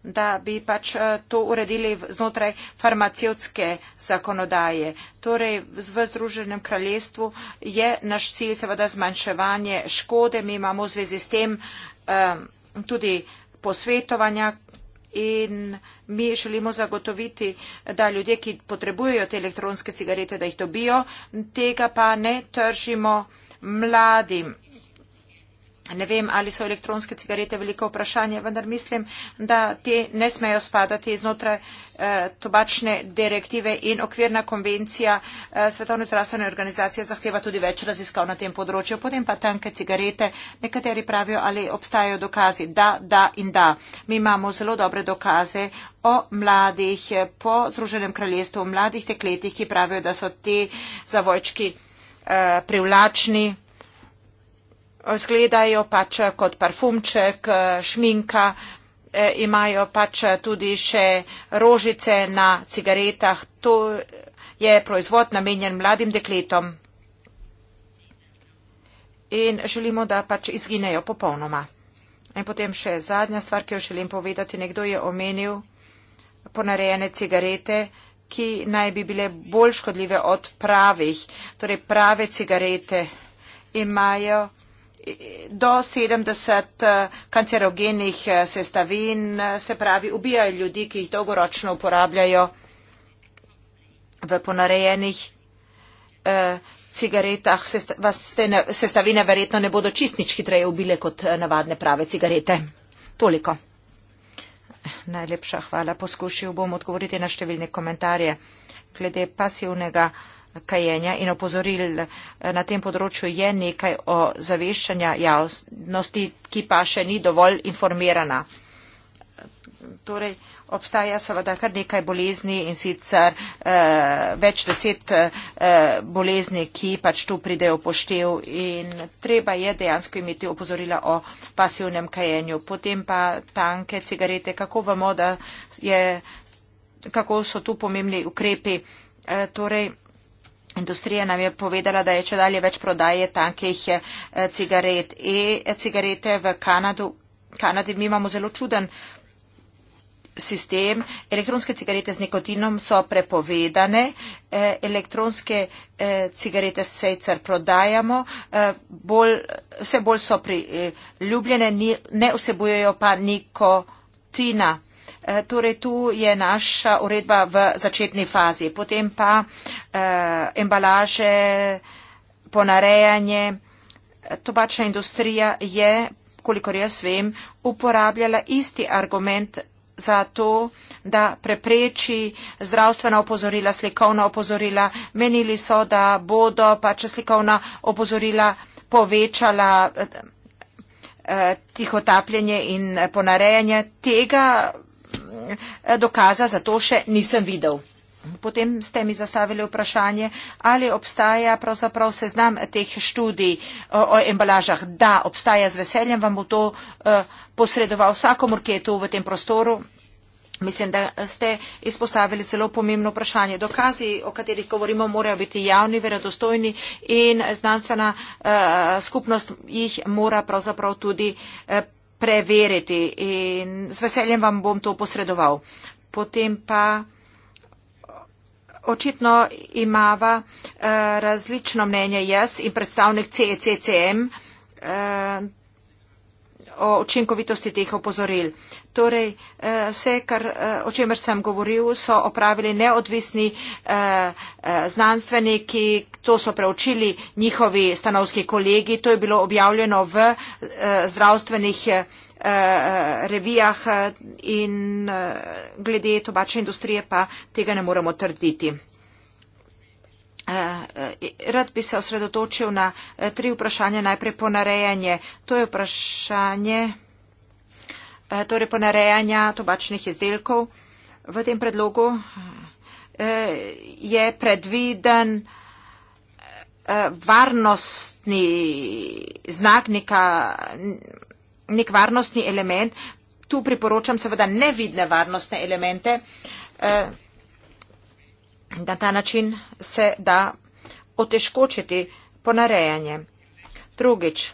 da bi pač eh, to uredili znotraj farmacijske zakonodaje. Torej, v Združenem kraljestvu je naš cilj seveda zmanjševanje škode, mi imamo v zvezi s tem eh, tudi posvetovanja in mi želimo zagotoviti, da ljudje, ki potrebujejo te elektronske cigarete, da jih dobijo, tega pa ne tržimo mladim. Ne vem, ali so elektronske cigarete veliko vprašanje, vendar mislim, da te ne smejo spadati znotraj eh, tobačne direktive in okvirna konvencija eh, Svetovne zdravstvene organizacije zahteva tudi več raziskav na tem področju. Potem pa tanke cigarete, nekateri pravijo, ali obstajajo dokazi. Da, da in da. Mi imamo zelo dobre dokaze o mladih eh, po Združenem kraljestvu, o mladih tekletih, ki pravijo, da so te zavojčki eh, privlačni izgledajo pač kot parfumček, šminka, e, imajo pač tudi še rožice na cigaretah. To je proizvod namenjen mladim dekletom in želimo, da pač izginejo popolnoma. In potem še zadnja stvar, ki jo želim povedati. Nekdo je omenil ponarejene cigarete, ki naj bi bile bolj škodljive od pravih. Torej prave cigarete imajo do 70 eh, kancerogenih eh, sestavin, eh, se pravi, ubijajo ljudi, ki jih dolgoročno uporabljajo v ponarejenih cigaretah. Sestavine verjetno ne bodo čistnič hitreje ubile kot navadne prave cigarete. Toliko. Najlepša hvala. Poskušal bom odgovoriti na številne komentarje. Glede pasivnega kajenja in opozoril eh, na tem področju je nekaj o zaveščanja javnosti, ki pa še ni dovolj informirana. Torej, obstaja seveda kar nekaj bolezni in sicer eh, več deset eh, bolezni, ki pač tu pridejo poštev in treba je dejansko imeti opozorila o pasivnem kajenju. Potem pa tanke, cigarete, kako vemo, da je, kako so tu pomembni ukrepi. Eh, torej, industrija nam je povedala, da je če dalje več prodaje tankih eh, cigaret. E cigarete v Kanadu, Kanadi mi imamo zelo čuden sistem. Elektronske cigarete z nikotinom so prepovedane. Eh, elektronske eh, cigarete sejcer prodajamo. Bol, vse bolj so priljubljene, ne vsebujejo pa nikotina. Eh, torej, tu je naša uredba v začetni fazi. Potem pa eh, embalaže, ponarejanje. Tobačna industrija je, kolikor jaz vem, uporabljala isti argument za to, da prepreči zdravstvena opozorila, slikovna opozorila. Menili so, da bodo pač slikovna opozorila povečala eh, eh tihotapljenje in ponarejanje tega Eh, dokaza za to še nisem videl. Potem ste mi zastavili vprašanje, ali obstaja pravzaprav seznam teh študij o, eh, o embalažah. Da, obstaja z veseljem, vam bo to eh, posredoval vsakomur, ki je tu v tem prostoru. Mislim, da ste izpostavili zelo pomembno vprašanje. Dokazi, o katerih govorimo, morajo biti javni, verodostojni in znanstvena eh, skupnost jih mora pravzaprav tudi. Eh, preveriti in z veseljem vam bom to posredoval. Potem pa očitno imava uh, različno mnenje jaz in predstavnik CECCM. Uh, eh, o učinkovitosti teh opozoril. Torej, eh, vse, kar, eh, o čemer sem govoril, so opravili neodvisni eh, znanstveniki, to so preučili njihovi stanovski kolegi, to je bilo objavljeno v zdravstvenih revijah in glede tobačne industrije pa tega ne moremo trditi. Eh, eh, rad bi se osredotočil na eh, tri vprašanja, najprej ponarejanje. To je vprašanje torej ponarejanja tobačnih izdelkov. V tem predlogu je predviden varnostni znak, neka, nek varnostni element. Tu priporočam seveda nevidne varnostne elemente. Na ta način se da otežkočiti ponarejanje. Drugič.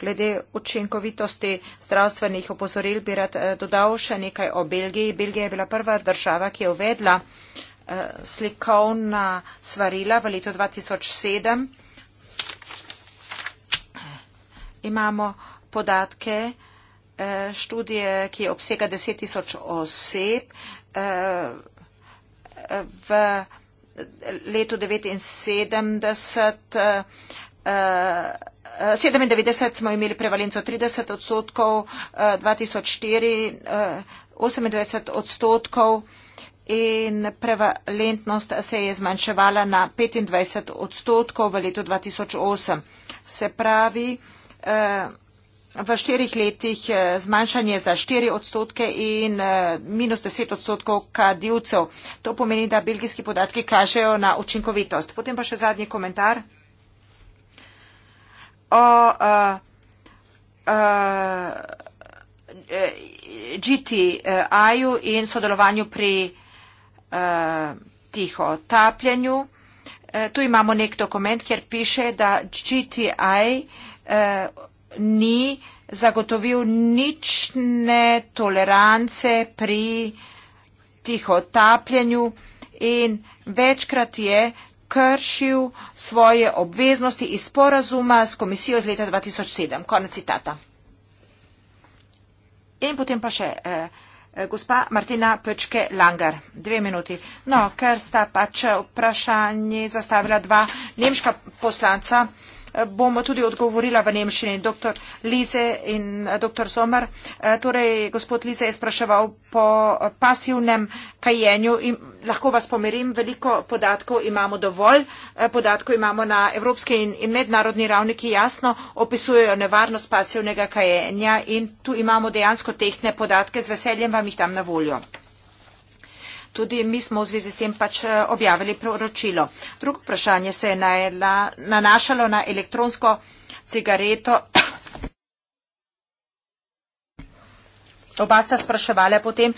Glede učinkovitosti zdravstvenih opozoril bi rad eh, dodal še nekaj o Belgiji. Belgija je bila prva država, ki je uvedla eh, slikovna svarila v letu 2007 imamo podatke eh, študije, ki je obsega 10 tisoč oseb eh, v letu 79. 97 eh, smo imeli prevalenco 30 odstotkov, 2004 28 odstotkov in prevalentnost se je zmanjševala na 25 odstotkov v letu 2008. Se pravi, Eh, v štirih letih eh, zmanjšanje za štiri odstotke in eh, minus deset odstotkov kadilcev. To pomeni, da belgijski podatki kažejo na učinkovitost. Potem pa še zadnji komentar o GTI-ju in sodelovanju pri tiho tapljanju. Tu imamo nek dokument, kjer piše, da GTI-ju Eh, ni zagotovil nične tolerance pri tihotapljenju in večkrat je kršil svoje obveznosti iz sporazuma s komisijo iz leta 2007. Konec citata. In potem pa še eh, eh gospa Martina Pečke-Langer. Dve minuti. No, ker sta pač vprašanje zastavila dva nemška poslanca bom tudi odgovorila v Nemščini. Dr. Lise in eh, dr. Sommer, eh, torej gospod Lise je spraševal po pasivnem kajenju in lahko vas pomerim, veliko podatkov imamo dovolj, eh, podatkov imamo na evropske in mednarodni ravni, ki jasno opisujejo nevarnost pasivnega kajenja in tu imamo dejansko tehne podatke, z veseljem vam jih dam na voljo. Tudi mi smo v zvezi s tem pač eh, objavili proročilo. Drugo vprašanje se je na, na, nanašalo na elektronsko cigareto. Oba sta spraševala potem eh,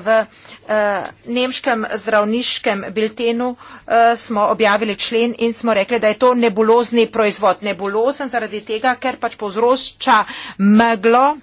v eh, nemškem zdravniškem biltenu smo objavili člen in smo rekli, da je to nebulozni proizvod. Nebulozen zaradi tega, ker pač povzroča meglo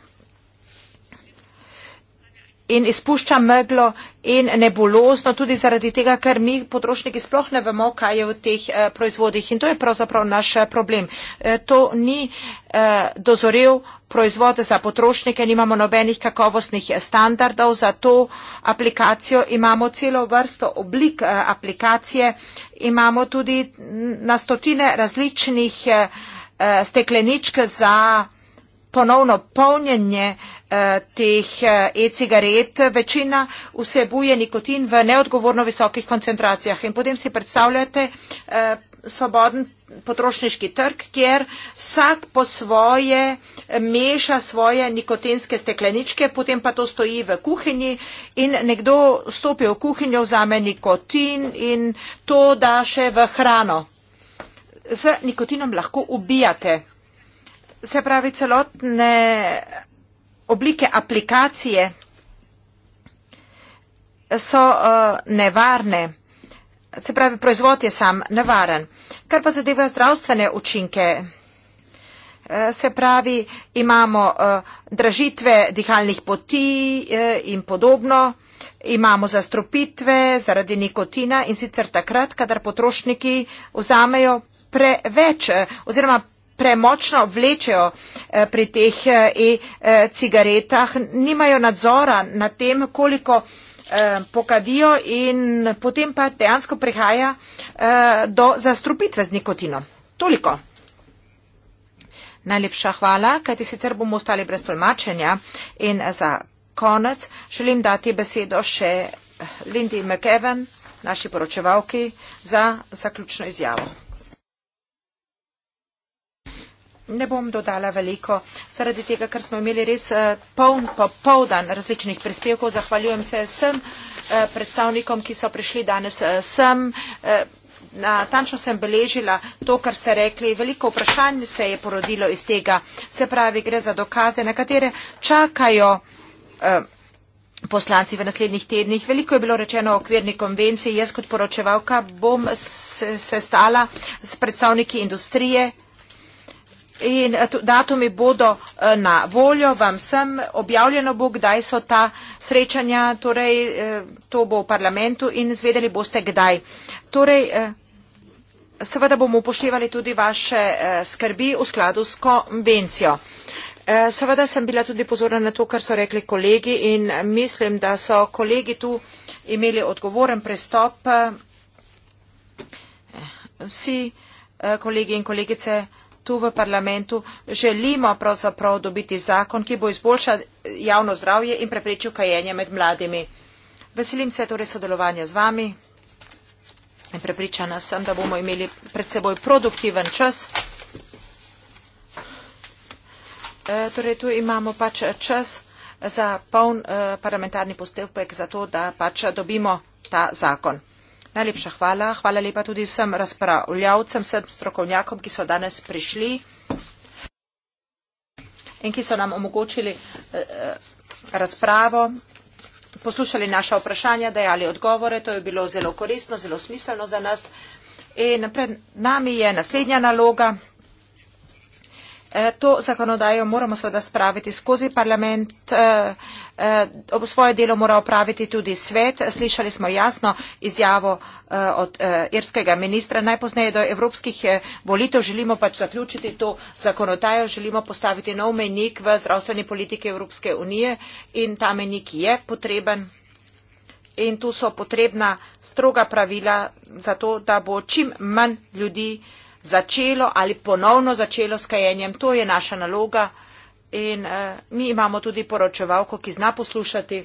in izpušča meglo in nebulozno, tudi zaradi tega, ker mi potrošniki sploh ne vemo, kaj je v teh eh, proizvodih. In to je pravzaprav naš eh, problem. Eh, to ni eh, dozorel proizvode za potrošnike, nimamo nobenih kakovostnih eh, standardov za to aplikacijo, imamo celo vrsto oblik eh, aplikacije, imamo tudi mm, na stotine različnih eh, eh stekleničk za ponovno polnjenje eh, teh eh, e-cigaret večina vsebuje nikotin v neodgovorno visokih koncentracijah. In potem si predstavljate eh, svoboden potrošniški trg, kjer vsak po svoje meša svoje nikotinske stekleničke, potem pa to stoji v kuhinji in nekdo stopi v kuhinjo, vzame nikotin in to da še v hrano. Z nikotinom lahko ubijate se pravi celotne oblike aplikacije so uh, nevarne. Se pravi, proizvod je sam nevaren. Kar pa zadeva zdravstvene učinke, eh, se pravi, imamo uh, dražitve dihalnih poti uh, in podobno, imamo zastrupitve zaradi nikotina in sicer takrat, kadar potrošniki vzamejo preveč oziroma premočno vlečejo eh, pri teh eh, e-cigaretah, nimajo nadzora nad tem, koliko eh, pokadijo in potem pa dejansko prihaja do zastrupitve z nikotino. Toliko. Najlepša hvala, kajti sicer bomo ostali brez tolmačenja in za konec želim dati besedo še Lindy McEwen, naši poročevalki, za zaključno izjavo ne bom dodala veliko, zaradi tega, ker smo imeli res eh, poln popovdan različnih prispevkov. Zahvaljujem se vsem eh, predstavnikom, ki so prišli danes eh, sem. Natančno sem beležila to, kar ste rekli. Veliko vprašanj se je porodilo iz tega. Se pravi, gre za dokaze, na katere čakajo poslanci v naslednjih tednih. Veliko je bilo rečeno o okvirni konvenciji. Jaz kot poročevalka bom se stala s predstavniki industrije in eh, datumi bodo eh, na voljo vam sem objavljeno bo, kdaj so ta srečanja, torej eh, to bo v parlamentu in zvedeli boste kdaj. Torej, seveda bomo upoštevali tudi vaše skrbi v skladu s konvencijo. Seveda sem bila tudi pozorna na to, kar so rekli kolegi in mislim, da so kolegi tu imeli odgovoren prestop. Vsi kolegi in kolegice tu v parlamentu želimo pravzaprav dobiti zakon, ki bo izboljšal javno zdravje in preprečil kajenje med mladimi. Veselim se torej sodelovanja z vami in prepričana sem, da bomo imeli pred seboj produktiven čas. E, torej, tu imamo pač čas za poln e, parlamentarni postopek, zato da pač dobimo ta zakon. Najlepša hvala. Hvala lepa tudi vsem razpravljavcem, vsem strokovnjakom, ki so danes prišli in ki so nam omogočili eh, eh, razpravo, poslušali naša vprašanja, dajali odgovore. To je bilo zelo koristno, zelo smiselno za nas. In pred nami je naslednja naloga. Eh, to zakonodajo moramo seveda spraviti skozi parlament, eh, eh, svoje delo mora opraviti tudi svet. Slišali smo jasno izjavo od irskega ministra, najpoznaje do evropskih volitev želimo pač zaključiti to zakonodajo, želimo postaviti nov menik v zdravstveni politiki Evropske unije in ta menik je potreben. In tu so potrebna stroga pravila za to, da bo čim manj ljudi začelo ali ponovno začelo s kajenjem. To je naša naloga in eh, mi imamo tudi poročevalko, ki zna poslušati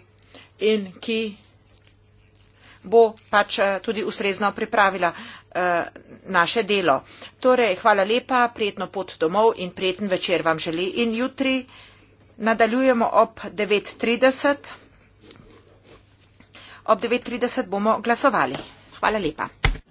in ki bo pač eh, tudi ustrezno pripravila eh, naše delo. Torej, hvala lepa, prijetno pot domov in prijeten večer vam želi. In jutri nadaljujemo ob 9.30. Ob 9.30 bomo glasovali. Hvala lepa.